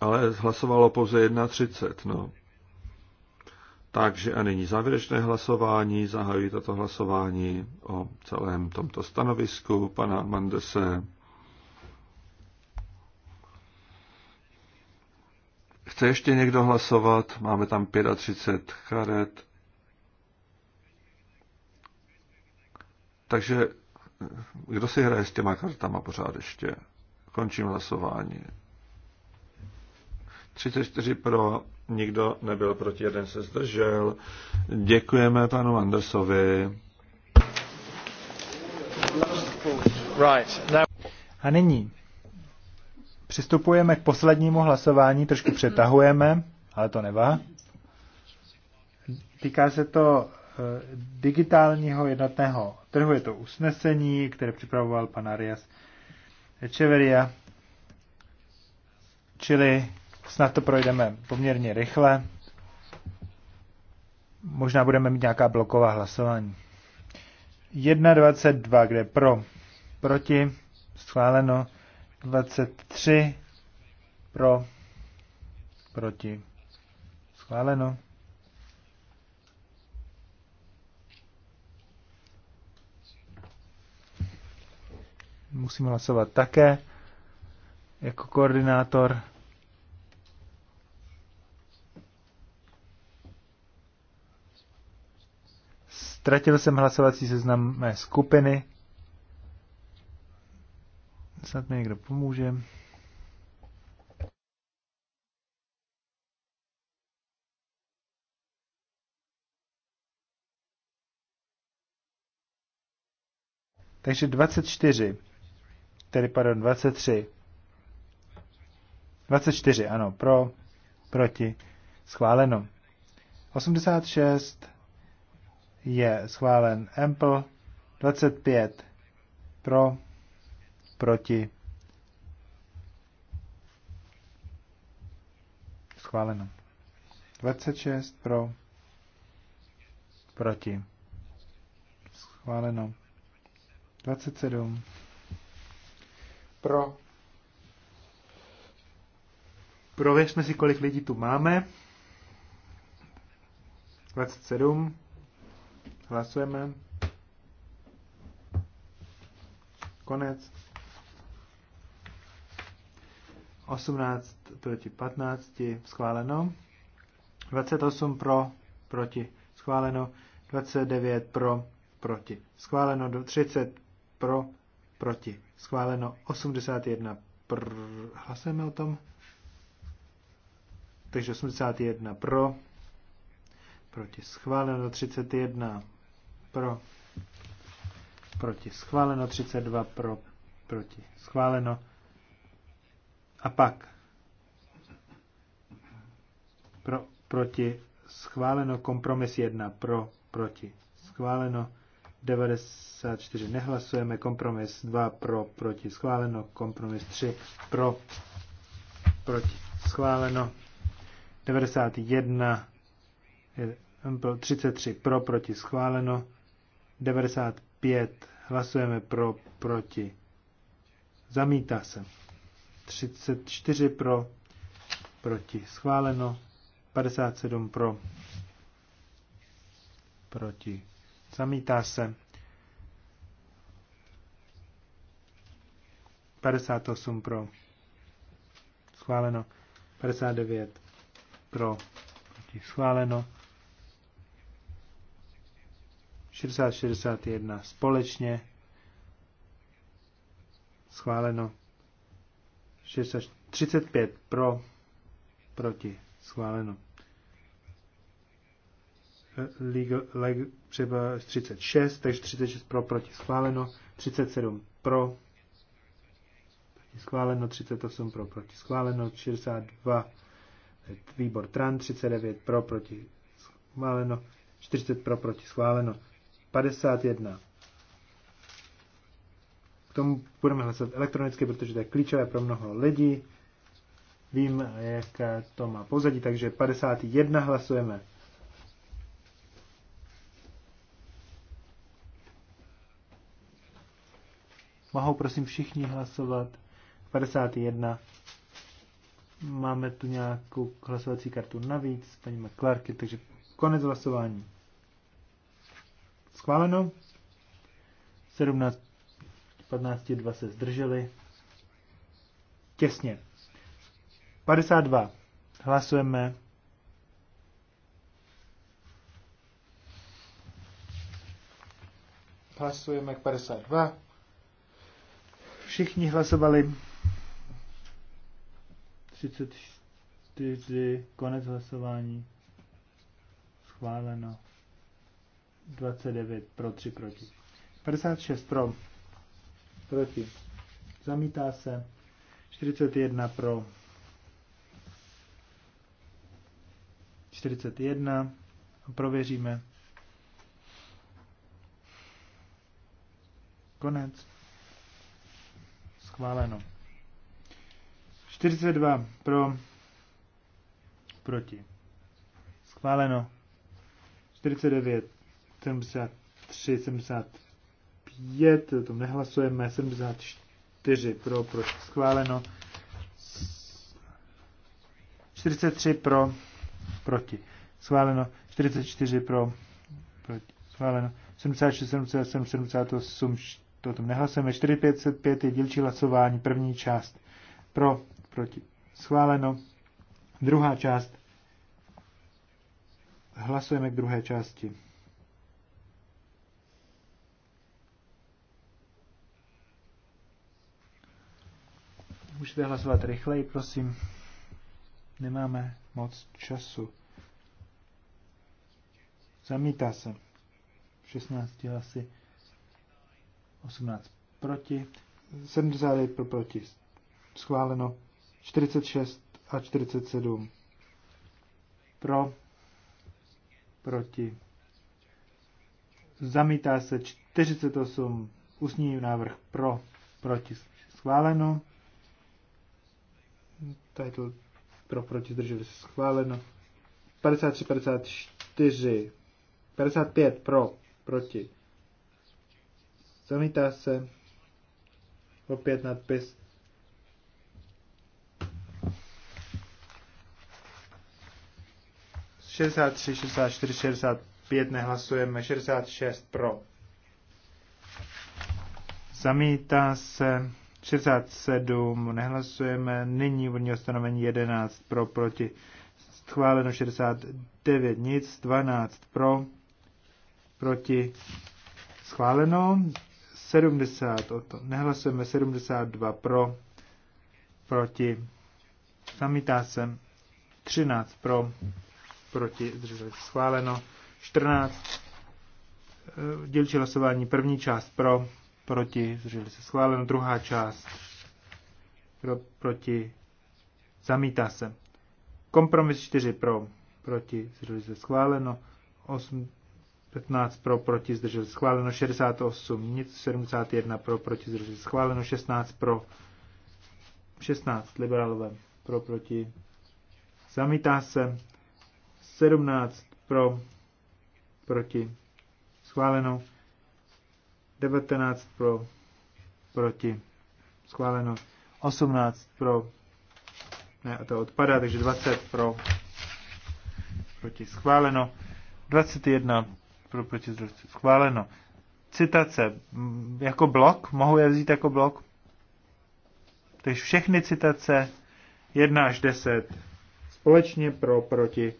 ale hlasovalo pouze 31, no. Takže a nyní závěrečné hlasování, zahajuji toto hlasování o celém tomto stanovisku pana Mandese. Chce ještě někdo hlasovat? Máme tam 35 karet. Takže eh, kdo si hraje s těma kartama pořád ještě? Končím hlasování. 34 pro, nikdo nebyl proti, jeden se zdržel. Děkujeme panu Andersovi. A nyní přistupujeme k poslednímu hlasování, trošku přetahujeme, ale to nevá. Týká se to eh, digitálního jednotného trhu, je to usnesení, které připravoval pan Arias Echeveria, čili Snad to projdeme poměrně rychle. Možná budeme mít nějaká bloková hlasování. 1.22, kde pro, proti, schváleno. 23, pro, proti, schváleno. Musím hlasovat také jako koordinátor. Ztratil jsem hlasovací seznam mé skupiny. Snad mi někdo pomůže. Takže 24, tedy pardon, 23. 24, ano, pro, proti, schváleno. 86, je schválen Ample 25 pro, proti, schváleno. 26 pro, proti, schváleno. 27 pro. Prověřme si, kolik lidí tu máme. 27 Hlasujeme. Konec. 18 proti 15 schváleno. 28 pro, proti schváleno. 29 pro, proti schváleno. 30 pro, proti schváleno. 81 pr... Hlasujeme o tom. Takže 81 pro, proti schváleno. 31 pro, proti schváleno, 32 pro, proti schváleno. A pak pro, proti schváleno, kompromis 1 pro, proti schváleno. 94 nehlasujeme, kompromis 2 pro, proti schváleno, kompromis 3 pro, proti schváleno, 91 33 pro, proti schváleno, 95. Hlasujeme pro, proti. Zamítá se. 34 pro, proti. Schváleno. 57 pro, proti. Zamítá se. 58 pro. Schváleno. 59 pro. Proti. Schváleno. 60, 61 společně. Schváleno. 35 pro, proti. Schváleno. Legal, legal, třeba 36, takže 36 pro, proti. Schváleno. 37 pro, proti. Schváleno. 38 pro, proti. Schváleno. 62 výbor TRAN, 39 pro, proti. Schváleno. 40 pro, proti. Schváleno. 51. K tomu budeme hlasovat elektronicky, protože to je klíčové pro mnoho lidí. Vím, jak to má pozadí, takže 51 hlasujeme. Mohou prosím všichni hlasovat. 51. Máme tu nějakou hlasovací kartu navíc, paní McClarky, takže konec hlasování. Schváleno. 17, 15, 2 se zdrželi. Těsně. 52. Hlasujeme. Hlasujeme k 52. Všichni hlasovali. 34. Konec hlasování. Schváleno. 29 pro, 3 proti. 56 pro, proti. Zamítá se. 41 pro. 41. Prověříme. Konec. Schváleno. 42 pro. Proti. Schváleno. 49 73, 75, o tom nehlasujeme, 74 pro, proč? schváleno, 43 pro, proti schváleno, 44 pro, proti schváleno, 76, 77, 78, to o tom nehlasujeme, 4505 je dílčí hlasování, první část pro, proti schváleno, druhá část hlasujeme k druhé části. Můžete hlasovat rychleji, prosím. Nemáme moc času. Zamítá se. 16 hlasy, 18 proti, 79 pro proti. Schváleno 46 a 47 pro, proti. Zamítá se 48 Usní návrh pro, proti. Schváleno title pro proti zdrželi se schváleno. 53, 54, 55 pro proti. Zamítá se. Opět nadpis. Šedesát tři, šedesát čtyři, šedesát pět nehlasujeme, šedesát šest pro. Zamítá se. 37 nehlasujeme, nyní vodní ustanovení 11 pro, proti, schváleno 69 nic, 12 pro, proti, schváleno, 70 o to, nehlasujeme 72 pro, proti, zamítá se, 13 pro, proti, zdrželi schváleno, 14 eh, dělčí hlasování, první část pro, proti, zdrželi se schválen, Druhá část pro, proti, zamítá se. Kompromis 4 pro, proti, zdrželi se schváleno. 8, 15 pro, proti, zdrželi se schváleno. 68, nic, 71 pro, proti, zdrželi se schváleno. 16 pro, 16 liberálové pro, proti, zamítá se. 17 pro, proti, schváleno. 19 pro, proti, schváleno. 18 pro, ne, a to odpadá, takže 20 pro, proti, schváleno. 21 pro, proti, schváleno. Citace jako blok, mohu je vzít jako blok? Takže všechny citace 1 až 10 společně pro, proti,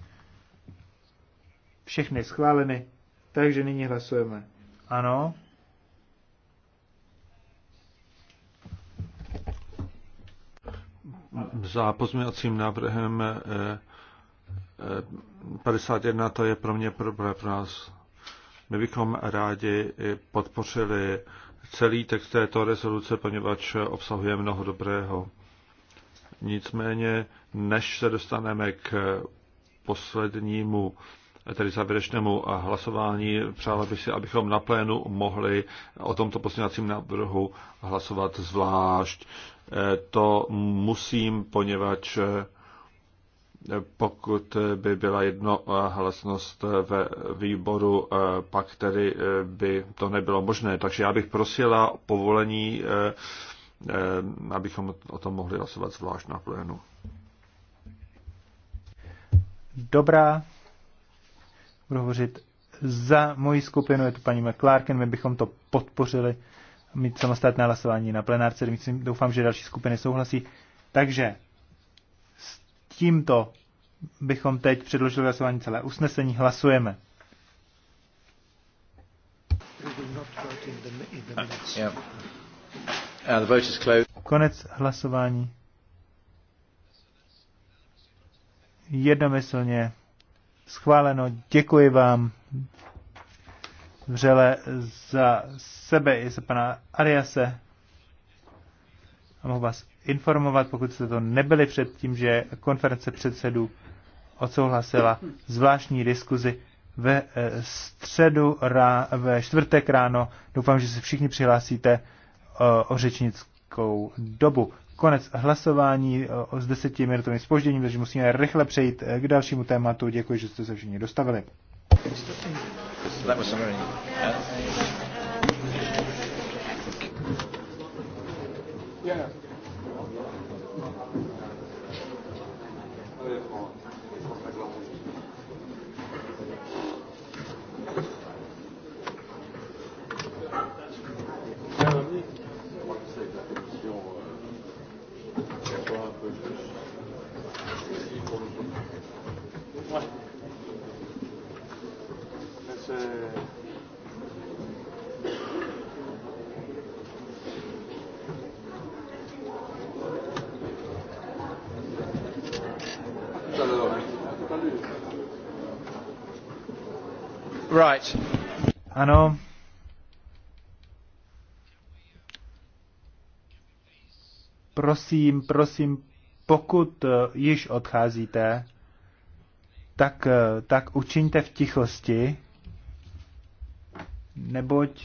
všechny schváleny. Takže nyní hlasujeme. Ano. za pozměňovacím návrhem 51, eh, eh, to je pro mě problém pro nás. My bychom rádi podpořili celý text této rezoluce, poněvadž obsahuje mnoho dobrého. Nicméně, než se dostaneme k poslednímu tedy závěrečnému hlasování. Přála bych si, abychom na plénu mohli o tomto posledním návrhu hlasovat zvlášť. Eh, to musím, poněvadž eh, pokud by byla jednohlasnost ve výboru, eh, pak tedy by to nebylo možné. Takže já bych prosila povolení, abychom o tom mohli hlasovat zvlášť na plénu. Dobrá, budu hovořit za moji skupinu, je to paní McClarken, my bychom to podpořili, mít samostatné hlasování na plenárce, myslím, doufám, že další skupiny souhlasí. Takže s tímto bychom teď předložili hlasování celé usnesení, hlasujeme. Uh, uh, Konec hlasování. Jednomyslně Schváleno. Děkuji vám vřele za sebe i za pana Ariase. A mohu vás informovat, pokud jste to nebyli předtím, že konference předsedů odsouhlasila zvláštní diskuzi ve eh, středu, rá, ve čtvrtek ráno. Doufám, že se všichni přihlásíte eh, o řečnickou dobu konec hlasování eh, o s desetiminutovým spožděním, takže musíme rychle přejít eh, k dalšímu tématu. Děkuji, že jste se všichni dostavili. Yeah. Right. Ano. Prosím, prosím, pokud eh, již odcházíte, tak, eh, tak učiňte v tichosti, neboť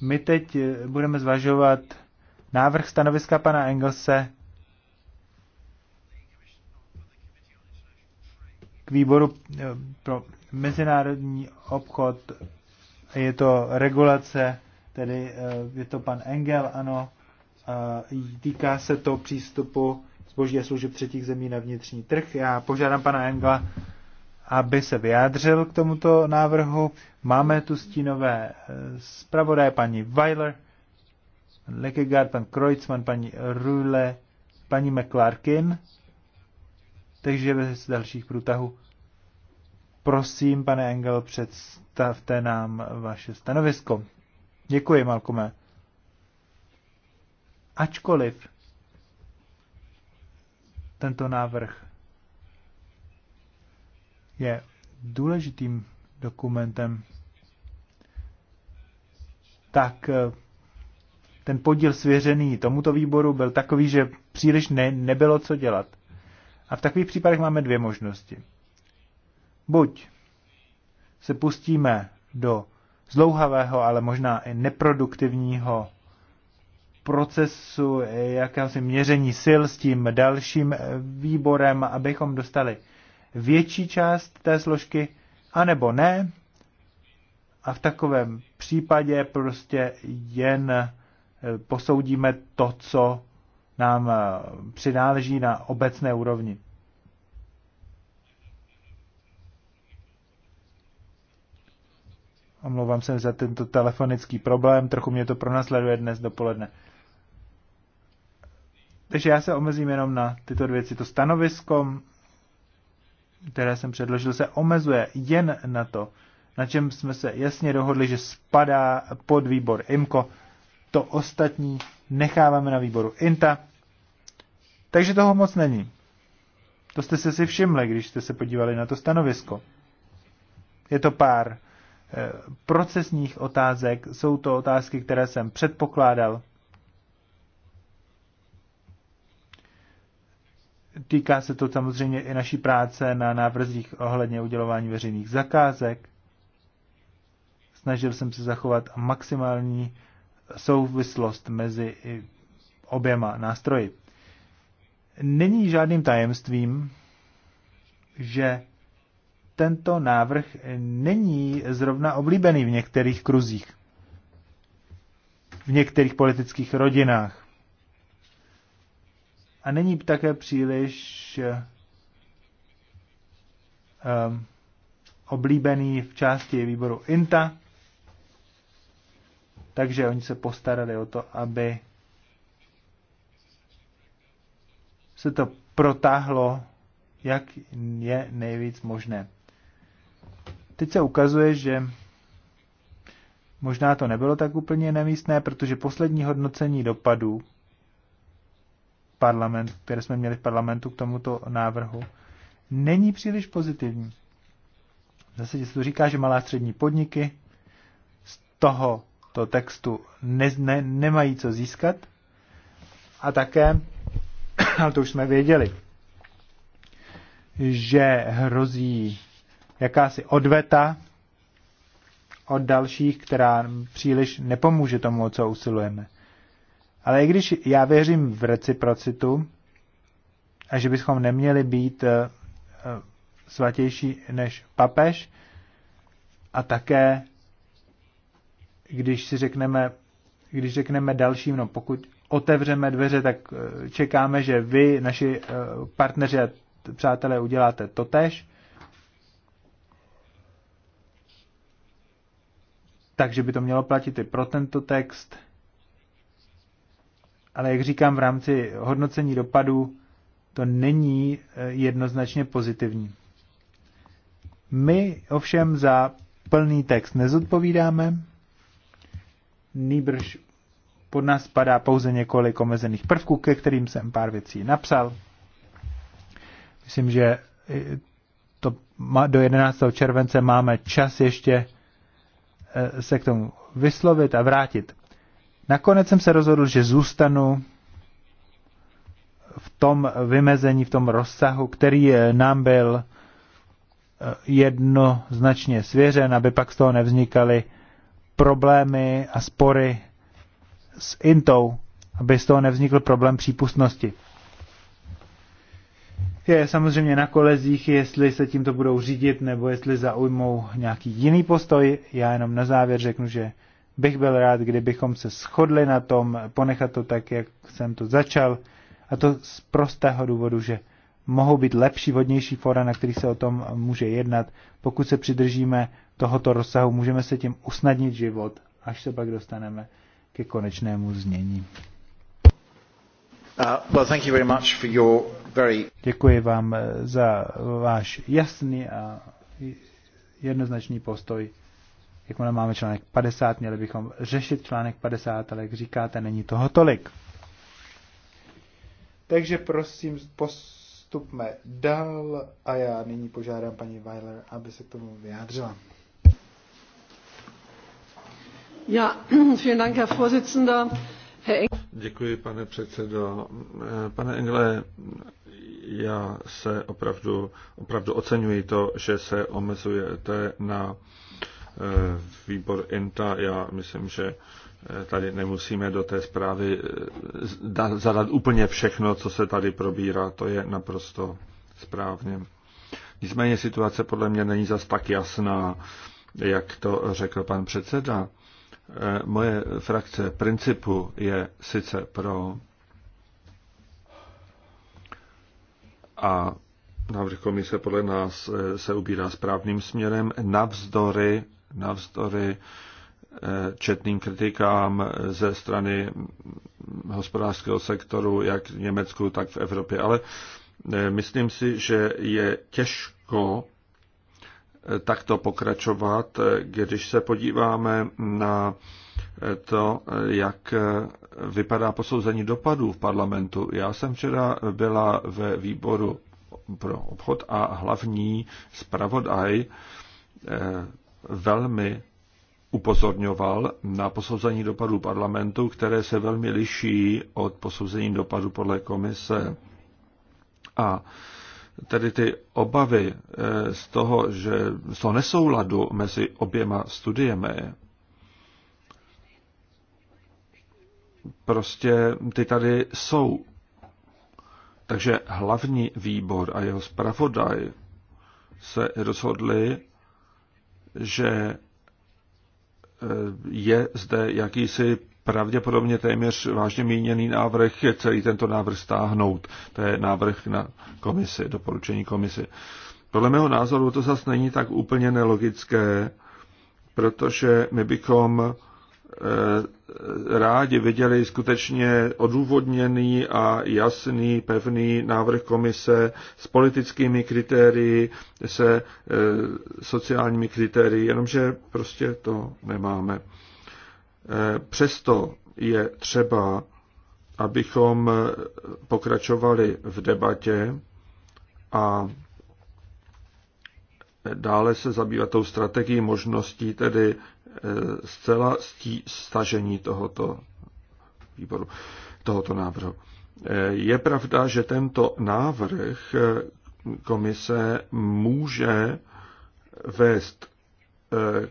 my teď eh, budeme zvažovat návrh stanoviska pana Engelse k výboru pro mezinárodní obchod, je to regulace, tedy eh, je to pan Engel, ano, týká se to přístupu zboží a služeb třetích zemí na vnitřní trh. Já požádám pana Engla, aby se vyjádřil k tomuto návrhu. Máme tu stínové eh, zpravodaje paní Weiler, pan Lekegaard, pan Kreutzmann, paní Rule, paní McClarkin. Takže bez dalších průtahů Prosím, pane Engel, představte nám vaše stanovisko. Děkuji, Malkome. Ačkoliv tento návrh je důležitým dokumentem, tak eh, ten podíl svěřený tomuto výboru byl takový, že příliš ne, nebylo co dělat. A v takových případech máme dvě možnosti. Buď se pustíme do zlouhavého, ale možná i neproduktivního procesu jakéhosi měření sil s tím dalším eh, výborem, abychom dostali větší část té složky, anebo ne. A v takovém případě prostě jen eh, posoudíme to, co nám eh, přináleží na obecné úrovni. Omlouvám se za tento telefonický problém, trochu mě to pronásleduje dnes dopoledne. Takže já se omezím jenom na tyto věci. To stanovisko, které jsem předložil, se omezuje jen na to, na čem jsme se jasně dohodli, že spadá pod výbor IMKO. To ostatní necháváme na výboru INTA. Takže toho moc není. To jste se si všimli, když jste se podívali na to stanovisko. Je to pár procesních otázek. Jsou to otázky, které jsem předpokládal. Týká se to samozřejmě i naší práce na návrzích ohledně udělování veřejných zakázek. Snažil jsem se zachovat maximální souvislost mezi oběma nástroji. Není žádným tajemstvím, že tento návrh není zrovna oblíbený v některých kruzích, v některých politických rodinách. A není také příliš um, oblíbený v části výboru INTA, takže oni se postarali o to, aby se to protáhlo, jak je nejvíc možné. Teď se ukazuje, že možná to nebylo tak úplně nemístné, protože poslední hodnocení dopadů parlament, které jsme měli v parlamentu k tomuto návrhu, není příliš pozitivní. Zase se to říká, že malá střední podniky z tohoto textu ne, ne, nemají co získat a také, [clears throat] ale to už jsme věděli, že hrozí jakási odveta od dalších, která příliš nepomůže tomu, o co usilujeme. Ale i když já věřím v reciprocitu a že bychom neměli být eh, eh, svatější než papež, a také, když si řekneme, když řekneme dalším, no pokud otevřeme dveře, tak eh, čekáme, že vy, naši partneři a přátelé, uděláte totež, takže by to mělo platit i pro tento text. Ale jak říkám, v rámci hodnocení dopadů to není eh, jednoznačně pozitivní. My ovšem za plný text nezodpovídáme, nýbrž pod nás spadá pouze několik omezených prvků, ke kterým jsem pár věcí napsal. Myslím, že to do 11. července máme čas ještě Eh, se k tomu vyslovit a vrátit. Nakonec jsem se rozhodl, že zůstanu v tom vymezení, v tom rozsahu, který eh, nám byl eh, jednoznačně svěřen, aby pak z toho nevznikaly problémy a spory s Intou, aby z toho nevznikl problém přípustnosti je samozřejmě na kolezích, jestli se tímto budou řídit nebo jestli zaujmou nějaký jiný postoj. Já jenom na závěr řeknu, že bych byl rád, kdybychom se shodli na tom, ponechat to tak, jak jsem to začal. A to z prostého důvodu, že mohou být lepší, vodnější fora, na kterých se o tom může jednat. Pokud se přidržíme tohoto rozsahu, můžeme se tím usnadnit život, až se pak dostaneme ke konečnému znění. Uh, Děkuji vám eh, za váš jasný a jednoznačný postoj. Jakmile máme článek 50, měli bychom řešit článek 50, ale jak říkáte, není toho tolik. Takže prosím, postupme dál a já nyní požádám paní Weiler, aby se k tomu vyjádřila. Ja, [clears throat] vielen Dank, Herr Vorsitzender. Děkuji, pane předsedo. Pane Engle, já se opravdu, opravdu oceňuji to, že se omezujete na eh, výbor INTA. Já myslím, že eh, tady nemusíme do té zprávy eh, zadat úplně všechno, co se tady probírá. To je naprosto správně. Nicméně situace podle mě není zas tak jasná, jak to řekl pan předseda. Eh, moje frakce principu je sice pro a návrh komise podle nás eh, se ubírá správným směrem navzdory, navzdory eh, četným kritikám ze strany hospodářského sektoru, jak v Německu, tak v Evropě. Ale myslím si, že je těžko takto pokračovat, když se podíváme na to, jak vypadá posouzení dopadů v parlamentu. Já jsem včera byla ve výboru pro obchod a hlavní zpravodaj eh, velmi upozorňoval na posouzení dopadů parlamentu, které se velmi liší od posouzení dopadů podle komise. A tedy ty obavy eh, z toho, že z toho nesouladu mezi oběma studiemi, prostě ty tady jsou. Takže hlavní výbor a jeho zpravodaj se rozhodli, že eh, je zde jakýsi pravděpodobně téměř vážně míněný návrh celý tento návrh stáhnout. To je návrh na komisi, doporučení komisi. Podle mého názoru to zase není tak úplně nelogické, protože my bychom eh, rádi viděli skutečně odůvodněný a jasný, pevný návrh komise s politickými kritérii, se eh, sociálními kritérii, jenomže prostě to nemáme. Přesto je třeba, abychom pokračovali v debatě a dále se zabývat tou strategií možností, tedy eh, zcela stažení tohoto výboru, tohoto návrhu. Eh, je pravda, že tento návrh eh, komise může vést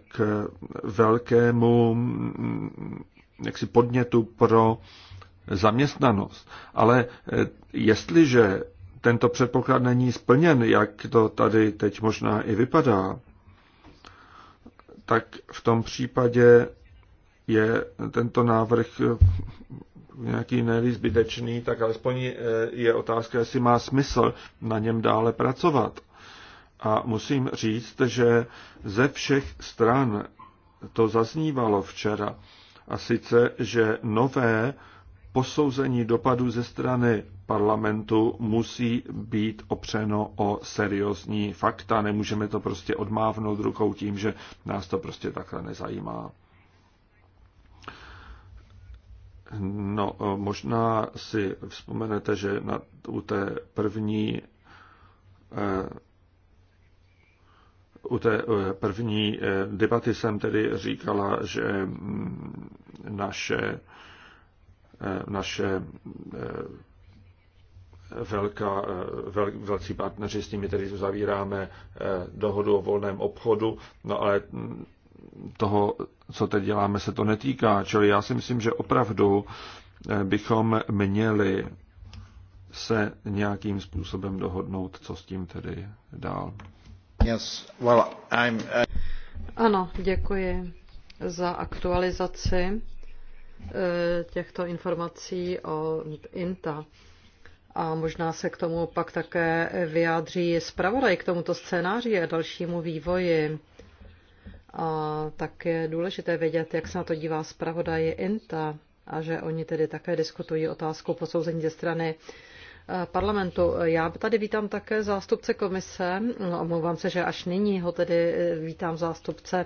k velkému jaksi podnětu pro zaměstnanost. Ale eh, jestliže tento předpoklad není splněn, jak to tady teď možná i vypadá, tak v tom případě je tento návrh nějaký ne zbytečný, tak alespoň eh, je otázka, jestli má smysl na něm dále pracovat. A musím říct, že ze všech stran to zaznívalo včera. A sice, že nové posouzení dopadu ze strany parlamentu musí být opřeno o seriózní fakta. Nemůžeme to prostě odmávnout rukou tím, že nás to prostě takhle nezajímá. No, možná si vzpomenete, že na, u té první eh, u té eh, první eh, debaty jsem tedy říkala, že mm, naše, eh, naše velká, vel, velcí partneři, s nimi tedy zavíráme dohodu o volném obchodu, no ale mm, toho, co teď děláme, se to netýká. Čili já si myslím, že opravdu bychom měli se nějakým způsobem dohodnout, co s tím tedy dál. Uh, ano, děkuji za aktualizaci eh, těchto informací o INTA. A možná se k tomu pak také vyjádří zpravodaj k tomuto scénáři a dalšímu vývoji. A tak je důležité vědět, jak se na to dívá zpravodaj INTA a že oni tedy také diskutují otázku posouzení ze strany parlamentu. Já tady vítám také zástupce komise, no, omlouvám se, že až nyní ho tedy eh, vítám zástupce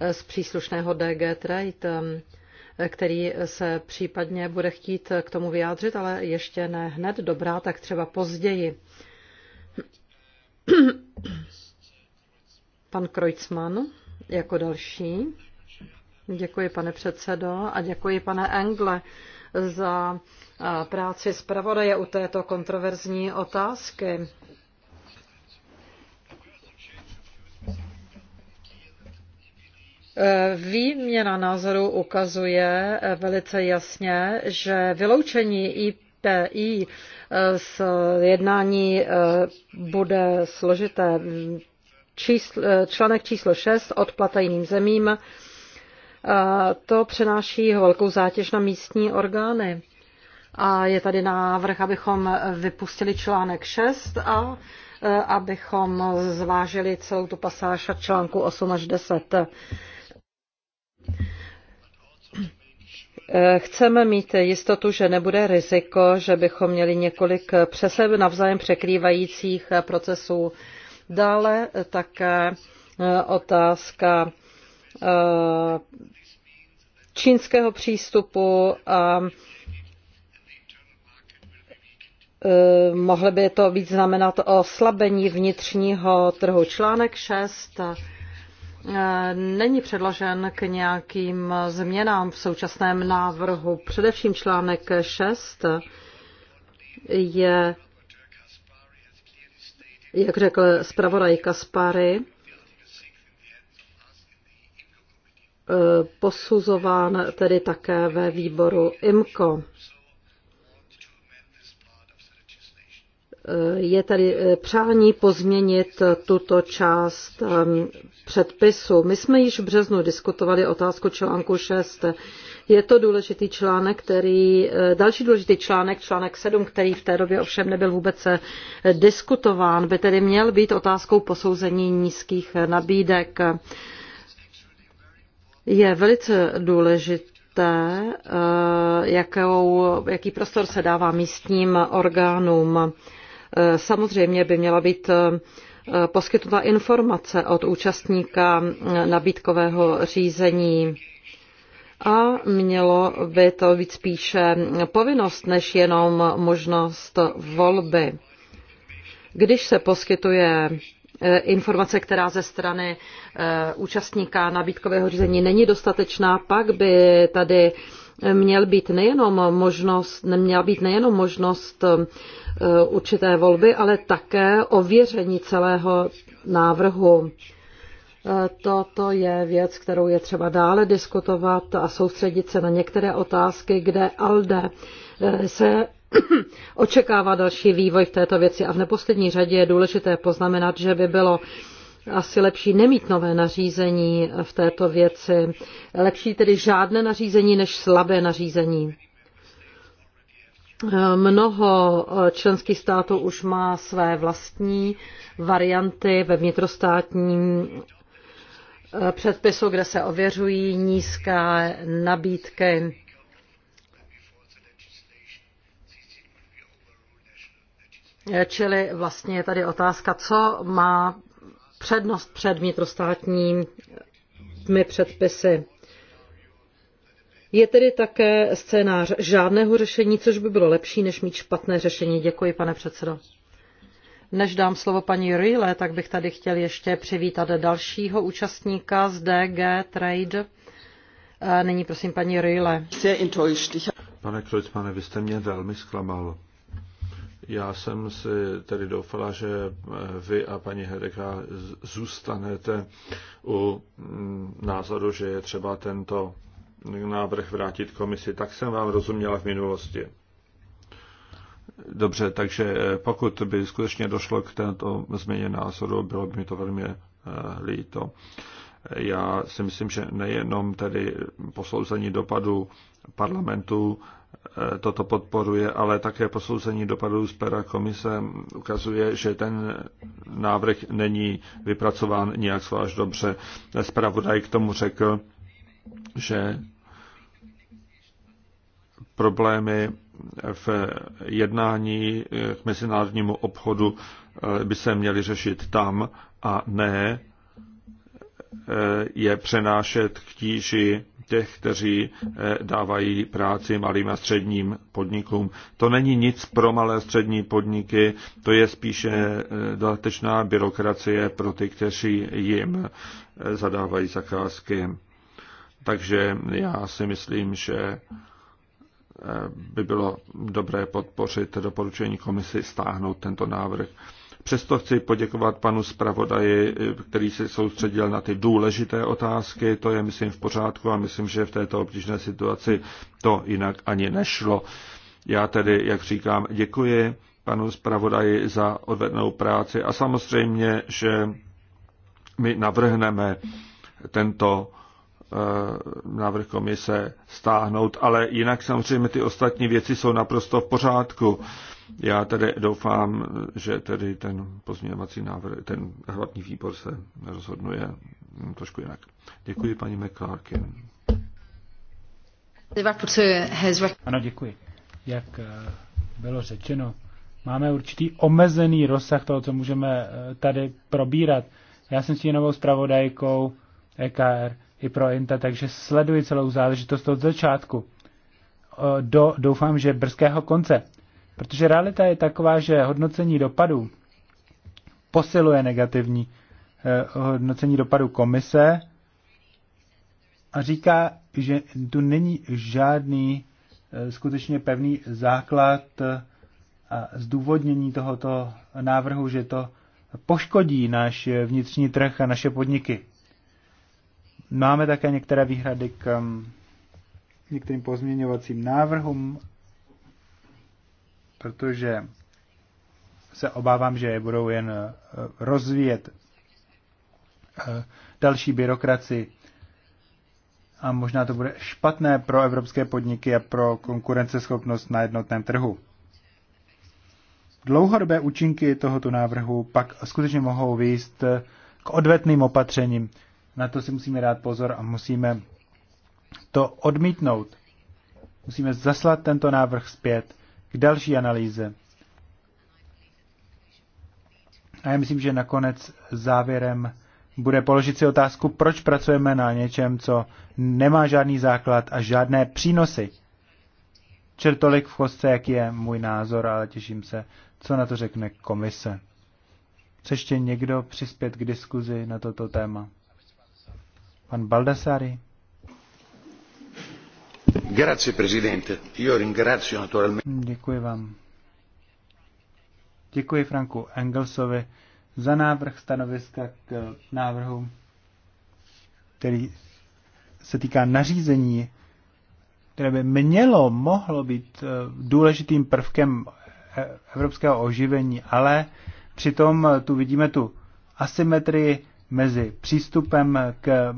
eh, z příslušného DG Trade, eh, který se případně bude chtít k tomu vyjádřit, ale ještě ne hned dobrá, tak třeba později. [clears throat] Pan Kreutzmann jako další. Děkuji, pane předsedo, a děkuji, pane Engle, za práci zpravodaje u této kontroverzní otázky. E, výměna názorů ukazuje e, velice jasně, že vyloučení IPI e, z jednání bude složité. Čísl, článek číslo 6 odplata jiným zemím, to přenáší velkou zátěž na místní orgány. A je tady návrh, abychom vypustili článek 6 a e, abychom zvážili celou tu pasáž od článku 8 až 10. E, chceme mít jistotu, že nebude riziko, že bychom měli několik přeseb navzájem překrývajících procesů. Dále také e, otázka čínského přístupu a Eh, mohlo by to být znamenat oslabení vnitřního trhu. Článek 6 eh, není předložen k nějakým změnám v současném návrhu. Především článek 6 je, jak řekl zpravodaj Kaspary, eh, posuzován tedy také ve výboru IMCO. je tady eh, přání pozměnit tuto část ehm, předpisu. My jsme již v březnu diskutovali otázku článku 6. Je to důležitý článek, který, eh, další důležitý článek, článek 7, který v té době ovšem nebyl vůbec eh, diskutován, by tedy měl být otázkou posouzení nízkých nabídek. Je velice důležitý té, jakou, jaký prostor se dává místním orgánům. Eh, samozřejmě by měla být eh, poskytnuta informace od účastníka eh, nabídkového řízení a mělo by to být spíše povinnost než jenom možnost volby. Když se poskytuje informace, která ze strany účastníka nabídkového řízení není dostatečná, pak by tady měl být nejenom možnost, neměla být nejenom možnost eh, určité volby, ale také ověření celého návrhu. Eh, toto je věc, kterou je třeba dále diskutovat a soustředit se na některé otázky, kde ALDE eh, se [clears throat] očekává další vývoj v této věci. A v neposlední řadě je důležité poznamenat, že by bylo asi lepší nemít nové nařízení v této věci. Lepší tedy žádné nařízení než slabé nařízení. Mnoho členských států už má své vlastní varianty ve vnitrostátním eh, předpisu, kde se ověřují nízké nabídky. Eh, čili vlastně je tady otázka, co má přednost před vnitrostátními předpisy. Je tedy také scénář žádného řešení, což by bylo lepší, než mít špatné řešení. Děkuji, pane předsedo. Než dám slovo paní Rýle, tak bych tady chtěl ještě přivítat dalšího účastníka z DG Trade. Eh, nyní prosím paní Rýle. Pane Kreuzmane, vy jste mě velmi zklamal. Já jsem si tedy doufala, že eh, vy a paní Hedeka zůstanete u mm, názoru, že je třeba tento návrh vrátit komisi. Tak jsem vám rozuměla v minulosti. Dobře, takže eh, pokud by skutečně došlo k této změně názoru, bylo by mi to velmi eh, líto. Já si myslím, že nejenom tedy posouzení dopadu parlamentu toto podporuje, ale také posouzení dopadů z pera komise ukazuje, že ten návrh není vypracován nijak zvlášť dobře. Zpravodaj k tomu řekl, že problémy v jednání k mezinárodnímu obchodu eh, by se měly řešit tam a ne eh, je přenášet k tíži těch, kteří eh, dávají práci malým a středním podnikům. To není nic pro malé a střední podniky, to je spíše eh, dodatečná byrokracie pro ty, kteří jim eh, zadávají zakázky. Takže já si myslím, že by bylo dobré podpořit doporučení komisi stáhnout tento návrh. Přesto chci poděkovat panu zpravodaji, který se soustředil na ty důležité otázky. To je, myslím, v pořádku a myslím, že v této obtížné situaci to jinak ani nešlo. Já tedy, jak říkám, děkuji panu zpravodaji za odvednou práci a samozřejmě, že my navrhneme tento eh, návrh komise stáhnout, ale jinak samozřejmě ty ostatní věci jsou naprosto v pořádku. Já tedy doufám, že tedy ten pozměňovací návrh, ten hlavní výbor se rozhodnuje trošku jinak. Děkuji paní McClarkin. Ano, děkuji. Jak eh, bylo řečeno, máme určitý omezený rozsah toho, co můžeme eh, tady probírat. Já jsem s novou zpravodajkou EKR i pro INTA, takže sleduji celou záležitost od začátku eh, do, doufám, že brzkého konce. Protože realita je taková, že hodnocení dopadů posiluje negativní eh, hodnocení dopadu komise a říká, že tu není žádný eh, skutečně pevný základ eh, a zdůvodnění tohoto návrhu, že to poškodí náš vnitřní trh a naše podniky. Máme také některé výhrady k mm, některým pozměňovacím návrhům protože se obávám, že je budou jen eh, rozvíjet eh, další byrokraci a možná to bude špatné pro evropské podniky a pro konkurenceschopnost na jednotném trhu. Dlouhodobé účinky tohoto návrhu pak skutečně mohou výjist eh, k odvetným opatřením. Na to si musíme dát pozor a musíme to odmítnout. Musíme zaslat tento návrh zpět k další analýze. A já myslím, že nakonec závěrem bude položit si otázku, proč pracujeme na něčem, co nemá žádný základ a žádné přínosy. Čer tolik v kostce, jak je můj názor, ale těším se, co na to řekne komise. Chce ještě někdo přispět k diskuzi na toto téma? Pan Baldassari? Grazie, presidente. Io ringrazio naturalmente. Děkuji vám. Děkuji Franku Engelsovi za návrh stanoviska k návrhu, který se týká nařízení, které by mělo, mohlo být eh, důležitým prvkem eh, evropského oživení, ale přitom eh, tu vidíme tu asymetrii mezi přístupem k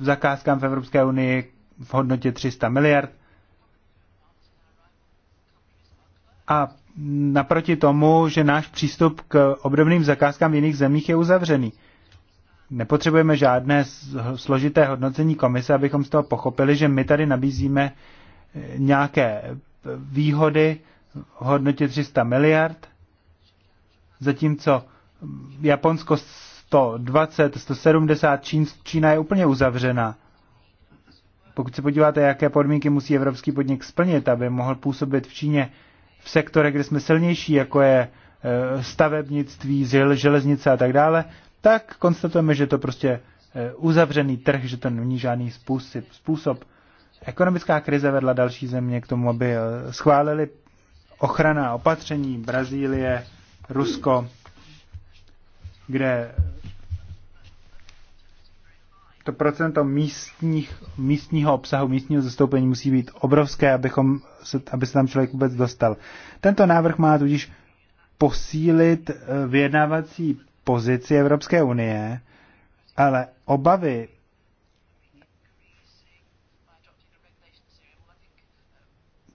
zakázkám v Evropské unii, v hodnotě 300 miliard. A naproti tomu, že náš přístup k obdobným zakázkám v jiných zemích je uzavřený. Nepotřebujeme žádné složité hodnocení komise, abychom z toho pochopili, že my tady nabízíme eh, nějaké eh, výhody v hodnotě 300 miliard, zatímco Japonsko 120, 170, Čín, Čína je úplně uzavřená. Pokud se podíváte, jaké podmínky musí evropský podnik splnit, aby mohl působit v Číně v sektorech, kde jsme silnější, jako je e, stavebnictví, železnice a tak dále, tak konstatujeme, že to prostě e, uzavřený trh, že to není žádný způsob. Ekonomická krize vedla další země k tomu, aby e, schválili ochrana opatření Brazílie, Rusko, kde to procento místních, místního obsahu, místního zastoupení musí být obrovské, abychom, aby se tam člověk vůbec dostal. Tento návrh má tudíž posílit eh, vyjednávací pozici Evropské unie, ale obavy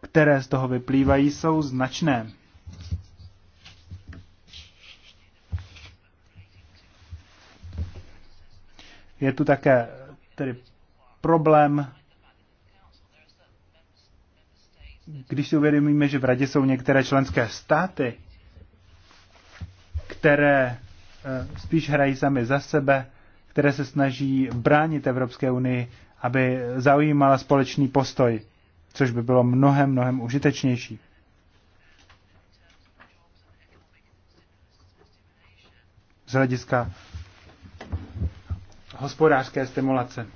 které z toho vyplývají, jsou značné. Je tu také tedy problém, když si uvědomíme, že v radě jsou některé členské státy, které eh, spíš hrají sami za sebe, které se snaží bránit Evropské unii, aby zaujímala společný postoj, což by bylo mnohem, mnohem užitečnější. Z hlediska hospodářské stimulace.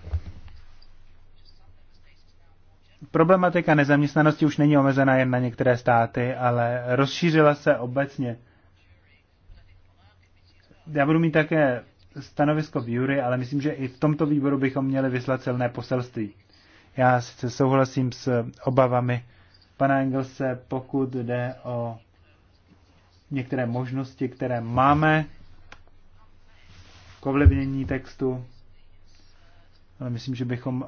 Problematika nezaměstnanosti už není omezena jen na některé státy, ale rozšířila se obecně. Já budu mít také stanovisko v jury, ale myslím, že i v tomto výboru bychom měli vyslat silné poselství. Já sice souhlasím s obavami pana Engelse, pokud jde o některé možnosti, které máme k ovlivnění textu, ale myslím, že bychom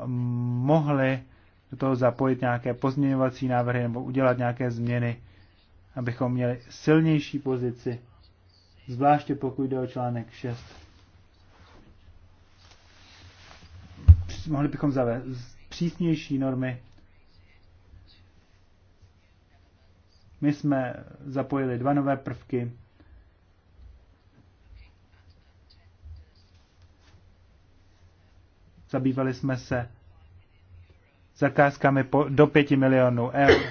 mohli do toho zapojit nějaké pozměňovací návrhy nebo udělat nějaké změny, abychom měli silnější pozici, zvláště pokud jde o článek 6. Mohli bychom zavést přísnější normy. My jsme zapojili dva nové prvky, Zabývali jsme se zakázkami po, do 5 milionů eur.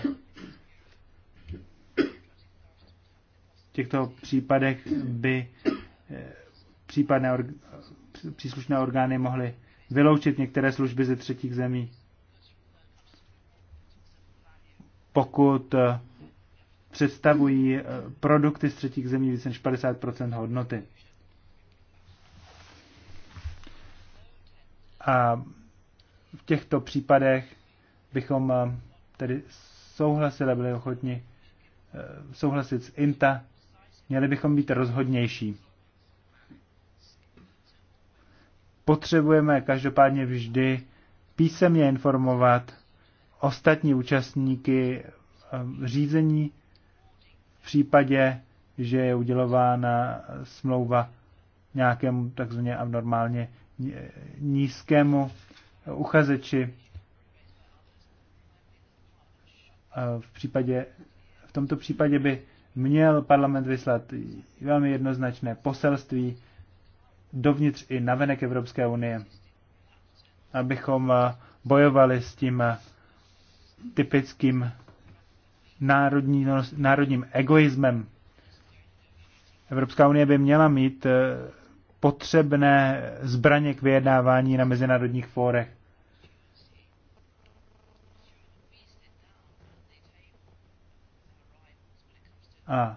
V těchto případech by eh, případné org, příslušné orgány mohly vyloučit některé služby ze třetích zemí, pokud eh, představují eh, produkty z třetích zemí více než 50 hodnoty. A v těchto případech bychom eh, tedy souhlasili, byli ochotni eh, souhlasit s INTA, měli bychom být rozhodnější. Potřebujeme každopádně vždy písemně informovat ostatní účastníky eh, řízení v případě, že je udělována smlouva nějakému takzvaně abnormálně nízkému uchazeči v případě, v tomto případě by měl parlament vyslat velmi jednoznačné poselství dovnitř i navenek Evropské unie, abychom bojovali s tím typickým národní, no, národním egoismem. Evropská unie by měla mít eh, potřebné zbraně k vyjednávání na mezinárodních fórech. A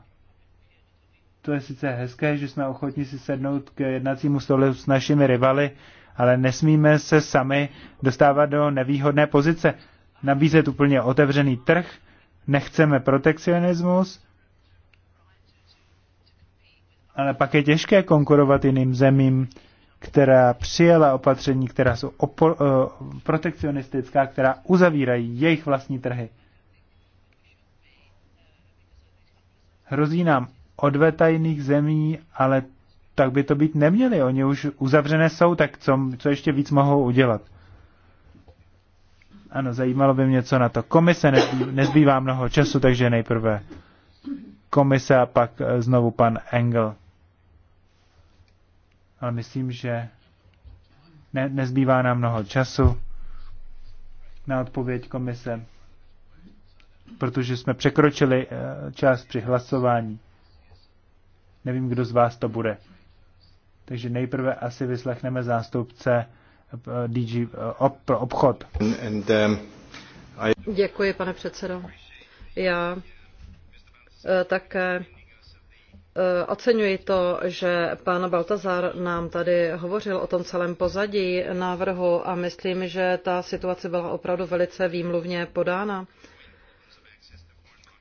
to je sice hezké, že jsme ochotni si sednout k jednacímu stolu s našimi rivaly, ale nesmíme se sami dostávat do nevýhodné pozice. Nabízet úplně otevřený trh, nechceme protekcionismus, ale pak je těžké konkurovat jiným zemím, která přijela opatření, která jsou opo- eh, protekcionistická, která uzavírají jejich vlastní trhy. Hrozí nám odveta jiných zemí, ale tak by to být neměli. Oni už uzavřené jsou, tak co, co ještě víc mohou udělat? Ano, zajímalo by mě, co na to. Komise nezbývá, nezbývá mnoho času, takže nejprve komise a pak eh, znovu pan Engel ale myslím, že ne, nezbývá nám mnoho času na odpověď komise, protože jsme překročili eh, čas při hlasování. Nevím, kdo z vás to bude. Takže nejprve asi vyslechneme zástupce eh, DG eh, pro obchod. Um, Děkuji, pane předsedo. Já také Eh, oceňuji to, že pan Baltazar nám tady hovořil o tom celém pozadí návrhu a myslím, že ta situace byla opravdu velice výmluvně podána.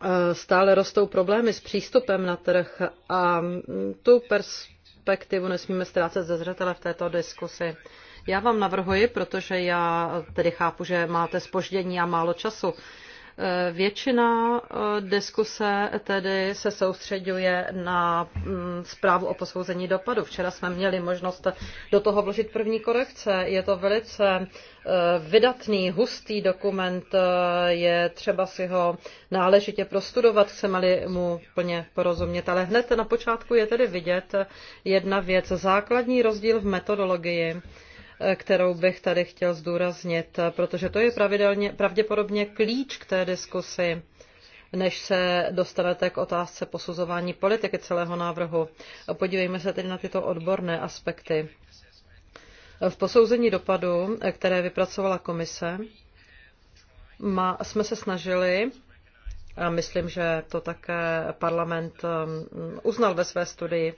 Eh, stále rostou problémy s přístupem na trh a mm, tu perspektivu nesmíme ztrácet ze zřetele v této diskusi. Já vám navrhuji, protože já tedy chápu, že máte spoždění a málo času, Eh, většina eh, diskuse tedy se soustředuje na mm, zprávu o posouzení dopadu. Včera jsme měli možnost do toho vložit první korekce. Je to velice eh, vydatný, hustý dokument, je třeba si ho náležitě prostudovat, chceme-li mu plně porozumět. Ale hned na počátku je tedy vidět jedna věc, základní rozdíl v metodologii kterou bych tady chtěl zdůraznit, protože to je pravidelně, pravděpodobně klíč k té diskusi než se dostanete k otázce posuzování politiky celého návrhu. Podívejme se tedy na tyto odborné aspekty. V posouzení dopadu, které vypracovala komise, má, jsme se snažili, a myslím, že to také parlament um, uznal ve své studii,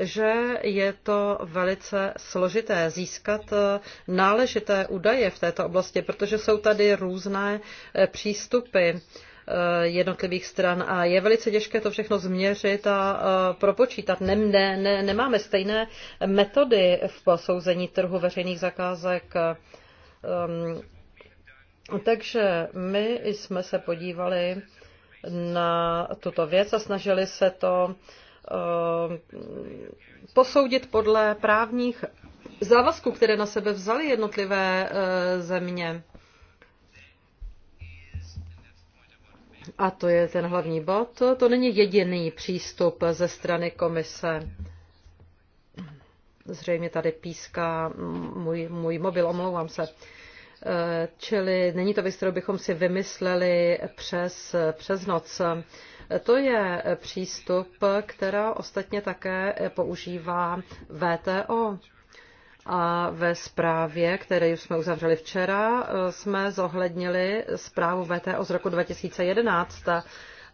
že je to velice složité získat eh, náležité údaje v této oblasti, protože jsou tady různé eh, přístupy eh, jednotlivých stran a je velice těžké to všechno změřit a propočítat. Ne, ne, ne, nemáme stejné metody v posouzení trhu veřejných zakázek. Ehm, takže my jsme se podívali na tuto věc a snažili se to Eh, posoudit podle právních závazků, které na sebe vzaly jednotlivé eh, země. A to je ten hlavní bod. To není jediný přístup ze strany komise. Zřejmě tady píská můj, můj mobil, omlouvám se. Eh, čili není to věc, kterou bychom si vymysleli přes, přes noc. To je přístup, který ostatně také používá VTO. A ve zprávě, kterou jsme uzavřeli včera, jsme zohlednili zprávu VTO z roku 2011,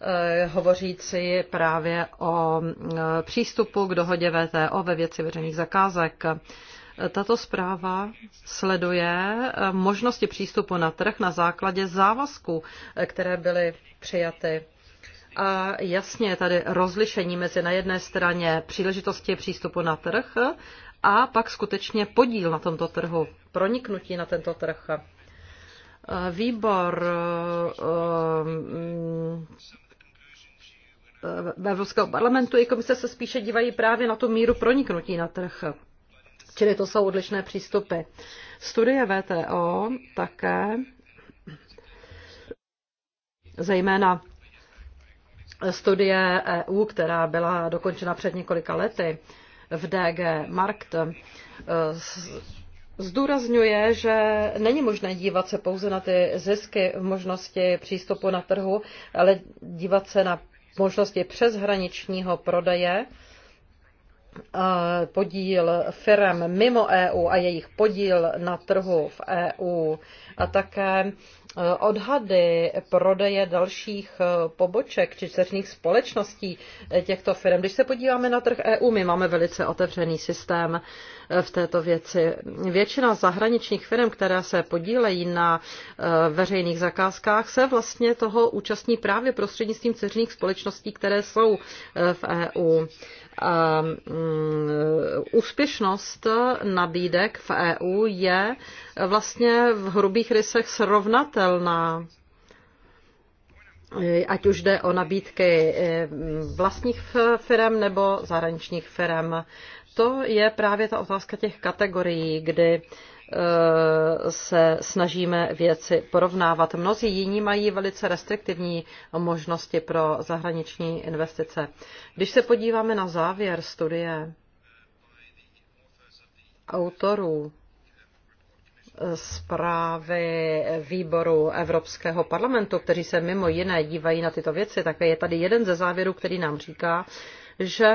eh, hovořící právě o eh, přístupu k dohodě VTO ve věci veřejných zakázek. Tato zpráva sleduje eh, možnosti přístupu na trh na základě závazků, které byly přijaty. A jasně je tady rozlišení mezi na jedné straně příležitosti přístupu na trh a pak skutečně podíl na tomto trhu, proniknutí na tento trh. Výbor ehm, ehm, Evropského parlamentu i komise se spíše dívají právě na tu míru proniknutí na trh. Čili to jsou odlišné přístupy. Studie VTO také zejména studie EU, která byla dokončena před několika lety v DG Markt, eh, zdůrazňuje, že není možné dívat se pouze na ty zisky v možnosti přístupu na trhu, ale dívat se na možnosti přeshraničního prodeje, eh, podíl firm mimo EU a jejich podíl na trhu v EU a také Eh, odhady prodeje dalších eh, poboček či ceřných společností eh, těchto firm. Když se podíváme na trh EU, my máme velice otevřený systém v této věci. Většina zahraničních firm, které se podílejí na veřejných zakázkách, se vlastně toho účastní právě prostřednictvím ceřných společností, které jsou v EU. A ehm, mm, úspěšnost nabídek v EU je vlastně v hrubých rysech srovnatelná ať už jde o nabídky eh, vlastních firm nebo zahraničních firm. To je právě ta otázka těch kategorií, kdy Eh, se snažíme věci porovnávat. Mnozí jiní mají velice restriktivní možnosti pro zahraniční investice. Když se podíváme na závěr studie autorů zprávy výboru Evropského parlamentu, kteří se mimo jiné dívají na tyto věci, tak je tady jeden ze závěrů, který nám říká, že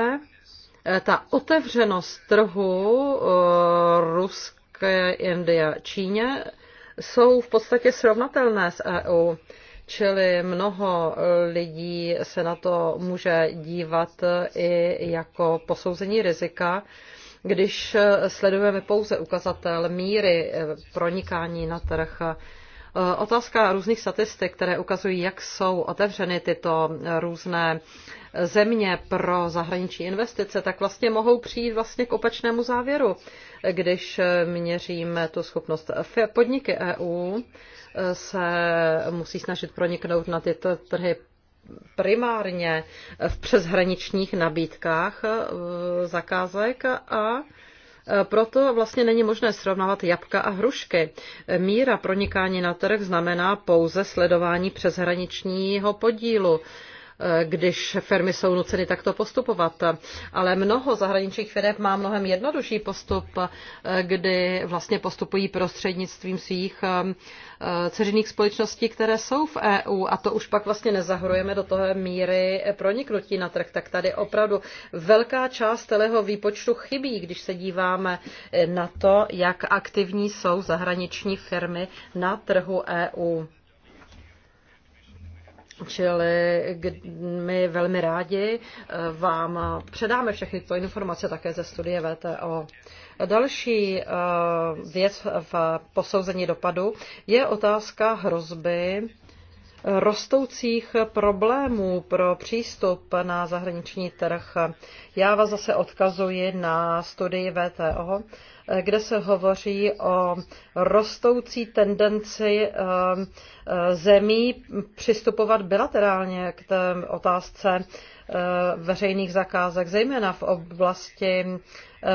ta otevřenost trhu eh, Ruska Indie, Číně jsou v podstatě srovnatelné s EU. Čili mnoho lidí se na to může dívat i jako posouzení rizika, když sledujeme pouze ukazatel míry eh, pronikání na trh. Eh, otázka různých statistik, které ukazují, jak jsou otevřeny tyto různé země pro zahraniční investice, tak vlastně mohou přijít vlastně k opačnému závěru, když měříme tu schopnost. Podniky EU se musí snažit proniknout na tyto trhy primárně v přeshraničních nabídkách e, zakázek a proto vlastně není možné srovnávat jabka a hrušky. Míra pronikání na trh znamená pouze sledování přeshraničního podílu když firmy jsou nuceny takto postupovat. Ale mnoho zahraničních firm má mnohem jednodušší postup, kdy vlastně postupují prostřednictvím svých eh, ceřinných společností, které jsou v EU a to už pak vlastně nezahrujeme do toho míry proniknutí na trh. Tak tady opravdu velká část celého výpočtu chybí, když se díváme eh, na to, jak aktivní jsou zahraniční firmy na trhu EU. Čili my velmi rádi eh, vám předáme všechny tyto informace také ze studie VTO. Další eh, věc v posouzení dopadu je otázka hrozby rostoucích problémů pro přístup na zahraniční trh. Já vás zase odkazuji na studii VTO, kde se hovoří o rostoucí tendenci eh, eh, zemí přistupovat bilaterálně k té otázce eh, veřejných zakázek, zejména v oblasti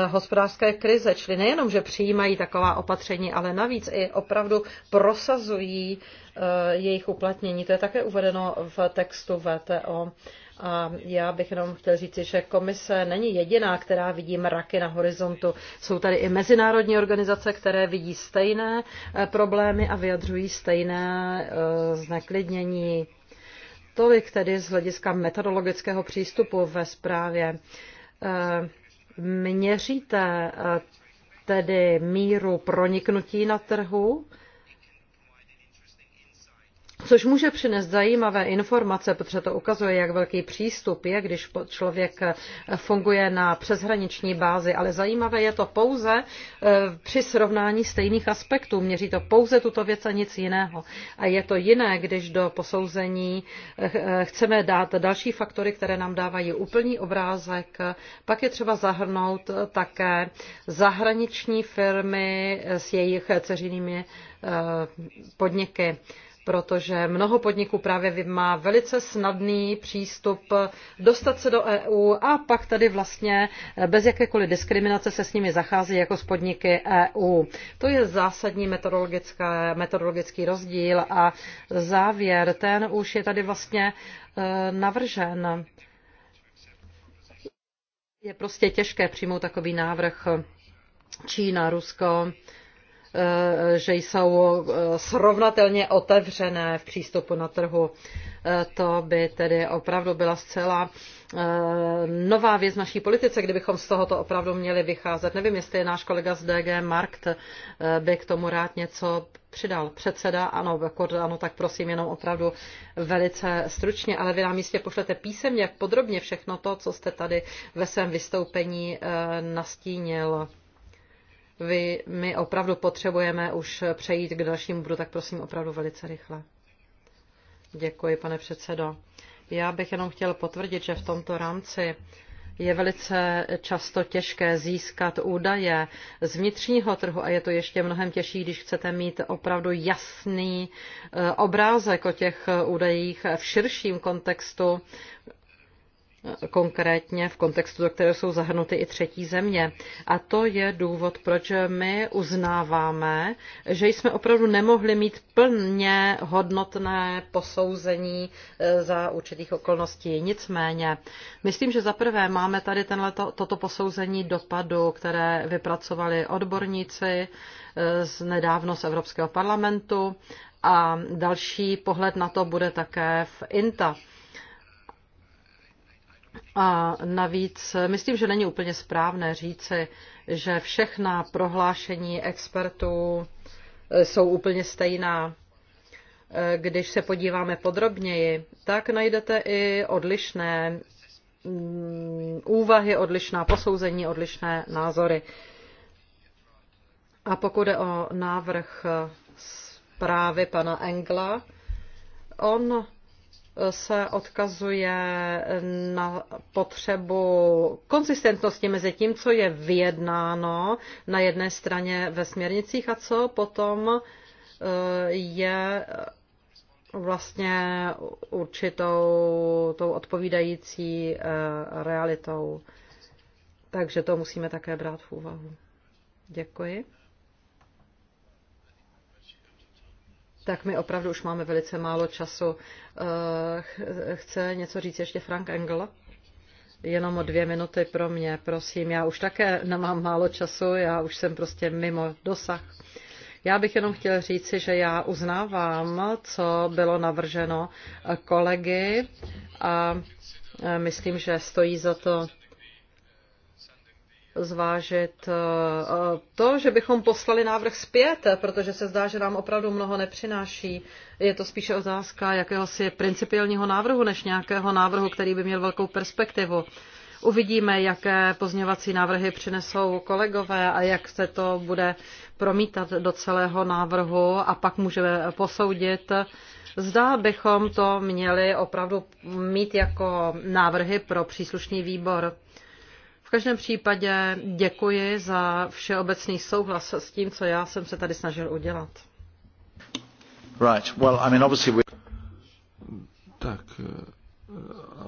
hospodářské krize. Čili nejenom, že přijímají taková opatření, ale navíc i opravdu prosazují Eh, jejich uplatnění. To je také uvedeno v textu VTO. A já bych jenom chtěl říci, že komise není jediná, která vidí mraky na horizontu. Jsou tady i mezinárodní organizace, které vidí stejné eh, problémy a vyjadřují stejné eh, zneklidnění. Tolik tedy z hlediska metodologického přístupu ve zprávě. Měříte tedy míru proniknutí na trhu Což může přinést zajímavé informace, protože to ukazuje, jak velký přístup je, když člověk eh, funguje na přeshraniční bázi, ale zajímavé je to pouze eh, při srovnání stejných aspektů. Měří to pouze tuto věc a nic jiného. A je to jiné, když do posouzení eh, chceme dát další faktory, které nám dávají úplný obrázek. Pak je třeba zahrnout také zahraniční firmy s jejich ceřinými podniky protože mnoho podniků právě má velice snadný přístup dostat se do EU a pak tady vlastně eh, bez jakékoliv diskriminace se s nimi zachází jako s podniky EU. To je zásadní metodologický rozdíl a závěr, ten už je tady vlastně eh, navržen. Je prostě těžké přijmout takový návrh Čína, Rusko, Eh, že jsou eh, srovnatelně otevřené v přístupu na trhu. Eh, to by tedy opravdu byla zcela nová věc naší politice, kdybychom z tohoto opravdu měli vycházet. Nevím, jestli je náš kolega z DG Markt by k tomu rád něco přidal. Předseda, ano, ano, tak prosím, jenom opravdu velice stručně, ale vy nám jistě pošlete písemně podrobně všechno to, co jste tady ve svém vystoupení nastínil. Vy, my opravdu potřebujeme už přejít k dalšímu budu, tak prosím opravdu velice rychle. Děkuji, pane předsedo. Já bych jenom chtěl potvrdit, že v tomto rámci je velice často těžké získat údaje z vnitřního trhu a je to ještě mnohem těžší, když chcete mít opravdu jasný eh, obrázek o těch údajích v širším kontextu konkrétně v kontextu, do kterého jsou zahrnuty i třetí země. A to je důvod, proč my uznáváme, že jsme opravdu nemohli mít plně hodnotné posouzení e, za určitých okolností. Nicméně, myslím, že zaprvé máme tady tenhle, toto posouzení dopadu, které vypracovali odborníci e, z nedávno z Evropského parlamentu a další pohled na to bude také v INTA a navíc myslím, že není úplně správné říci, že všechna prohlášení expertů e, jsou úplně stejná. E, když se podíváme podrobněji, tak najdete i odlišné mm, úvahy, odlišná posouzení, odlišné názory. A pokud je o návrh zprávy pana Engla, on se odkazuje na potřebu konzistentnosti mezi tím, co je vyjednáno na jedné straně ve směrnicích a co potom e, je vlastně určitou tou odpovídající e, realitou. Takže to musíme také brát v úvahu. Děkuji. tak my opravdu už máme velice málo času. Eh, chce něco říct ještě Frank Engel? Jenom o dvě minuty pro mě, prosím. Já už také nemám málo času, já už jsem prostě mimo dosah. Já bych jenom chtěl říci, že já uznávám, co bylo navrženo kolegy a eh, myslím, že stojí za to zvážit eh, to, že bychom poslali návrh zpět, protože se zdá, že nám opravdu mnoho nepřináší. Je to spíše otázka jakéhosi principiálního návrhu, než nějakého návrhu, který by měl velkou perspektivu. Uvidíme, jaké pozměvací návrhy přinesou kolegové a jak se to bude promítat do celého návrhu a pak můžeme posoudit, Zdá bychom to měli opravdu mít jako návrhy pro příslušný výbor. V každém případě děkuji za všeobecný souhlas s tím, co já jsem se tady snažil udělat. Right. Well, I mean, obviously we... Tak, eh,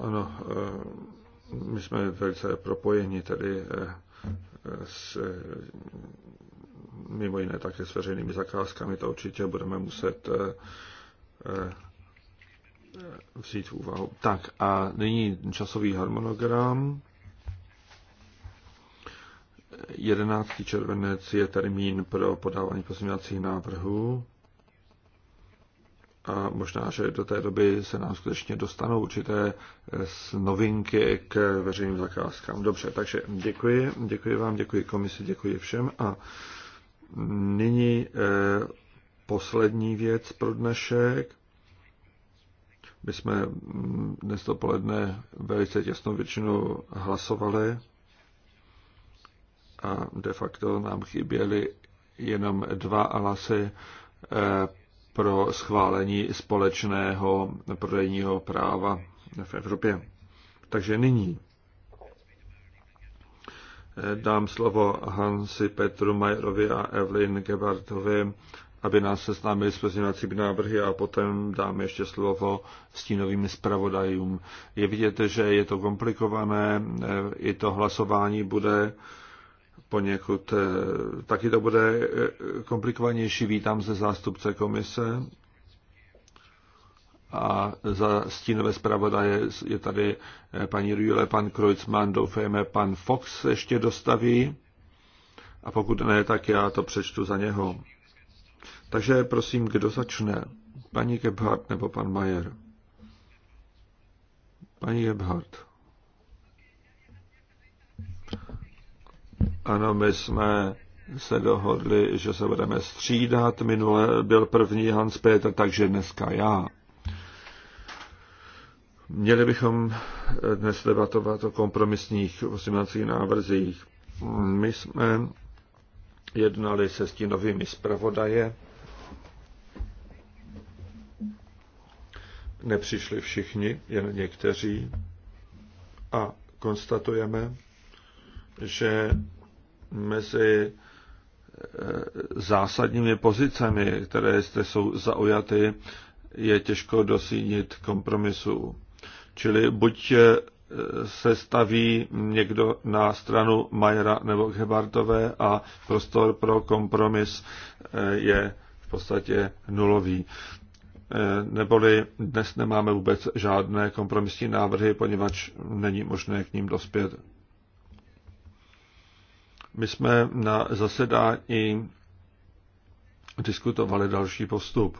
ano, eh, my jsme velice propojeni tady eh, s, mimo jiné také s veřejnými zakázkami, to určitě budeme muset vzít v úvahu. Tak a nyní časový harmonogram. 11. červenec je termín pro podávání pozměňovacích návrhů a možná, že do té doby se nám skutečně dostanou určité eh, novinky k veřejným zakázkám. Dobře, takže děkuji, děkuji vám, děkuji komisi, děkuji všem a nyní eh, poslední věc pro dnešek. My jsme mm, dnes dopoledne velice těsnou většinu hlasovali a de facto nám chyběly jenom dva hlasy eh, pro schválení společného prodejního práva v Evropě. Takže nyní eh, dám slovo Hansi Petru Majerovi a Evelyn Gebartovi, aby nás seznámili s pozměňovacími návrhy a potom dám ještě slovo stínovým zpravodajům. Je vidět, že je to komplikované, eh, i to hlasování bude poněkud, eh, taky to bude eh, komplikovanější. Vítám se zástupce komise a za stínové zpravodaje je tady eh, paní Rühle, pan Kreuzmann, doufejme, pan Fox ještě dostaví a pokud ne, tak já to přečtu za něho. Takže prosím, kdo začne? Paní Gebhardt nebo pan Mayer. Paní Gebhardt. Ano, my jsme se dohodli, že se budeme střídat. Minule byl první Hans Peter, takže dneska já. Měli bychom dnes debatovat o kompromisních osmnacích návrzích. My jsme jednali se s novými zpravodaje. Nepřišli všichni, jen někteří. A konstatujeme, že mezi eh, zásadními pozicemi, které jste jsou zaujaty, je těžko dosínit kompromisu. Čili buď eh, se staví někdo na stranu Majera nebo Gebartové a prostor pro kompromis eh, je v podstatě nulový. Neboli dnes nemáme vůbec žádné kompromisní návrhy, poněvadž není možné k ním dospět. My jsme na zasedání diskutovali další postup.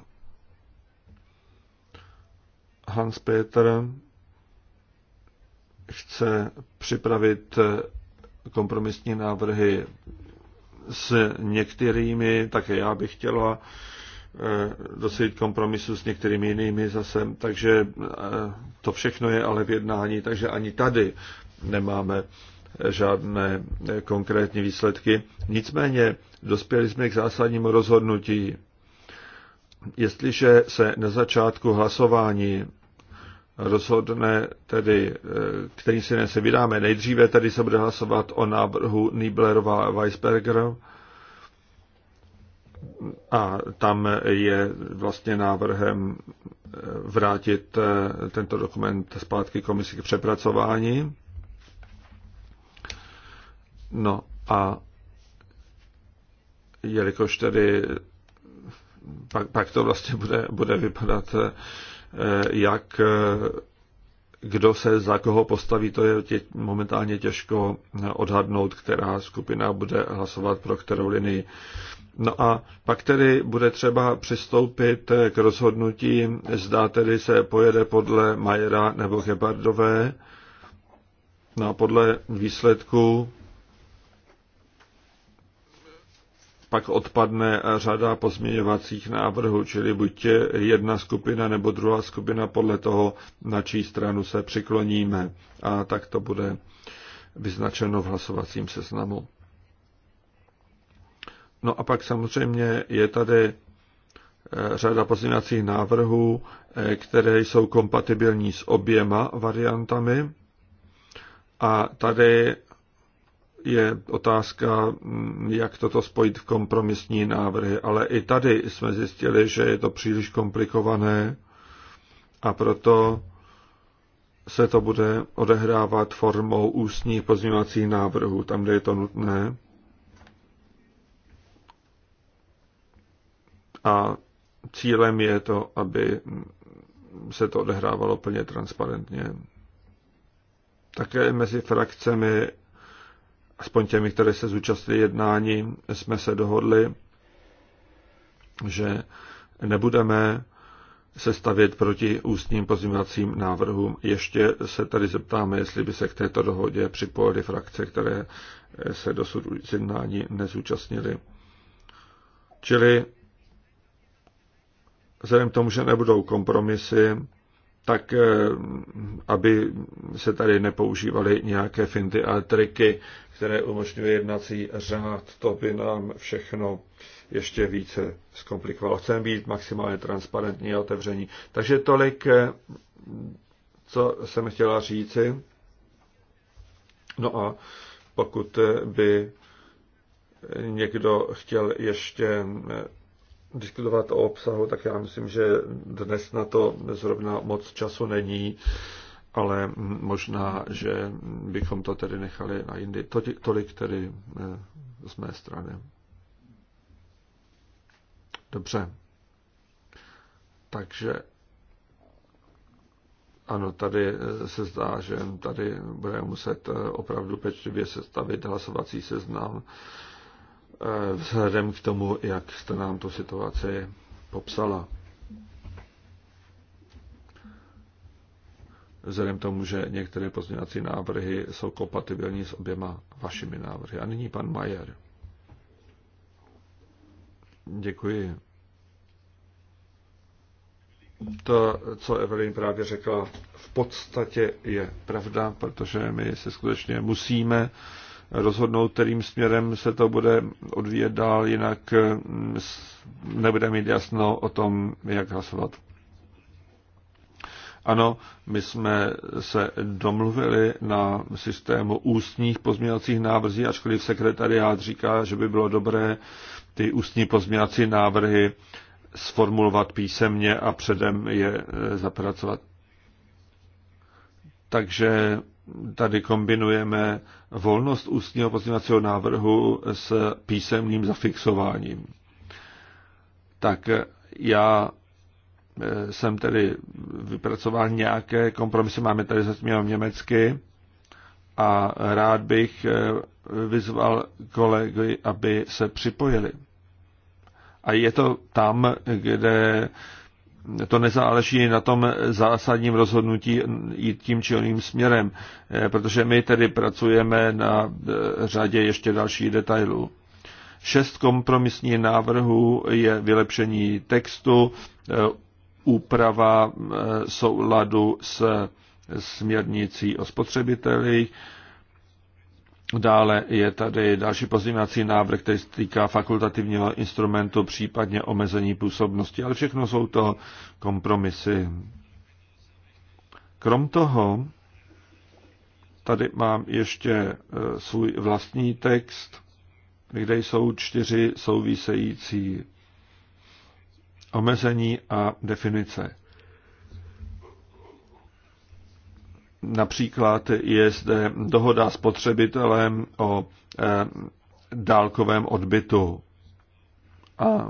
Hans Peter chce připravit kompromisní návrhy s některými, také já bych chtěla eh, dosáhnout kompromisu s některými jinými zase, takže eh, to všechno je ale v jednání, takže ani tady nemáme žádné konkrétní výsledky. Nicméně dospěli jsme k zásadnímu rozhodnutí. Jestliže se na začátku hlasování rozhodne tedy, eh, kterým si se vydáme. Nejdříve tady se bude hlasovat o návrhu Niblerova a Weisberger a tam je vlastně návrhem eh, vrátit eh, tento dokument zpátky komisi k přepracování. No a jelikož tedy pak, pak to vlastně bude, bude vypadat, eh, jak eh, kdo se za koho postaví, to je tě, momentálně těžko eh, odhadnout, která skupina bude hlasovat pro kterou linii. No a pak tedy bude třeba přistoupit k rozhodnutí, zda tedy se pojede podle Majera nebo Gebardové. No a podle výsledku pak odpadne řada pozměňovacích návrhů, čili buď jedna skupina nebo druhá skupina podle toho, na čí stranu se přikloníme. A tak to bude vyznačeno v hlasovacím seznamu. No a pak samozřejmě je tady eh, řada pozměňovacích návrhů, eh, které jsou kompatibilní s oběma variantami. A tady je otázka, mm, jak toto spojit v kompromisní návrhy, ale i tady jsme zjistili, že je to příliš komplikované a proto se to bude odehrávat formou ústních pozměňovacích návrhů, tam, kde je to nutné. A cílem je to, aby se to odehrávalo plně transparentně. Také mezi frakcemi aspoň těmi, které se zúčastnili jednání, jsme se dohodli, že nebudeme se stavět proti ústním pozměňovacím návrhům. Ještě se tady zeptáme, jestli by se k této dohodě připojily frakce, které se dosud jednání nezúčastnily. Čili vzhledem k tomu, že nebudou kompromisy, tak eh, aby se tady nepoužívaly nějaké finty a triky, které umožňuje jednací řád. To by nám všechno ještě více zkomplikovalo. Chceme být maximálně transparentní a otevření. Takže tolik, eh, co jsem chtěla říci. No a pokud eh, by někdo chtěl ještě diskutovat o obsahu, tak já myslím, že dnes na to zrovna moc času není, ale možná, že bychom to tedy nechali na jindy. Tolik tedy eh, z mé strany. Dobře. Takže ano, tady eh, se zdá, že tady budeme muset eh, opravdu pečlivě sestavit hlasovací seznam E, vzhledem k tomu, jak jste nám tu situaci popsala. Vzhledem k tomu, že některé pozměňovací návrhy jsou kompatibilní s oběma vašimi návrhy. A nyní pan Majer. Děkuji. To, co Evelyn právě řekla, v podstatě je pravda, protože my se skutečně musíme uh, rozhodnout, kterým směrem se to bude odvíjet dál, jinak mm, nebude mít jasno o tom, jak hlasovat. Ano, my jsme se domluvili na systému ústních pozměňovacích návrzí, ačkoliv sekretariát říká, že by bylo dobré ty ústní pozměňovací návrhy sformulovat písemně a předem je e, zapracovat. Takže tady kombinujeme volnost ústního pozměňovacího návrhu s písemným zafixováním. Tak já eh, jsem tedy vypracoval nějaké kompromisy, máme tady zatím jenom německy a rád bych eh, vyzval kolegy, aby se připojili. A je to tam, kde to nezáleží na tom zásadním rozhodnutí jít tím či oným směrem, eh, protože my tedy pracujeme na eh, řadě ještě dalších detailů. Šest kompromisních návrhů je vylepšení textu, eh, úprava souladu s směrnicí o spotřebitelích, Dále je tady další pozměňovací návrh, který se týká fakultativního instrumentu, případně omezení působnosti, ale všechno jsou to kompromisy. Krom toho, tady mám ještě e, svůj vlastní text, kde jsou čtyři související omezení a definice. Například je zde dohoda s potřebitelem o eh, dálkovém odbytu. A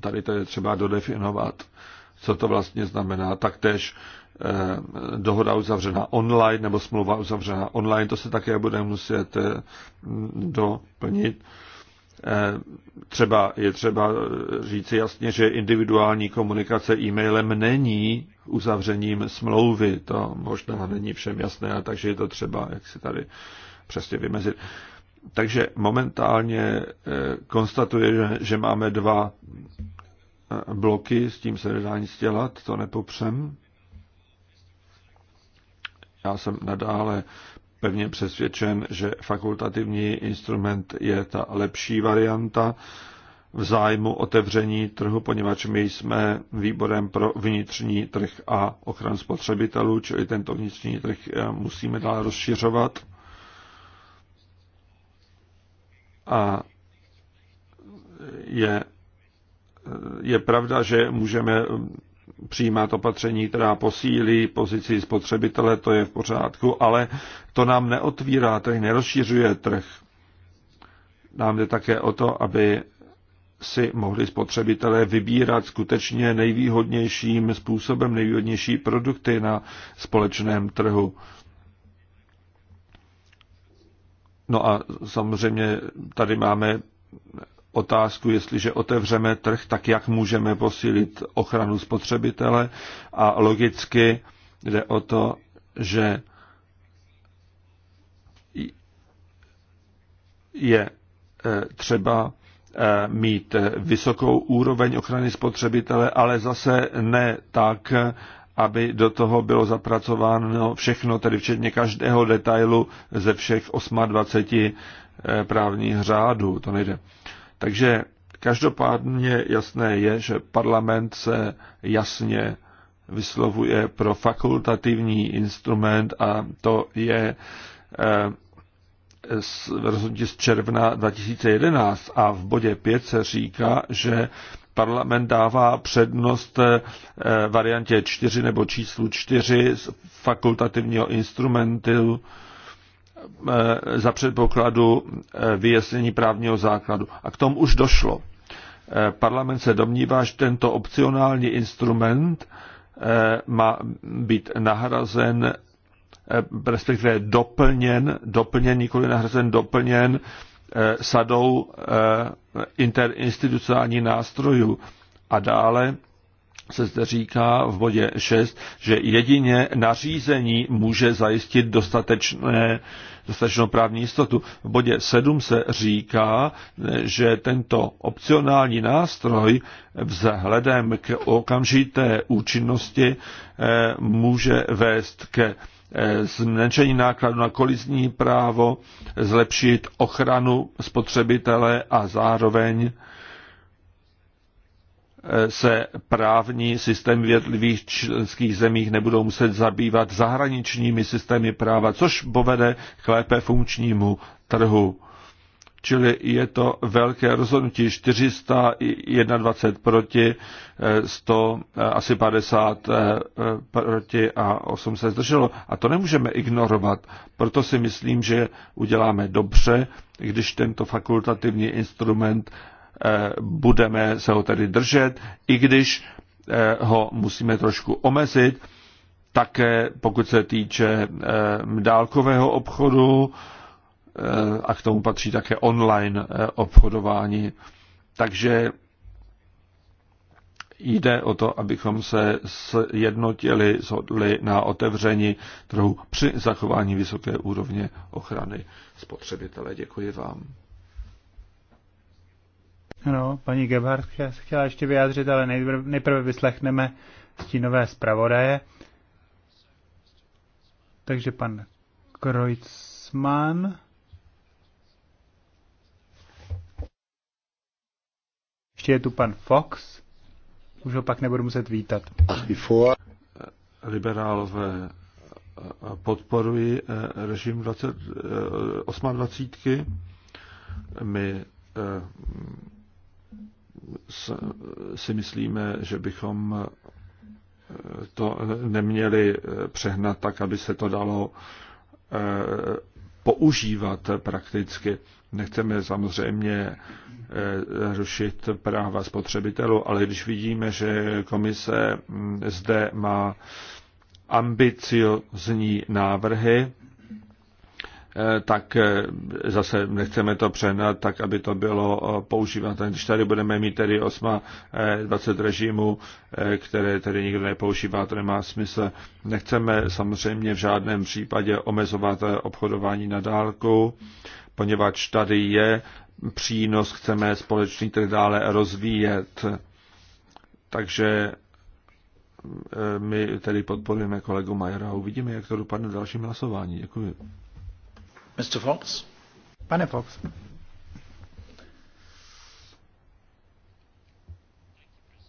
tady to je třeba dodefinovat, co to vlastně znamená. Taktéž eh, dohoda uzavřená online nebo smlouva uzavřená online, to se také bude muset eh, doplnit. Eh, třeba je třeba říci jasně, že individuální komunikace e-mailem není uzavřením smlouvy. To možná není všem jasné, takže je to třeba, jak si tady přesně vymezit. Takže momentálně eh, konstatuje, že máme dva eh, bloky, s tím se nedá nic dělat, to nepopřem. Já jsem nadále pevně přesvědčen, že fakultativní instrument je ta lepší varianta v zájmu otevření trhu, poněvadž my jsme výborem pro vnitřní trh a ochran spotřebitelů, čili tento vnitřní trh eh, musíme dál rozšiřovat. A je, je pravda, že můžeme přijímat opatření, která posílí pozici spotřebitele, to je v pořádku, ale to nám neotvírá trh, nerozšířuje trh. Nám jde také o to, aby si mohli spotřebitelé vybírat skutečně nejvýhodnějším způsobem nejvýhodnější produkty na společném trhu. No a samozřejmě tady máme otázku, jestliže otevřeme trh, tak jak můžeme posílit ochranu spotřebitele a logicky jde o to, že je e, třeba e, mít vysokou úroveň ochrany spotřebitele, ale zase ne tak, aby do toho bylo zapracováno všechno, tedy včetně každého detailu ze všech 28 e, právních řádů. To nejde. Takže každopádně jasné je, že parlament se jasně vyslovuje pro fakultativní instrument a to je z eh, rozhodnutí z června 2011 a v bodě 5 se říká, že parlament dává přednost eh, variantě 4 nebo číslu 4 z fakultativního instrumentu Eh, za předpokladu eh, vyjasnění právního základu. A k tomu už došlo. Eh, parlament se domnívá, že tento opcionální instrument má být nahrazen, respektive doplněn, doplněn, nikoli nahrazen, doplněn sadou interinstitucionální nástrojů. A dále se zde říká v bodě 6, že jedině nařízení může zajistit dostatečné dostatečnou právní jistotu. V bodě 7 se říká, že tento opcionální nástroj vzhledem k okamžité účinnosti eh, může vést ke eh, zmenšení nákladu na kolizní právo, zlepšit ochranu spotřebitele a zároveň se právní systém v jednotlivých členských zemích nebudou muset zabývat zahraničními systémy práva, což povede k lépe funkčnímu trhu. Čili je to velké rozhodnutí 421 proti, 100 eh, eh, asi 50 eh, proti a 8 se zdrželo. A to nemůžeme ignorovat. Proto si myslím, že uděláme dobře, když tento fakultativní instrument Eh, budeme se ho tedy držet, i když eh, ho musíme trošku omezit, také pokud se týče eh, dálkového obchodu a k tomu patří také online obchodování. Takže jde o to, abychom se sjednotili, shodli na otevření trhu při zachování vysoké úrovně ochrany spotřebitele. Děkuji vám. Ano, paní Gebhardt chtěla ještě vyjádřit, ale nejprve, nejprve vyslechneme stínové zpravodaje. Takže pan Kreutzmann. Ještě je tu pan Fox. Už ho pak nebudu muset vítat. Liberálové eh, podporují eh, režim 28. Eh, My Eh, si myslíme, že bychom eh, to neměli eh, přehnat tak, aby se to dalo používat prakticky. Nechceme samozřejmě rušit práva spotřebitelů, ale když vidíme, že komise mm, zde má ambiciozní návrhy, Eh, tak eh, zase nechceme to přenat, tak aby to bylo eh, používat. Když tady budeme mít tedy 8 20 režimů, které tedy nikdo nepoužívá, to nemá smysl. Nechceme samozřejmě v žádném případě omezovat obchodování na dálku, poněvadž tady je přínos, chceme společný trh dále rozvíjet. Takže my tedy podporujeme kolegu Majera a uvidíme, jak to dopadne v dalším hlasování. Děkuji. Mr. Fox? Pane Fox.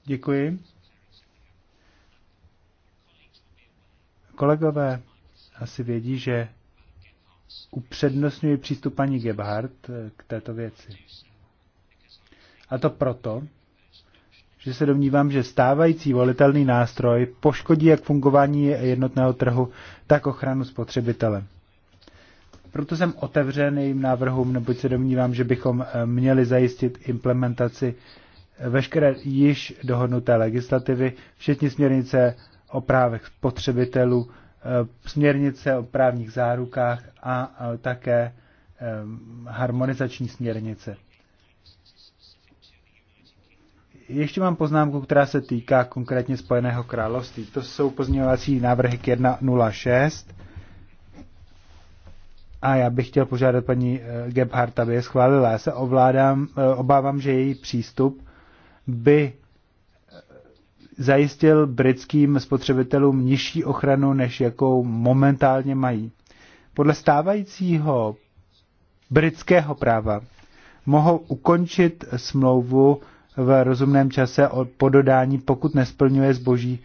Děkuji. Kolegové asi vědí, že upřednostňuji přístup paní Gebhardt eh, k této věci. A to proto, že se domnívám, že stávající volitelný nástroj poškodí jak fungování jednotného trhu, tak ochranu spotřebitele. Proto jsem otevřen jejím návrhům, neboť se domnívám, že bychom eh, měli zajistit implementaci eh, veškeré již dohodnuté legislativy, všetní směrnice o právech spotřebitelů, eh, směrnice o právních zárukách a také harmonizační směrnice. Ještě mám poznámku, která se týká konkrétně Spojeného království. To jsou pozměňovací návrhy k 1.06 a já bych chtěl požádat paní eh, Gebhardt, aby je schválila. Já se ovládám, eh, obávám, že její přístup by eh, zajistil britským spotřebitelům nižší ochranu, než jakou momentálně mají. Podle stávajícího britského práva mohou ukončit smlouvu v rozumném čase po dodání, pokud nesplňuje zboží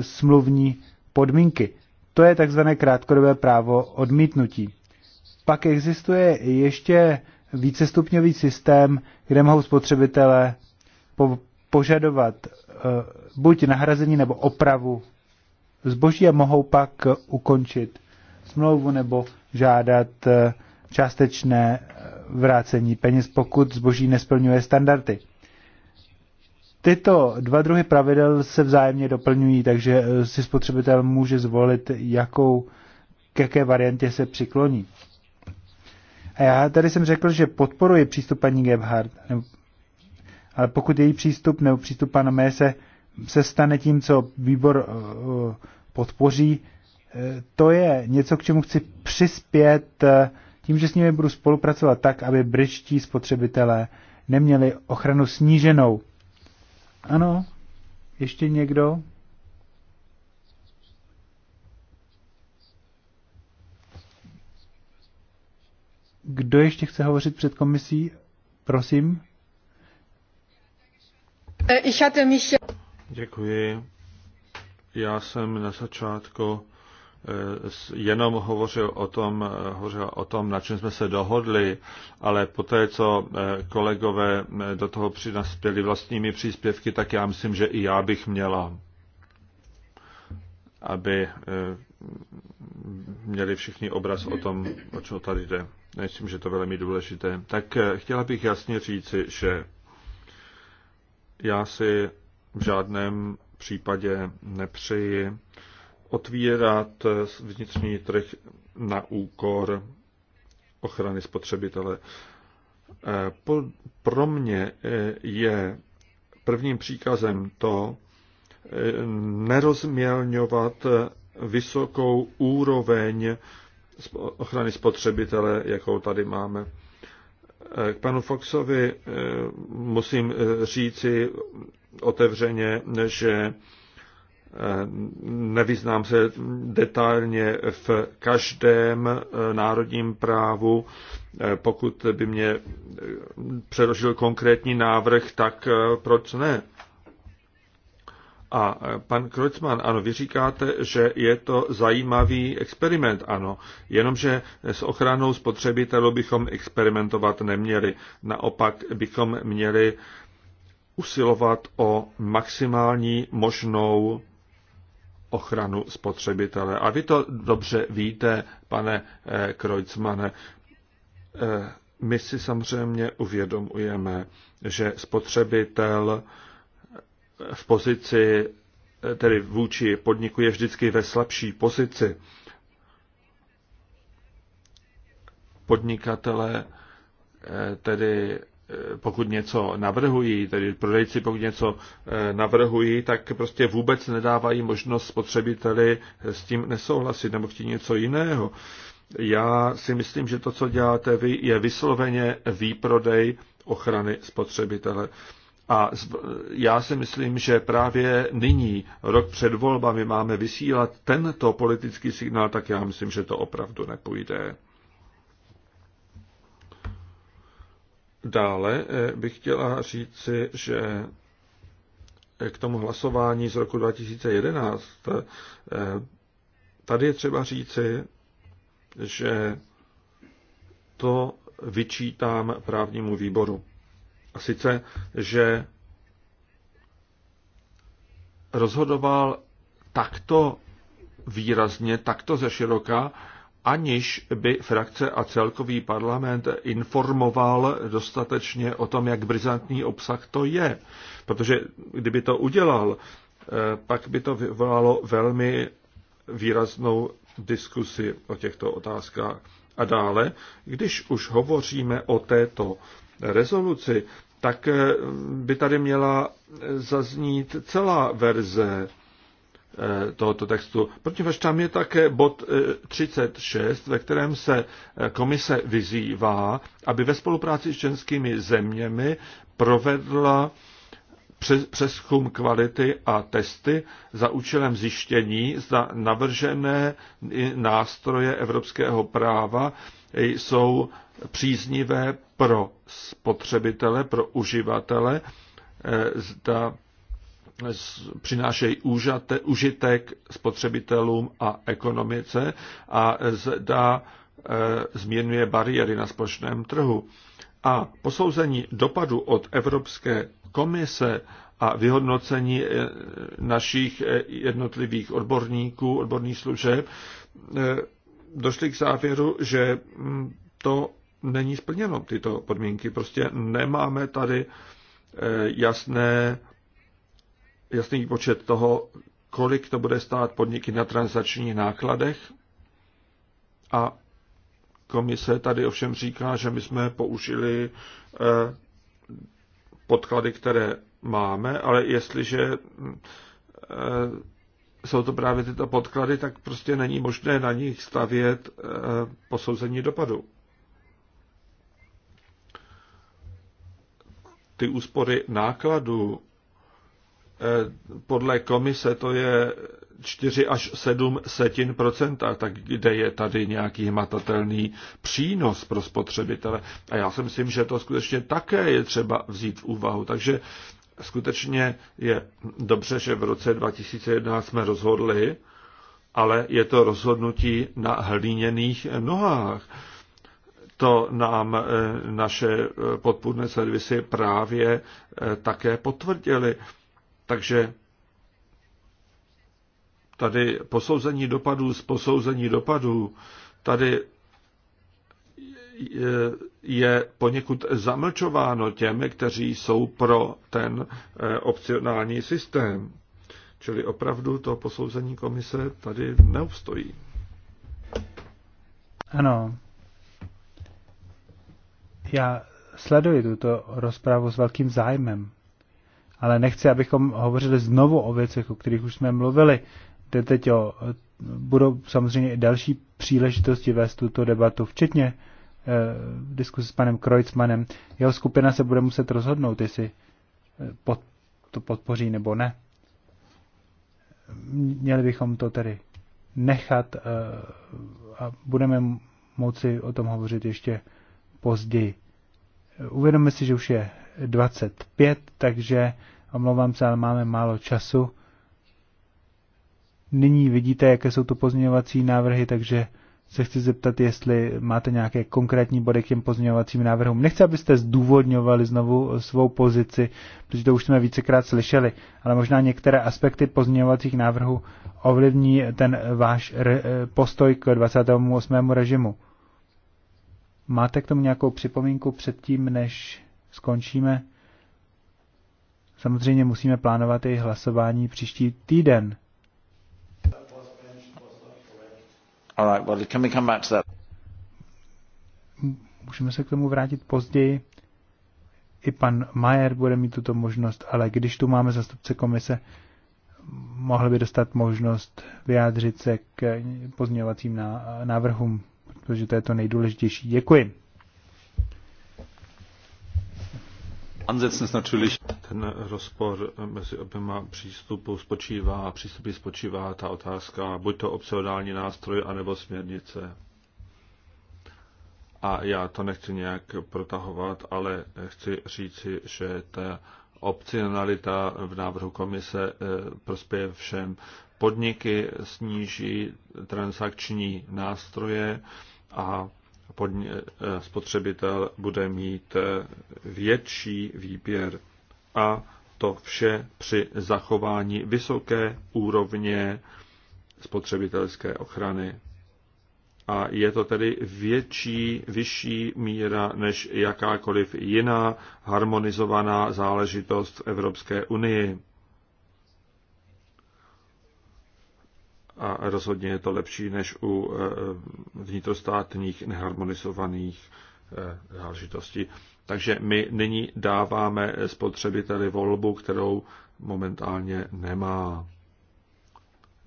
smluvní podmínky. To je takzvané krátkodobé právo odmítnutí. Pak existuje ještě vícestupňový systém, kde mohou spotřebitelé po- požadovat uh, buď nahrazení nebo opravu zboží a mohou pak ukončit smlouvu nebo žádat eh, částečné eh, vrácení peněz, pokud zboží nesplňuje standardy. Tyto dva druhy pravidel se vzájemně doplňují, takže eh, si spotřebitel může zvolit, jakou, k jaké variantě se přikloní. A já tady jsem řekl, že podporuji přístup paní Gebhardt, ale pokud její přístup nebo přístup pana Mese se stane tím, co výbor eh, podpoří, eh, to je něco, k čemu chci přispět tím, že s nimi budu spolupracovat tak, aby britští spotřebitelé neměli ochranu sníženou ano, ještě někdo? Kdo ještě chce hovořit před komisí? Prosím. Eh, Děkuji. Já jsem na začátku Eh, jenom hovořil o tom, eh, hovořil o tom, na čem jsme se dohodli, ale poté, co eh, kolegové do toho přinaspěli vlastními příspěvky, tak já myslím, že i já bych měla, aby měli všichni obraz o tom, o čem tady jde. Myslím, že to je velmi důležité. Tak chtěla bych jasně říci, že já si v žádném případě nepřeji otvírat eh, vnitřní trh na úkor ochrany spotřebitele. Eh, pro mě eh, je prvním příkazem to, nerozmělňovat vysokou úroveň ochrany spotřebitele, jakou tady máme. K panu Foxovi musím říci otevřeně, že Eh, nevyznám se detailně v každém eh, národním právu. Eh, pokud by mě předložil konkrétní návrh, tak proč ne? A pan Kreutzmann, ano, vy říkáte, že je to zajímavý experiment, ano, jenomže s ochranou spotřebitelů bychom experimentovat neměli. Naopak bychom měli usilovat o maximální možnou ochranu spotřebitele. A vy to dobře víte, pane eh, Krojcmane. Eh, my si samozřejmě uvědomujeme, že spotřebitel eh, v pozici, tedy vůči podniku, je vždycky ve slabší pozici. Podnikatele tedy pokud něco navrhují, tedy prodejci pokud něco eh, navrhují, tak prostě vůbec nedávají možnost spotřebiteli eh, s tím nesouhlasit nebo chtít něco jiného. Já si myslím, že to, co děláte vy, je vysloveně výprodej ochrany spotřebitele. A já si myslím, že právě nyní, rok před volbami, máme vysílat tento politický signál, tak já myslím, že to opravdu nepůjde. Dále eh, bych chtěla říci, že eh, k tomu hlasování z roku 2011, eh, tady je třeba říci, že to vyčítám právnímu výboru. A sice, že rozhodoval takto výrazně, takto ze široka aniž by frakce a celkový parlament informoval dostatečně o tom, jak brizantní obsah to je. Protože kdyby to udělal, eh, pak by to vyvolalo velmi výraznou diskusi o těchto otázkách. A dále, když už hovoříme o této rezoluci, tak eh, by tady měla zaznít celá verze Eh, tohoto textu, protože tam je také bod 36, eh, ve kterém se eh, komise vyzývá, aby ve spolupráci s členskými zeměmi provedla přeskum kvality a testy za účelem zjištění, zda navržené nástroje evropského práva jsou příznivé pro spotřebitele, pro uživatele, zda přinášejí úžate, užitek spotřebitelům a ekonomice a zda e, zmírňuje bariéry na společném trhu. A posouzení dopadu od Evropské komise a vyhodnocení e, našich e, jednotlivých odborníků, odborných služeb, došli k závěru, že mm, to není splněno, tyto podmínky. Prostě nemáme tady jasné jasný počet toho, kolik to bude stát podniky na transačních nákladech. A komise tady ovšem říká, že my jsme použili eh, podklady, které máme, ale jestliže eh, jsou to právě tyto podklady, tak prostě není možné na nich stavět eh, posouzení dopadu. Ty úspory nákladů Eh, podle komise to je 4 až 7 setin procenta, tak kde je tady nějaký hmatatelný přínos pro spotřebitele. A já si myslím, že to skutečně také je třeba vzít v úvahu. Takže skutečně je dobře, že v roce 2011 jsme rozhodli, ale je to rozhodnutí na hlíněných nohách. To nám eh, naše eh, podpůrné servisy právě také potvrdili. Takže tady posouzení dopadů z posouzení dopadů, tady je poněkud zamlčováno těmi, kteří jsou pro ten eh, opcionální systém. Čili opravdu to posouzení komise tady neobstojí. Ano. Já sleduji tuto rozprávu s velkým zájmem ale nechci, abychom hovořili znovu o věcech, o kterých už jsme mluvili. Jde teď o, budou samozřejmě i další příležitosti vést tuto debatu, včetně e, diskuse s panem Kreutzmanem. Jeho skupina se bude muset rozhodnout, jestli eh, pod, to podpoří nebo ne. Měli bychom to tedy nechat e, a budeme moci o tom hovořit ještě později. Uvědomme si, že už je 25, takže omlouvám se, ale máme málo času. Nyní vidíte, jaké jsou tu pozměňovací návrhy, takže se chci zeptat, jestli máte nějaké konkrétní body k těm pozměňovacím návrhům. Nechci, abyste zdůvodňovali znovu svou pozici, protože to už jsme vícekrát slyšeli, ale možná některé aspekty pozměňovacích návrhů ovlivní ten váš postoj k 28. režimu. Máte k tomu nějakou připomínku předtím, než skončíme. Samozřejmě musíme plánovat i hlasování příští týden. All well, can we come back to that? Můžeme se k tomu vrátit později. I pan Majer bude mít tuto možnost, ale když tu máme zastupce komise, mohl by dostat možnost vyjádřit se k pozměňovacím návrhům, protože to je to nejdůležitější. Děkuji. ansetzen, ist natürlich Ten rozpor mezi oběma přístupy spočívá, přístupy spočívá ta otázka, buď to opcionální nástroj, anebo směrnice. A já to nechci nějak protahovat, ale chci říci, že ta opcionalita v návrhu komise eh, prospěje všem. Podniky sníží transakční nástroje a Eh, spotřebitel bude mít eh, větší výběr. A to vše při zachování vysoké úrovně spotřebitelské ochrany. A je to tedy větší, vyšší míra než jakákoliv jiná harmonizovaná záležitost v Evropské unii. a rozhodně je to lepší než u eh, vnitrostátních neharmonizovaných eh, záležitostí. Takže my nyní dáváme spotřebiteli volbu, kterou momentálně nemá.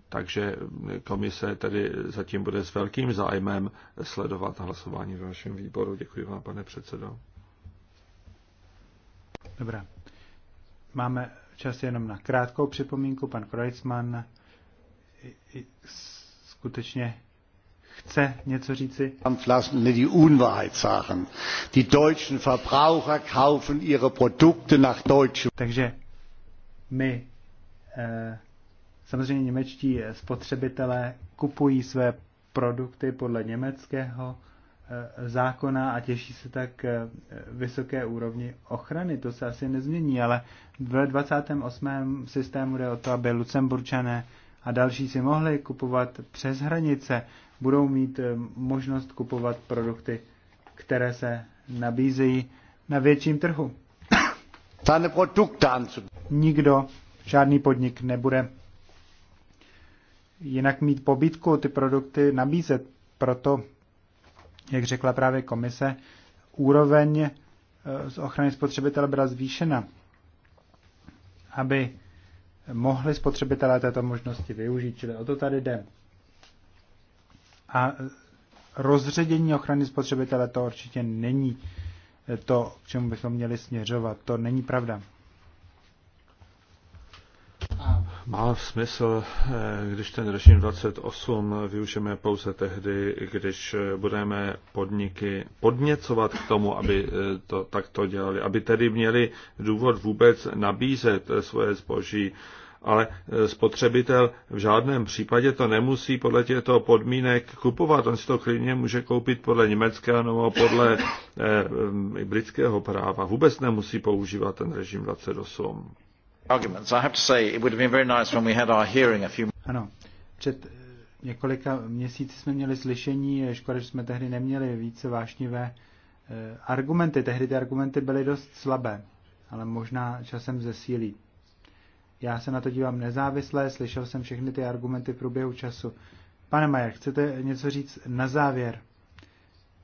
Takže komise tedy zatím bude s velkým zájmem sledovat hlasování v našem výboru. Děkuji vám, pane předsedo. Dobrá. Máme čas jenom na krátkou připomínku. Pan Kreutzmann i, i skutečně chce něco říci. Lassen mir die Unwahrheit sagen. Die deutschen Verbraucher kaufen ihre Produkte nach deutschem. Takže my eh, samozřejmě němečtí eh, spotřebitelé kupují své produkty podle německého eh, zákona a těší se tak vysoké úrovni ochrany. To se asi nezmění, ale v 28. systému jde o to, aby Lucemburčané a další si mohli kupovat přes hranice, budou mít eh, možnost kupovat produkty, které se nabízejí na větším trhu. Nikdo, žádný podnik nebude jinak mít pobytku ty produkty nabízet. Proto, jak řekla právě komise, úroveň eh, z ochrany spotřebitele byla zvýšena, aby mohli spotřebitelé této možnosti využít, čili o to tady jde. A rozředění ochrany spotřebitele to určitě není to, k čemu bychom měli směřovat. To není pravda. má smysl, eh, když ten režim 28 využijeme pouze tehdy, když eh, budeme podniky podněcovat k tomu, aby eh, to takto dělali, aby tedy měli důvod vůbec nabízet svoje zboží. Ale spotřebitel v žádném případě to nemusí podle těchto podmínek kupovat. On si to klidně může koupit podle německého nebo podle eh, britského práva. Vůbec nemusí používat ten režim 28. Ano, před eh, několika měsíci jsme měli slyšení, škoda, že jsme tehdy neměli více vášnivé eh, argumenty. Tehdy ty argumenty byly dost slabé, ale možná časem zesílí. Já se na to dívám nezávisle, slyšel jsem všechny ty argumenty v průběhu času. Pane Majer, chcete něco říct na závěr?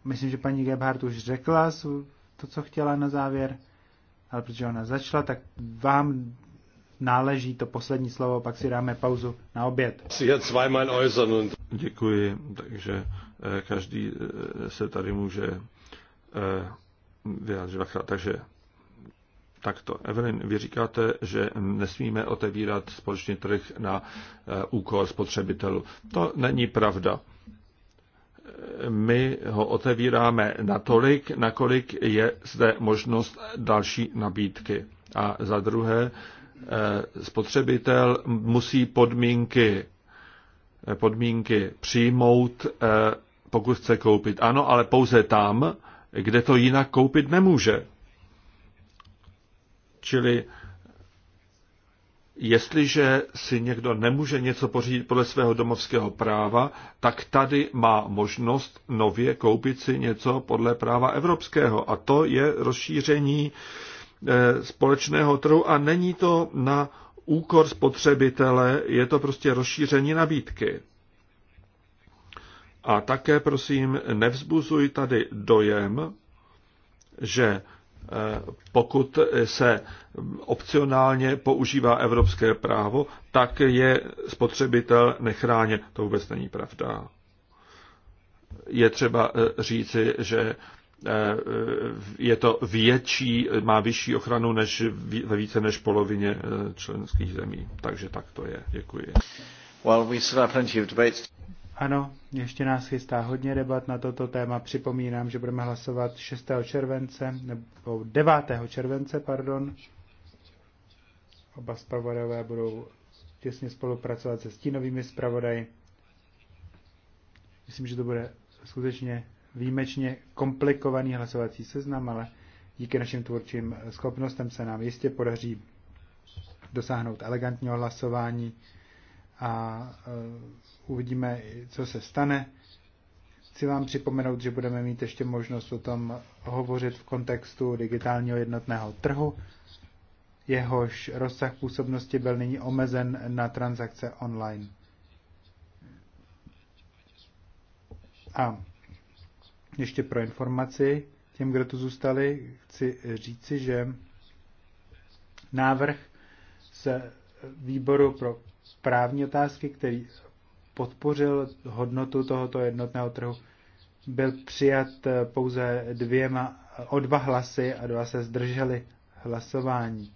Myslím, že paní Gebhardt už řekla to, co chtěla na závěr, ale protože ona začala, tak vám náleží to poslední slovo, pak si dáme pauzu na oběd. Děkuji, takže eh, každý eh, se tady může eh, vyjádřit Takže takto. Evelyn, vy říkáte, že nesmíme otevírat společný trh na úkol spotřebitelů. To není pravda my ho otevíráme natolik, nakolik je zde možnost další nabídky. A za druhé, Eh, spotřebitel musí podmínky, eh, podmínky přijmout, eh, pokud chce koupit. Ano, ale pouze tam, kde to jinak koupit nemůže. Čili jestliže si někdo nemůže něco pořídit podle svého domovského práva, tak tady má možnost nově koupit si něco podle práva evropského. A to je rozšíření eh, Eh, společného trhu a není to na úkor spotřebitele, je to prostě rozšíření nabídky. A také, prosím, nevzbuzuj tady dojem, že eh, pokud se opcionálně používá evropské právo, tak je spotřebitel nechráněn. To vůbec není pravda. Je třeba eh, říci, že Eh, eh, je to větší, má vyšší ochranu než ve více než polovině eh, členských zemí. Takže tak to je. Děkuji. Well, we still have plenty of debates. Ano, ještě nás chystá hodně debat na toto téma. Připomínám, že budeme hlasovat 6. července, nebo 9. července, pardon. Oba zpravodajové budou těsně spolupracovat se stínovými zpravodaji. Myslím, že to bude skutečně výjimečně komplikovaný hlasovací seznam, ale díky našim tvůrčím schopnostem se nám jistě podaří dosáhnout elegantního hlasování a e, uvidíme, co se stane. Chci vám připomenout, že budeme mít ještě možnost o tom hovořit v kontextu digitálního jednotného trhu. Jehož rozsah působnosti byl nyní omezen na transakce online. A ještě pro informaci těm, kdo tu zůstali, chci říci, že návrh z výboru pro právní otázky, který podpořil hodnotu tohoto jednotného trhu, byl přijat pouze dvěma, o dva hlasy a dva se zdrželi hlasování.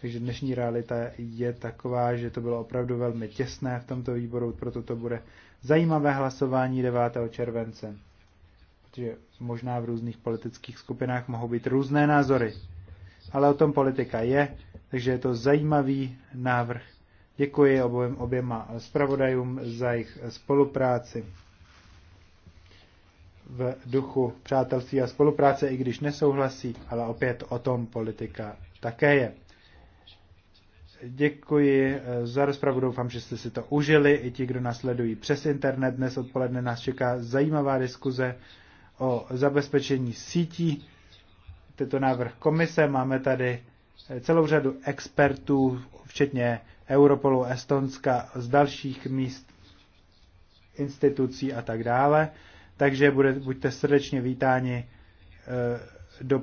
Takže dnešní realita je taková, že to bylo opravdu velmi těsné v tomto výboru, proto to bude zajímavé hlasování 9. července že možná v různých politických skupinách mohou být různé názory. Ale o tom politika je, takže je to zajímavý návrh. Děkuji oběm, oběma zpravodajům za jejich spolupráci v duchu přátelství a spolupráce, i když nesouhlasí, ale opět o tom politika také je. Děkuji eh, za rozpravu, doufám, že jste si to užili. I ti, kdo nás sledují přes internet, dnes odpoledne nás čeká zajímavá diskuze o zabezpečení sítí. Tento návrh komise máme tady eh, celou řadu expertů, včetně Europolu, Estonska, z dalších míst, institucí a tak dále. Takže bude, buďte srdečně vítáni eh, do,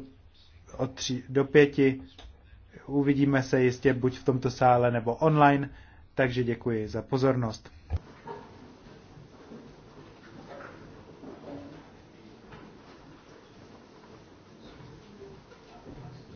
od tři, do pěti. Uvidíme se jistě buď v tomto sále nebo online, takže děkuji za pozornost.